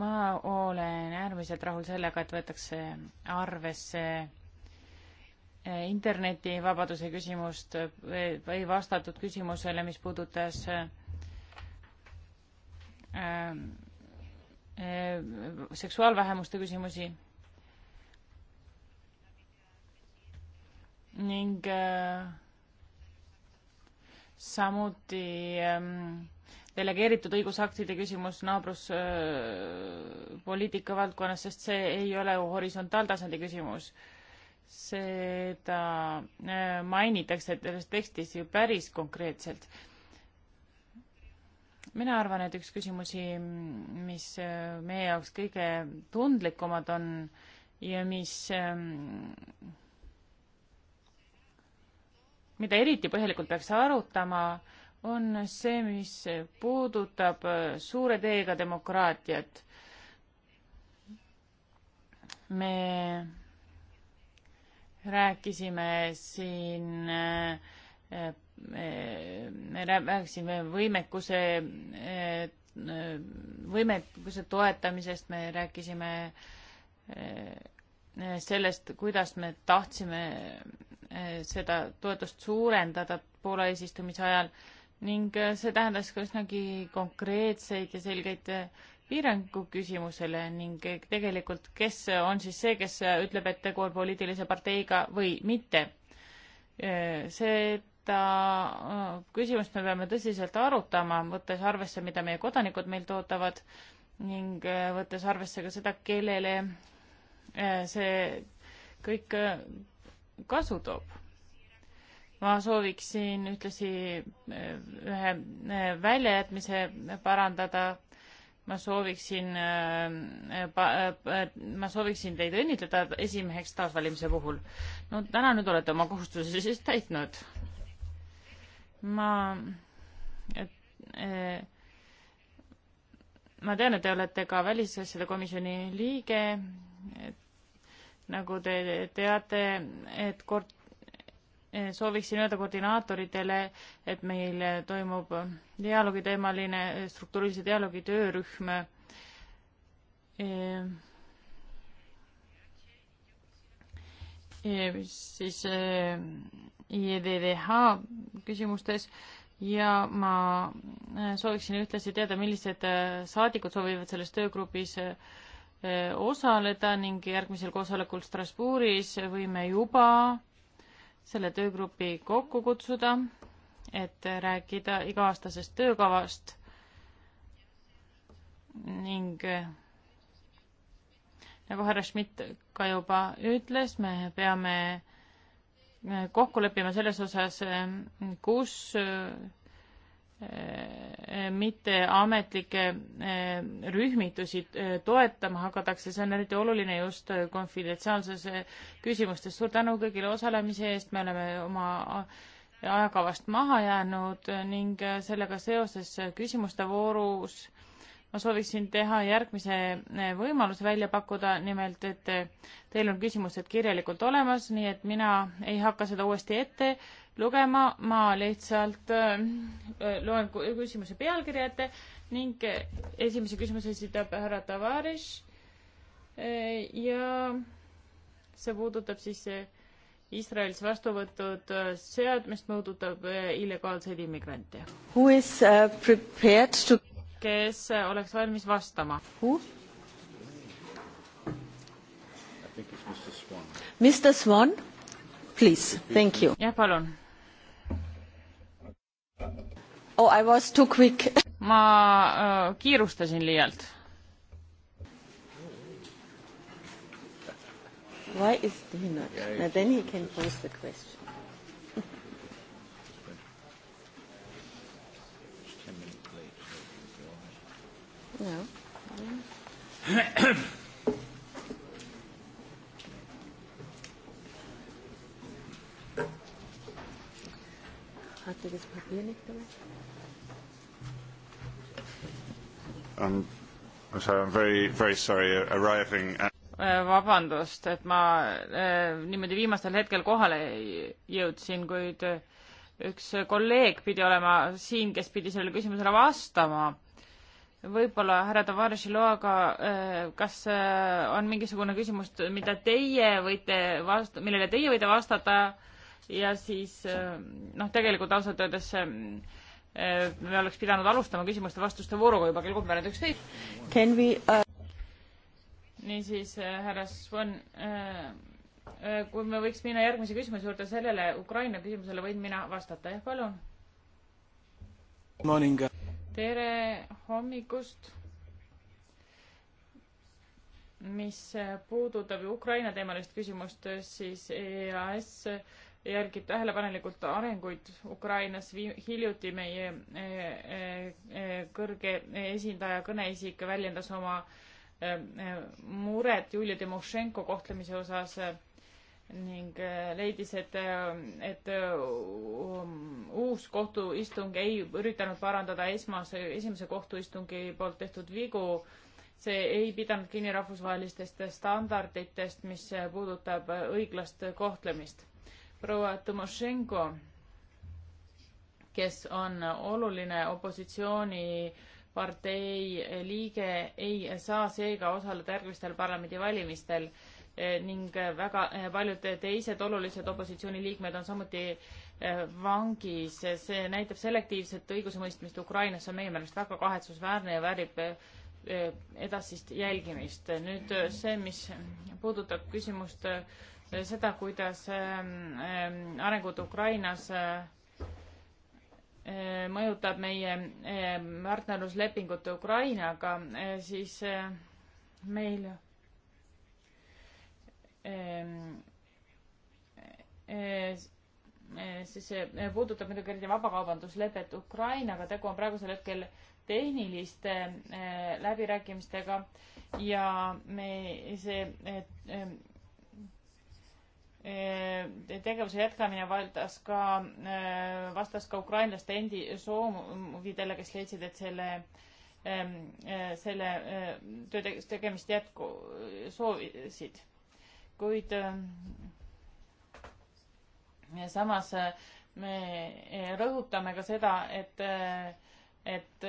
ma olen äärmiselt rahul sellega, et võetakse arvesse äh, internetivabaduse küsimust või vastatud küsimusele, mis puudutas ähm, Äh, seksuaalvähemuste küsimusi. ning äh, samuti ähm, delegeeritud õigusaktide küsimus naabruspoliitika äh, valdkonnas, sest see ei ole ju horisontaaltasandi küsimus. seda mainitakse selles tekstis ju päris konkreetselt mina arvan, et üks küsimusi, mis äh, meie jaoks kõige tundlikumad on ja mis, ähm, mida eriti põhjalikult peaks arutama, on see, mis puudutab äh, suure teega demokraatiat. me rääkisime siin äh, me rääkisime võimekuse, võimekuse toetamisest, me rääkisime eh, sellest, kuidas me tahtsime eh, seda toetust suurendada Poola eesistumise ajal ning eh, see tähendas ka üsnagi konkreetseid ja selgeid piirangu küsimusele ning tegelikult, kes on siis see, kes ütleb, et tegu on poliitilise parteiga või mitte. see Äh, küsimust me peame tõsiselt arutama, võttes arvesse, mida meie kodanikud meilt ootavad ning äh, võttes arvesse ka seda, kellele äh, see kõik kasu toob. ma sooviksin ühtlasi ühe väljajätmise parandada. ma sooviksin, ma sooviksin teid õnnitleda esimeheks taasvalimise puhul. no täna nüüd olete oma kohustuse siis täitnud ma, eh, ma tean, et te olete ka välisasjade komisjoni liige, nagu te teate, et kord eh, sooviksin öelda koordinaatoritele, et meil toimub dialoogi teemaline struktuurilise dialoogi töörühm. Eh, siis IEDDH küsimustes ja ma äh, sooviksin ühtlasi teada, millised äh, saadikud soovivad selles töögrupis äh, osaleda ning järgmisel koosolekul Strasbourgis võime juba selle töögrupi kokku kutsuda, et rääkida iga-aastasest töökavast ning nagu härra Schmidt ka juba ütles, me peame kokku leppima selles osas, eh, kus eh, mitteametlikke eh, rühmitusi toetama hakatakse, see on eriti oluline just konfidentsiaalsuse küsimustes. suur tänu kõigile osalemise eest, me oleme oma ajakavast maha jäänud ning sellega seoses küsimuste voorus ma sooviksin teha järgmise eh, võimaluse välja pakkuda, nimelt et eh, teil on küsimused kirjalikult olemas, nii et mina ei hakka seda uuesti ette lugema, ma lihtsalt eh, loen küsimuse pealkirja ette ning esimese küsimuse esitab härra Tavares ja see puudutab siis Iisraelis vastu võetud seadmist, puudutab illegaalseid immigrante. Who is uh, prepared to kes oleks valmis vastama huh?. Mr Swan, please, thank you. jah, palun. Oh, I was too quick. ma äh, kiirustasin liialt. Why is he not? Yeah, Now then he can pose the question. No. Hat sie das Papier nicht dabei? Um, sorry, I'm very, very sorry uh, arriving at äh, vabandust, et ma eh, niimoodi viimastel hetkel kohale jõudsin, kuid äh, üks kolleeg pidi olema siin, kes pidi sellele küsimusele vastama võib-olla härra Tavares Loaga, äh, kas äh, on mingisugune küsimus, mida teie võite vast-, millele teie võite vastata ja siis äh, noh, tegelikult ausalt öeldes me oleks pidanud alustama küsimuste-vastuste vooruga juba kell kolmveerand üksteist. Can we uh...? niisiis, härra Svan, kui me võiks minna järgmise küsimuse juurde, sellele Ukraina küsimusele võin mina vastata, jah, palun. Morning tere hommikust! mis puudutab Ukraina teemalist küsimust, siis EAS jälgib tähelepanelikult arenguid Ukrainas. hiljuti meie e, e, e, kõrge esindaja kõneisik väljendas oma muret Julia Timošenko kohtlemise osas ning äh, leidis, et, äh, et äh, um, uus kohtuistung ei üritanud parandada esmase, esimese kohtuistungi poolt tehtud vigu. see ei pidanud kinni rahvusvahelistest standarditest, mis puudutab õiglast kohtlemist. proua Tomošenko, kes on oluline opositsioonipartei liige, ei saa seega osaleda järgmistel parlamendivalimistel Eh, ning eh, väga eh, paljud teised olulised opositsiooniliikmed on samuti vangis. see näitab selektiivset õigusemõistmist Ukrainas, see on meie meelest väga kahetsusväärne ja väärib edasist jälgimist. nüüd see, mis puudutab küsimust seda, kuidas arengud Ukrainas mõjutab meie partnerluslepingut Ukrainaga, siis meil Ehm, ehm, ehm, siis eh, puudutab muidugi eriti vabakaubanduslepet Ukrainaga, tegu on praegusel hetkel tehniliste eh, läbirääkimistega ja me see eh, tegevuse jätkamine valdas ka, vastas ka ukrainlaste endi soovidele, kes leidsid, et selle, selle töö tegemist jätku soovisid kuid ähm, samas äh, me äh, rõhutame ka seda, et äh, et,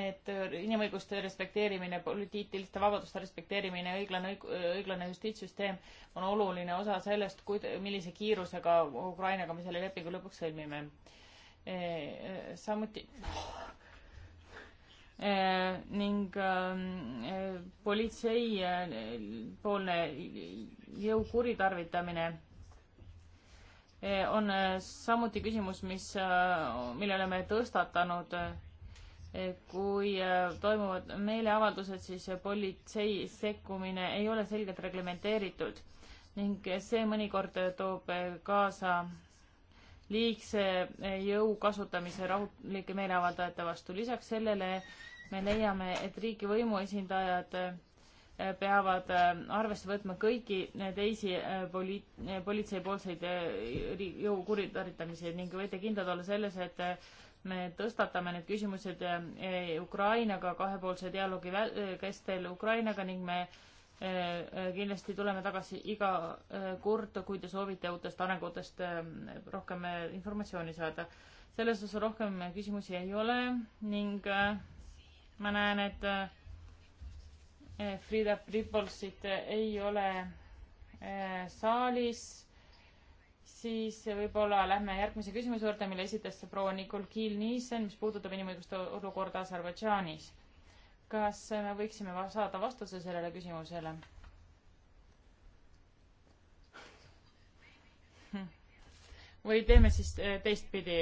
et inimõiguste respekteerimine, poliitiliste vabaduste respekteerimine, õiglane, õiglane justiitssüsteem on oluline osa sellest, kuid-, millise kiirusega Ukrainaga me selle lepingu lõpuks sõlmime. samuti Äh, ning ähm, äh, politsei äh, poolne jõu kuritarvitamine on samuti küsimus, mis, mille oleme tõstatanud. kui toimuvad meeleavaldused, siis politsei sekkumine ei ole selgelt reglementeeritud ning see mõnikord toob kaasa liigse jõu kasutamise rahulike meeleavaldajate vastu. lisaks sellele me leiame, et riigi võimuesindajad äh, peavad äh, arvesse võtma kõiki äh, teisi poli-, politseipoolseid jõu kuritarvitamisi ning võite kindlad olla selles, et me tõstatame need küsimused e-, Ukrainaga kahepoolse dialoogi kestel Ukrainaga ning me kindlasti tuleme tagasi iga kord, kui te soovite uutest arengutest rohkem informatsiooni saada. selles osas rohkem küsimusi ei ole ning ma näen, et eh, Frida Pripolsit ei ole eh, saalis, siis võib-olla lähme järgmise küsimuse juurde, mille esitas proua Nikol Kiil-Niisen, mis puudutab inimõiguste olukorda Aserbaidžaanis. kas me võiksime saada vastuse sellele küsimusele? või teeme siis eh, teistpidi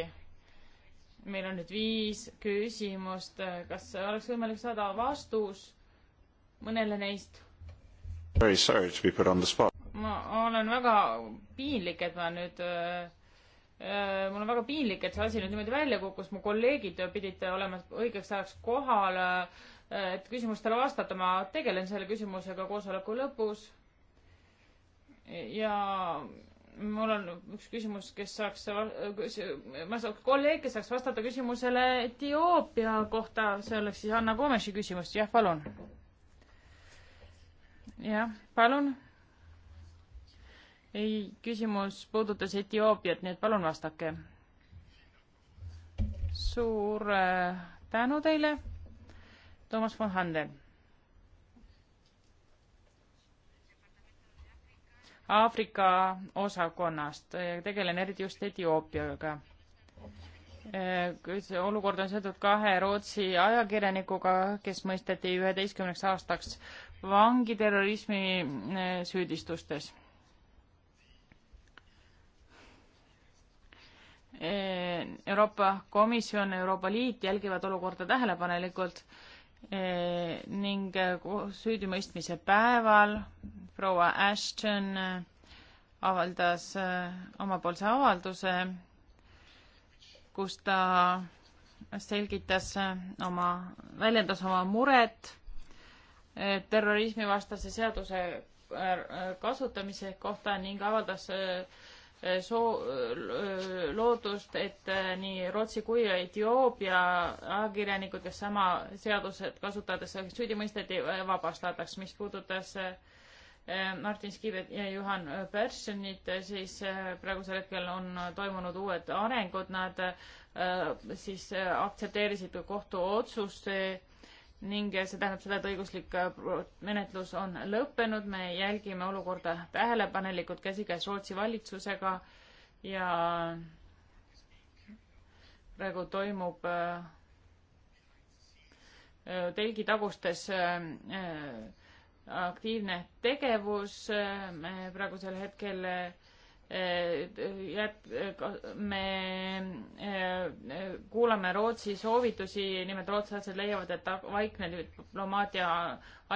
meil on nüüd viis küsimust, kas oleks võimalik saada vastus mõnele neist? ma olen väga piinlik, et ma nüüd äh, äh, mul on väga piinlik, et see asi nüüd niimoodi välja kukkus, mu kolleegid pidid olema õigeks ajaks kohal äh,, et küsimustele vastata, ma tegelen selle küsimusega koosoleku lõpus. ja mul on üks küsimus, kes saaks, ma saaks, kolleeg, kes saaks vastata küsimusele Etioopia kohta, see oleks siis Anna Komeši küsimus, jah, palun. jah, palun. ei, küsimus puudutas Etioopiat, nii et palun vastake. suur äh, tänu teile, Toomas von Handel Aafrika osakonnast, tegelen eriti just Etioopiaga. Äh, see olukord on seotud kahe Rootsi ajakirjanikuga, kes mõisteti üheteistkümneks aastaks vangi terrorismi äh, süüdistustes. Äh, Euroopa Komisjon, Euroopa Liit jälgivad olukorda tähelepanelikult Eh, ning eh, süüdimõistmise päeval proua Ashton eh, avaldas omapoolse avalduse, kus ta selgitas oma, väljendas oma muret terrorismivastase seaduse kasutamise kohta ning avaldas soo-, äh, lootust, et äh, nii Rootsi kui Etioopia ajakirjanikud, kes sama seadused kasutades süüdi mõisteti, äh, vabastataks. mis puudutas Martin Skibet ja Juhan Perssonit, siis praegusel hetkel on toimunud uued arengud, nad siis aktsepteerisid kohtuotsust ning see tähendab seda, et õiguslik äh, menetlus on lõppenud, me jälgime olukorda tähelepanelikult käsikäes Rootsi valitsusega ja praegu toimub äh, äh, telgitagustes aktiivne tegevus, me praegusel hetkel jät-, me kuulame Rootsi soovitusi, nimelt rootslased leiavad, et vaikne diplomaatia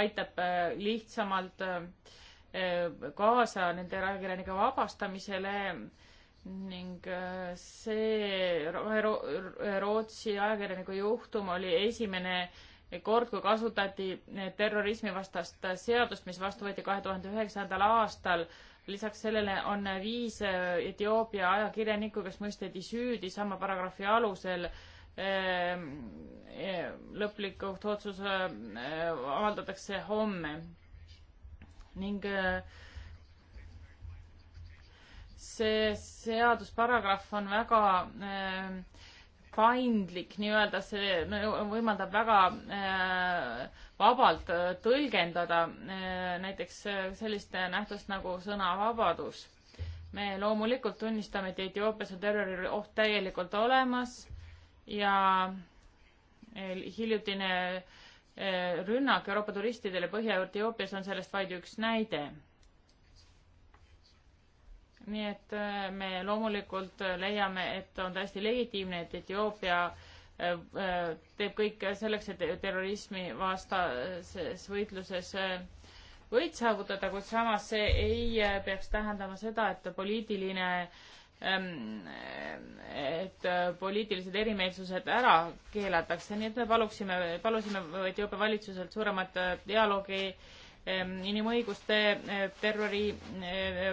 aitab äh, lihtsamalt äh, kaasa nende ajakirjanike vabastamisele ning äh, see Rootsi ajakirjaniku juhtum oli esimene kord, kui kasutati terrorismivastast seadust, mis vastu võeti kahe tuhande üheksandal aastal lisaks sellele on viis äh, Etioopia ajakirjanikku, kes mõisteti süüdi sama paragrahvi alusel. Ähm, äh, lõplik kohtuotsus äh, avaldatakse homme ning see seadusparagrahv on väga paindlik nii-öelda, see võimaldab väga vabalt äh, tõlgendada äh, näiteks äh, sellist nähtust nagu sõnavabadus. me loomulikult tunnistame, et Etioopias on terrorioht täielikult olemas ja hiljutine rünnak Euroopa turistidele Põhja-Etioopias on sellest vaid üks näide. nii et me loomulikult leiame, et on täiesti legitiimne, et Etioopia teeb kõik selleks, et terrorismi vastases võitluses äh, võit saavutada, kuid samas see ei äh, peaks tähendama seda, et poliitiline, ähm, et äh, poliitilised erimeelsused ära keelatakse, nii et me paluksime, palusime Etioopia valitsuselt suuremat dialoogi ähm, inimõiguste, terrori,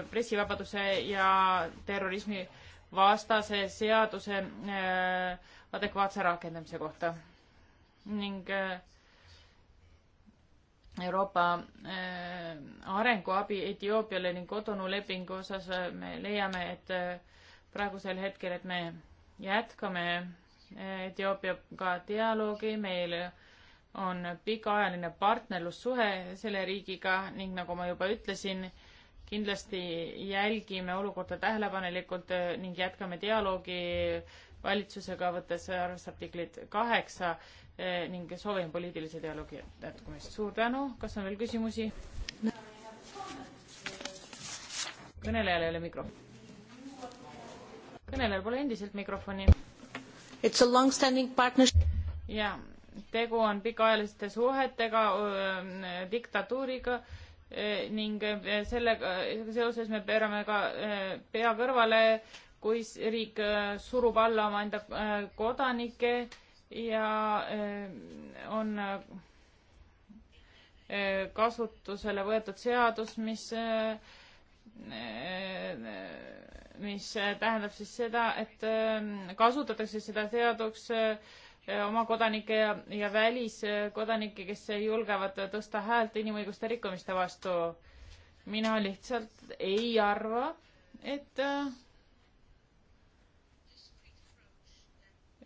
pressivabaduse ja terrorismi vastase seaduse äh, adekvaatse rakendamise kohta ning äh, Euroopa äh, arenguabi Etioopiale ning Cotonou lepingu osas äh, me leiame, et praegusel hetkel, et me jätkame Etioopiaga dialoogi, meil on pikaajaline partnerlussuhe selle riigiga ning nagu ma juba ütlesin, kindlasti jälgime olukorda tähelepanelikult ning jätkame dialoogi valitsusega, võttes arvesse artiklit kaheksa eh, ning soovin poliitilise dialoogi jätkumist. suur tänu, kas on veel küsimusi? kõnelejal ei ole mikrofoni. kõnelejal pole endiselt mikrofoni. It's a long standing partnership. jaa, tegu on pikaajaliste suhetega, diktatuuriga ning sellega seoses me pöörame ka pea kõrvale kui riik äh, surub alla omaenda äh, kodanikke ja äh, on kasutusele võetud seadus, mis, mis tähendab siis seda, et kasutatakse seda seaduks oma kodanike ja, ja väliskodanike, kes julgevad tõsta häält inimõiguste rikkumiste vastu. mina lihtsalt ei arva, et äh,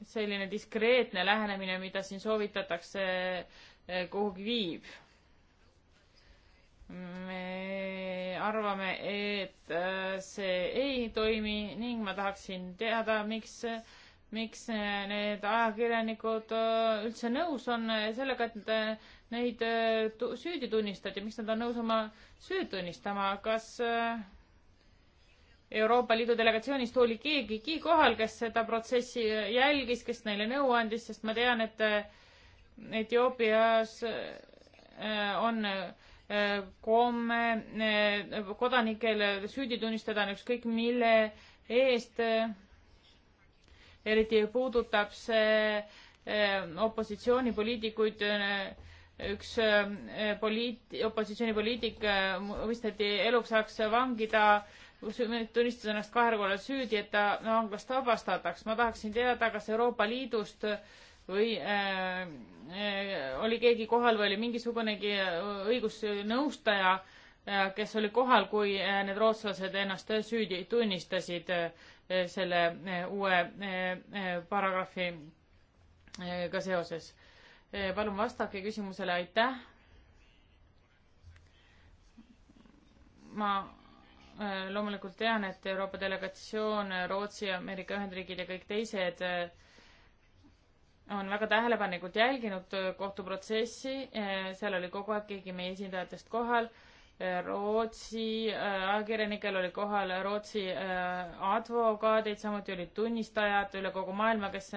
selline diskreetne lähenemine, mida siin soovitatakse, eh, kuhugi viib. me arvame, et eh, see ei toimi ning ma tahaksin teada, miks, miks need ajakirjanikud eh, üldse nõus on sellega, et neid süüdi tunnistati, miks nad on nõus oma süüd tunnistama, kas äh, Euroopa Liidu delegatsioonist oli keegigi kohal, kes seda protsessi jälgis, kes neile nõu andis, sest ma tean, et äh, Etioopias äh, on äh, komme kodanikel süüdi tunnistada ükskõik mille eest. eriti puudutab see opositsioonipoliitikuid. üks poliit-, opositsioonipoliitik mõisteti eluks ajaks vangida äh, kus tunnistas ennast kahekorral süüdi, et ta vanglast vabastataks. ma tahaksin teada, kas Euroopa Liidust või äh, äh, oli keegi kohal või oli mingisugunegi äh, õigusnõustaja äh,, kes oli kohal, kui äh, need rootslased ennast süüdi tunnistasid äh, selle äh, uue äh, paragrahviga äh, äh seoses äh,. palun vastake küsimusele, aitäh. ma Äh, loomulikult tean, et Euroopa delegatsioon, Rootsi, Ameerika Ühendriigid ja kõik teised äh, on väga tähelepanelikult jälginud äh, kohtuprotsessi, seal oli kogu aeg keegi meie esindajatest kohal, Rootsi ajakirjanikel oli kohal Rootsi advokaadid, samuti olid tunnistajad üle kogu maailma, kes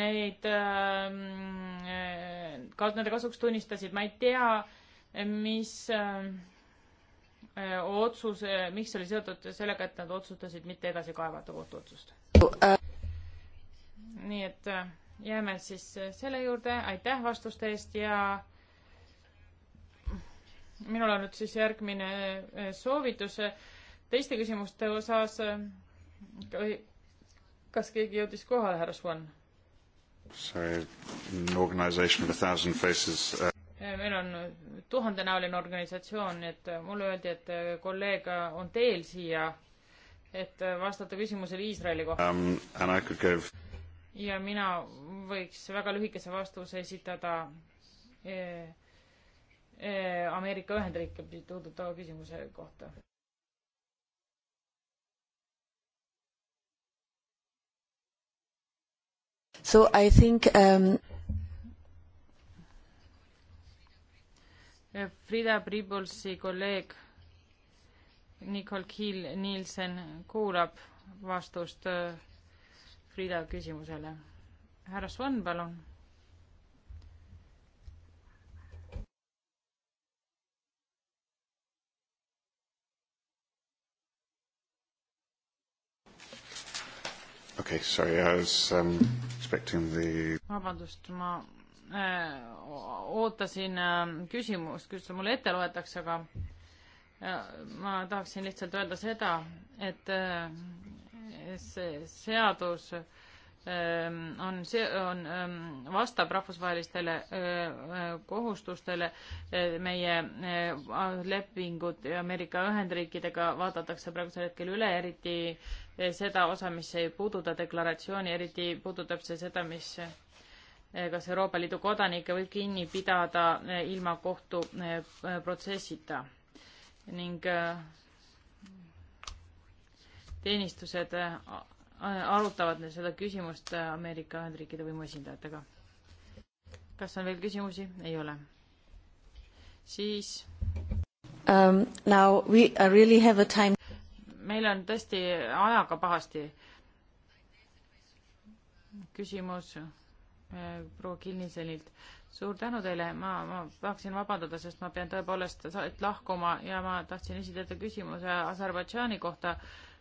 neid, ähm, nende kasuks tunnistasid, ma ei tea, mis äh, Äh, otsuse, miks oli seotud sellega, et nad otsustasid mitte edasi kaevata kohtuotsust. nii et äh, jääme siis äh, selle juurde, aitäh vastuste eest ja minul on nüüd siis järgmine soovitus teiste küsimuste osas. kas keegi jõudis kohale, härra Swan? Sorry, an organisation with a thousand faces uh.... Eh, meil on tuhandenäoline organisatsioon, et eh, mulle öeldi, et eh, kolleeg on teel siia, et vastata küsimusele Iisraeli kohta um,. Give... ja mina võiks väga lühikese vastuse esitada e, e, Ameerika Ühendriike puudutava küsimuse kohta. So I think um... Frida Pribolsi kolleeg Nicole Kiil-Nielsen kuulab vastust äh, Frida küsimusele. härra Svan, palun. Okay, sorry, I was um, expecting the vabandust, ma Äh, ootasin äh, küsimust, küll see mulle ette loetakse, aga äh, ma tahaksin lihtsalt öelda seda, et see seadus on, see on, vastab rahvusvahelistele kohustustele. meie lepingud Ameerika Ühendriikidega vaadatakse praegusel hetkel üle, eriti seda osa, mis ei puuduta deklaratsiooni, eriti puudutab see seda, mis Eh, kas Euroopa Liidu kodanikke võib kinni pidada eh, ilma kohtuprotsessita eh, ning teenistused arutavad seda küsimust Ameerika Ühendriikide võimuesindajatega. kas on veel küsimusi? ei ole. siis um,. Now we really have a time. meil on tõesti ajaga pahasti. küsimus Äh, proua Kilnisenilt. suur tänu teile, ma, ma tahaksin vabandada, sest ma pean tõepoolest lahkuma ja ma tahtsin esitada küsimuse Aserbaidžaani kohta.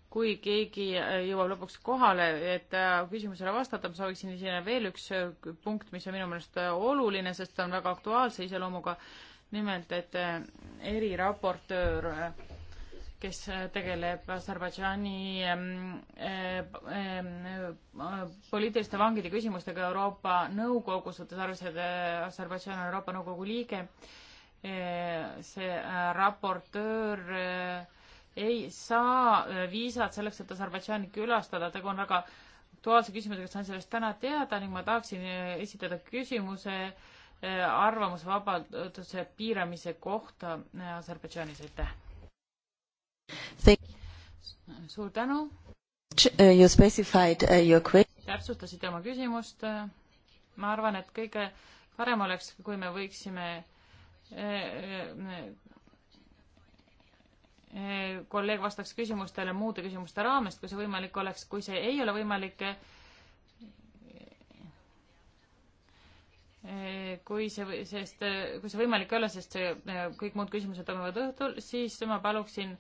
kui keegi äh, jõuab lõpuks kohale, et äh, küsimusele vastata, ma sooviksin esineda veel üks punkt, mis on minu meelest oluline, sest ta on väga aktuaalse iseloomuga. nimelt, et eriraportöör kes äh, tegeleb Aserbaidžaani ähm, ähm, äh, poliitiliste vangide küsimustega Euroopa Nõukogus, võttes arvesse, et äh, Aserbaidžaan on Euroopa Nõukogu liige. see raportöör ei saa viisat selleks, et Aserbaidžaani külastada, tegu on väga aktuaalse küsimusega, saan sellest täna teada ning ma tahaksin esitada küsimuse arvamusvabaduse piiramise kohta Aserbaidžaanis, aitäh suur tänu. Uh, you specified uh, your question. täpsustasite oma küsimust. ma arvan, et kõige parem oleks, kui me võiksime eh, eh, eh, kolleeg vastaks küsimustele muude küsimuste raamest, kui see võimalik oleks, kui see ei ole võimalik, kui see, sest kui see võimalik ei ole, sest see kõik muud küsimused toimuvad õhtul, siis ma paluksin äh,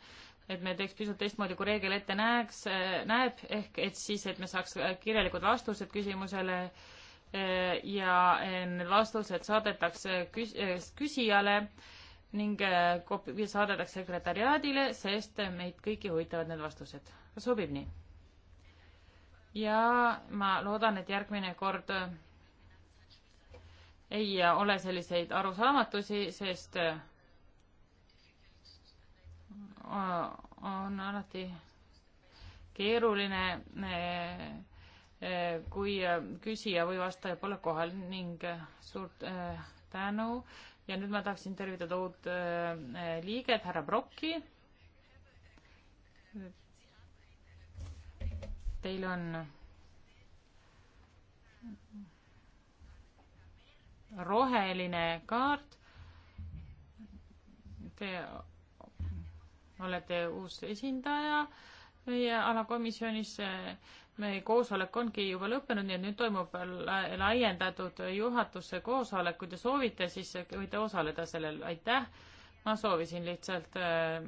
et me teeks pisut teistmoodi, kui reegel ette näeks, näeb, ehk et siis, et me saaks kirjalikud vastused küsimusele eh, ja eh, need vastused saadetakse küs-, eh, küsijale ning kop-, saadetakse sekretäriaadile, sest meid kõiki huvitavad need vastused. kas sobib nii? ja ma loodan, et järgmine kord ei ole selliseid arusaamatusi, sest on alati keeruline, e, kui küsija või vastaja pole kohal ning suurt e, tänu ja nüüd ma tahaksin tervitada uut e, liiget, härra Brocki. Teil on roheline kaart. Te olete uus esindaja meie alakomisjonis. meie koosolek ongi juba lõppenud, nii et nüüd toimub laiendatud juhatuse koosolek. kui te soovite, siis võite osaleda sellel. aitäh. ma soovisin lihtsalt äh,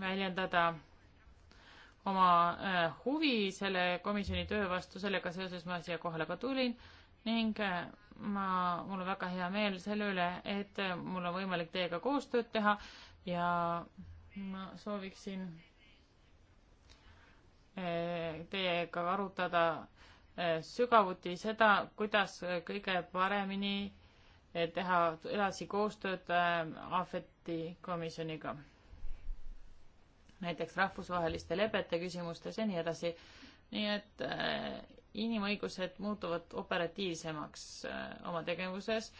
väljendada oma äh, huvi selle komisjoni töö vastu, sellega seoses ma siia kohale ka tulin ning äh, ma, mul on väga hea meel selle üle, et mul on võimalik teiega koostööd teha ja ma sooviksin eh, teiega arutada eh, sügavuti seda, kuidas kõige paremini eh, teha edasi koostööd AFET-i komisjoniga. näiteks rahvusvaheliste lepete küsimustes ja nii edasi. nii et inimõigused muutuvad operatiivsemaks oma tegevuses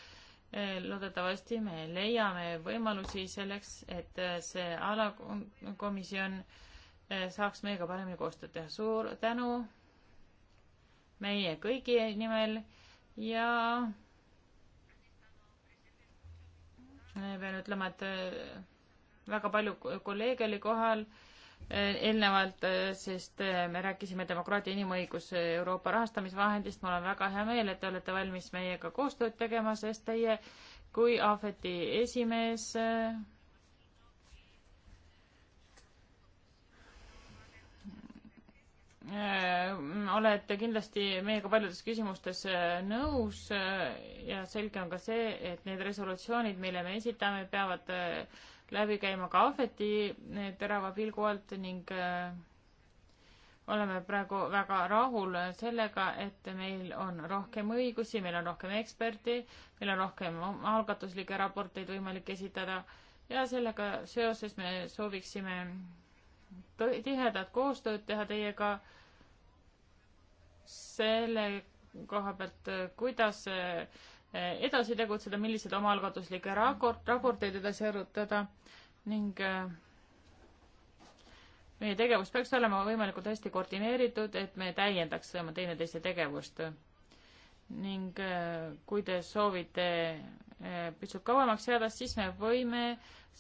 Eh, loodetavasti me leiame võimalusi selleks, et eh, see alakomisjon eh, saaks meiega paremini koostööd teha. suur tänu meie kõigi nimel ja pean ütlema, et väga palju kolleege oli kohal eelnevalt, äh, sest äh, me rääkisime demokraatia inimõiguse Euroopa rahastamisvahendist. mul on väga hea meel, et te olete valmis meiega koostööd tegema, sest teie kui Ahveti esimees äh, olete kindlasti meiega paljudes küsimustes nõus ja selge on ka see, et need resolutsioonid, mille me esitame, peavad äh, läbi käima ka Ahveti eh, terava pilgu alt ning eh, oleme praegu väga rahul sellega, et meil on rohkem õigusi, meil on rohkem eksperti, meil on rohkem algatuslikke raporteid võimalik esitada ja sellega seoses me sooviksime tihedat koostööd teha teiega selle koha pealt, kuidas äh, Eh, edasi tegutseda, milliseid omaalgatuslikke raport, raporteid edasi arutada ning eh, meie tegevus peaks olema võimalikult hästi koordineeritud, et me täiendaks oma teineteise tegevust. ning eh, kui te soovite pisut kauemaks jääda, siis me võime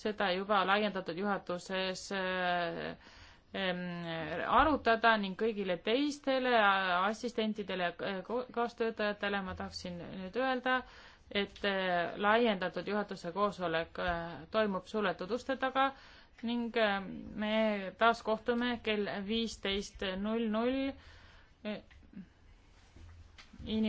seda juba laiendatud juhatuses äh, Ähm, arutada ning kõigile teistele assistentidele ja kaastöötajatele ma tahaksin nüüd öelda, et äh, laiendatud juhatuse koosolek äh, toimub suletud uste taga ning äh, me taas kohtume kell viisteist null null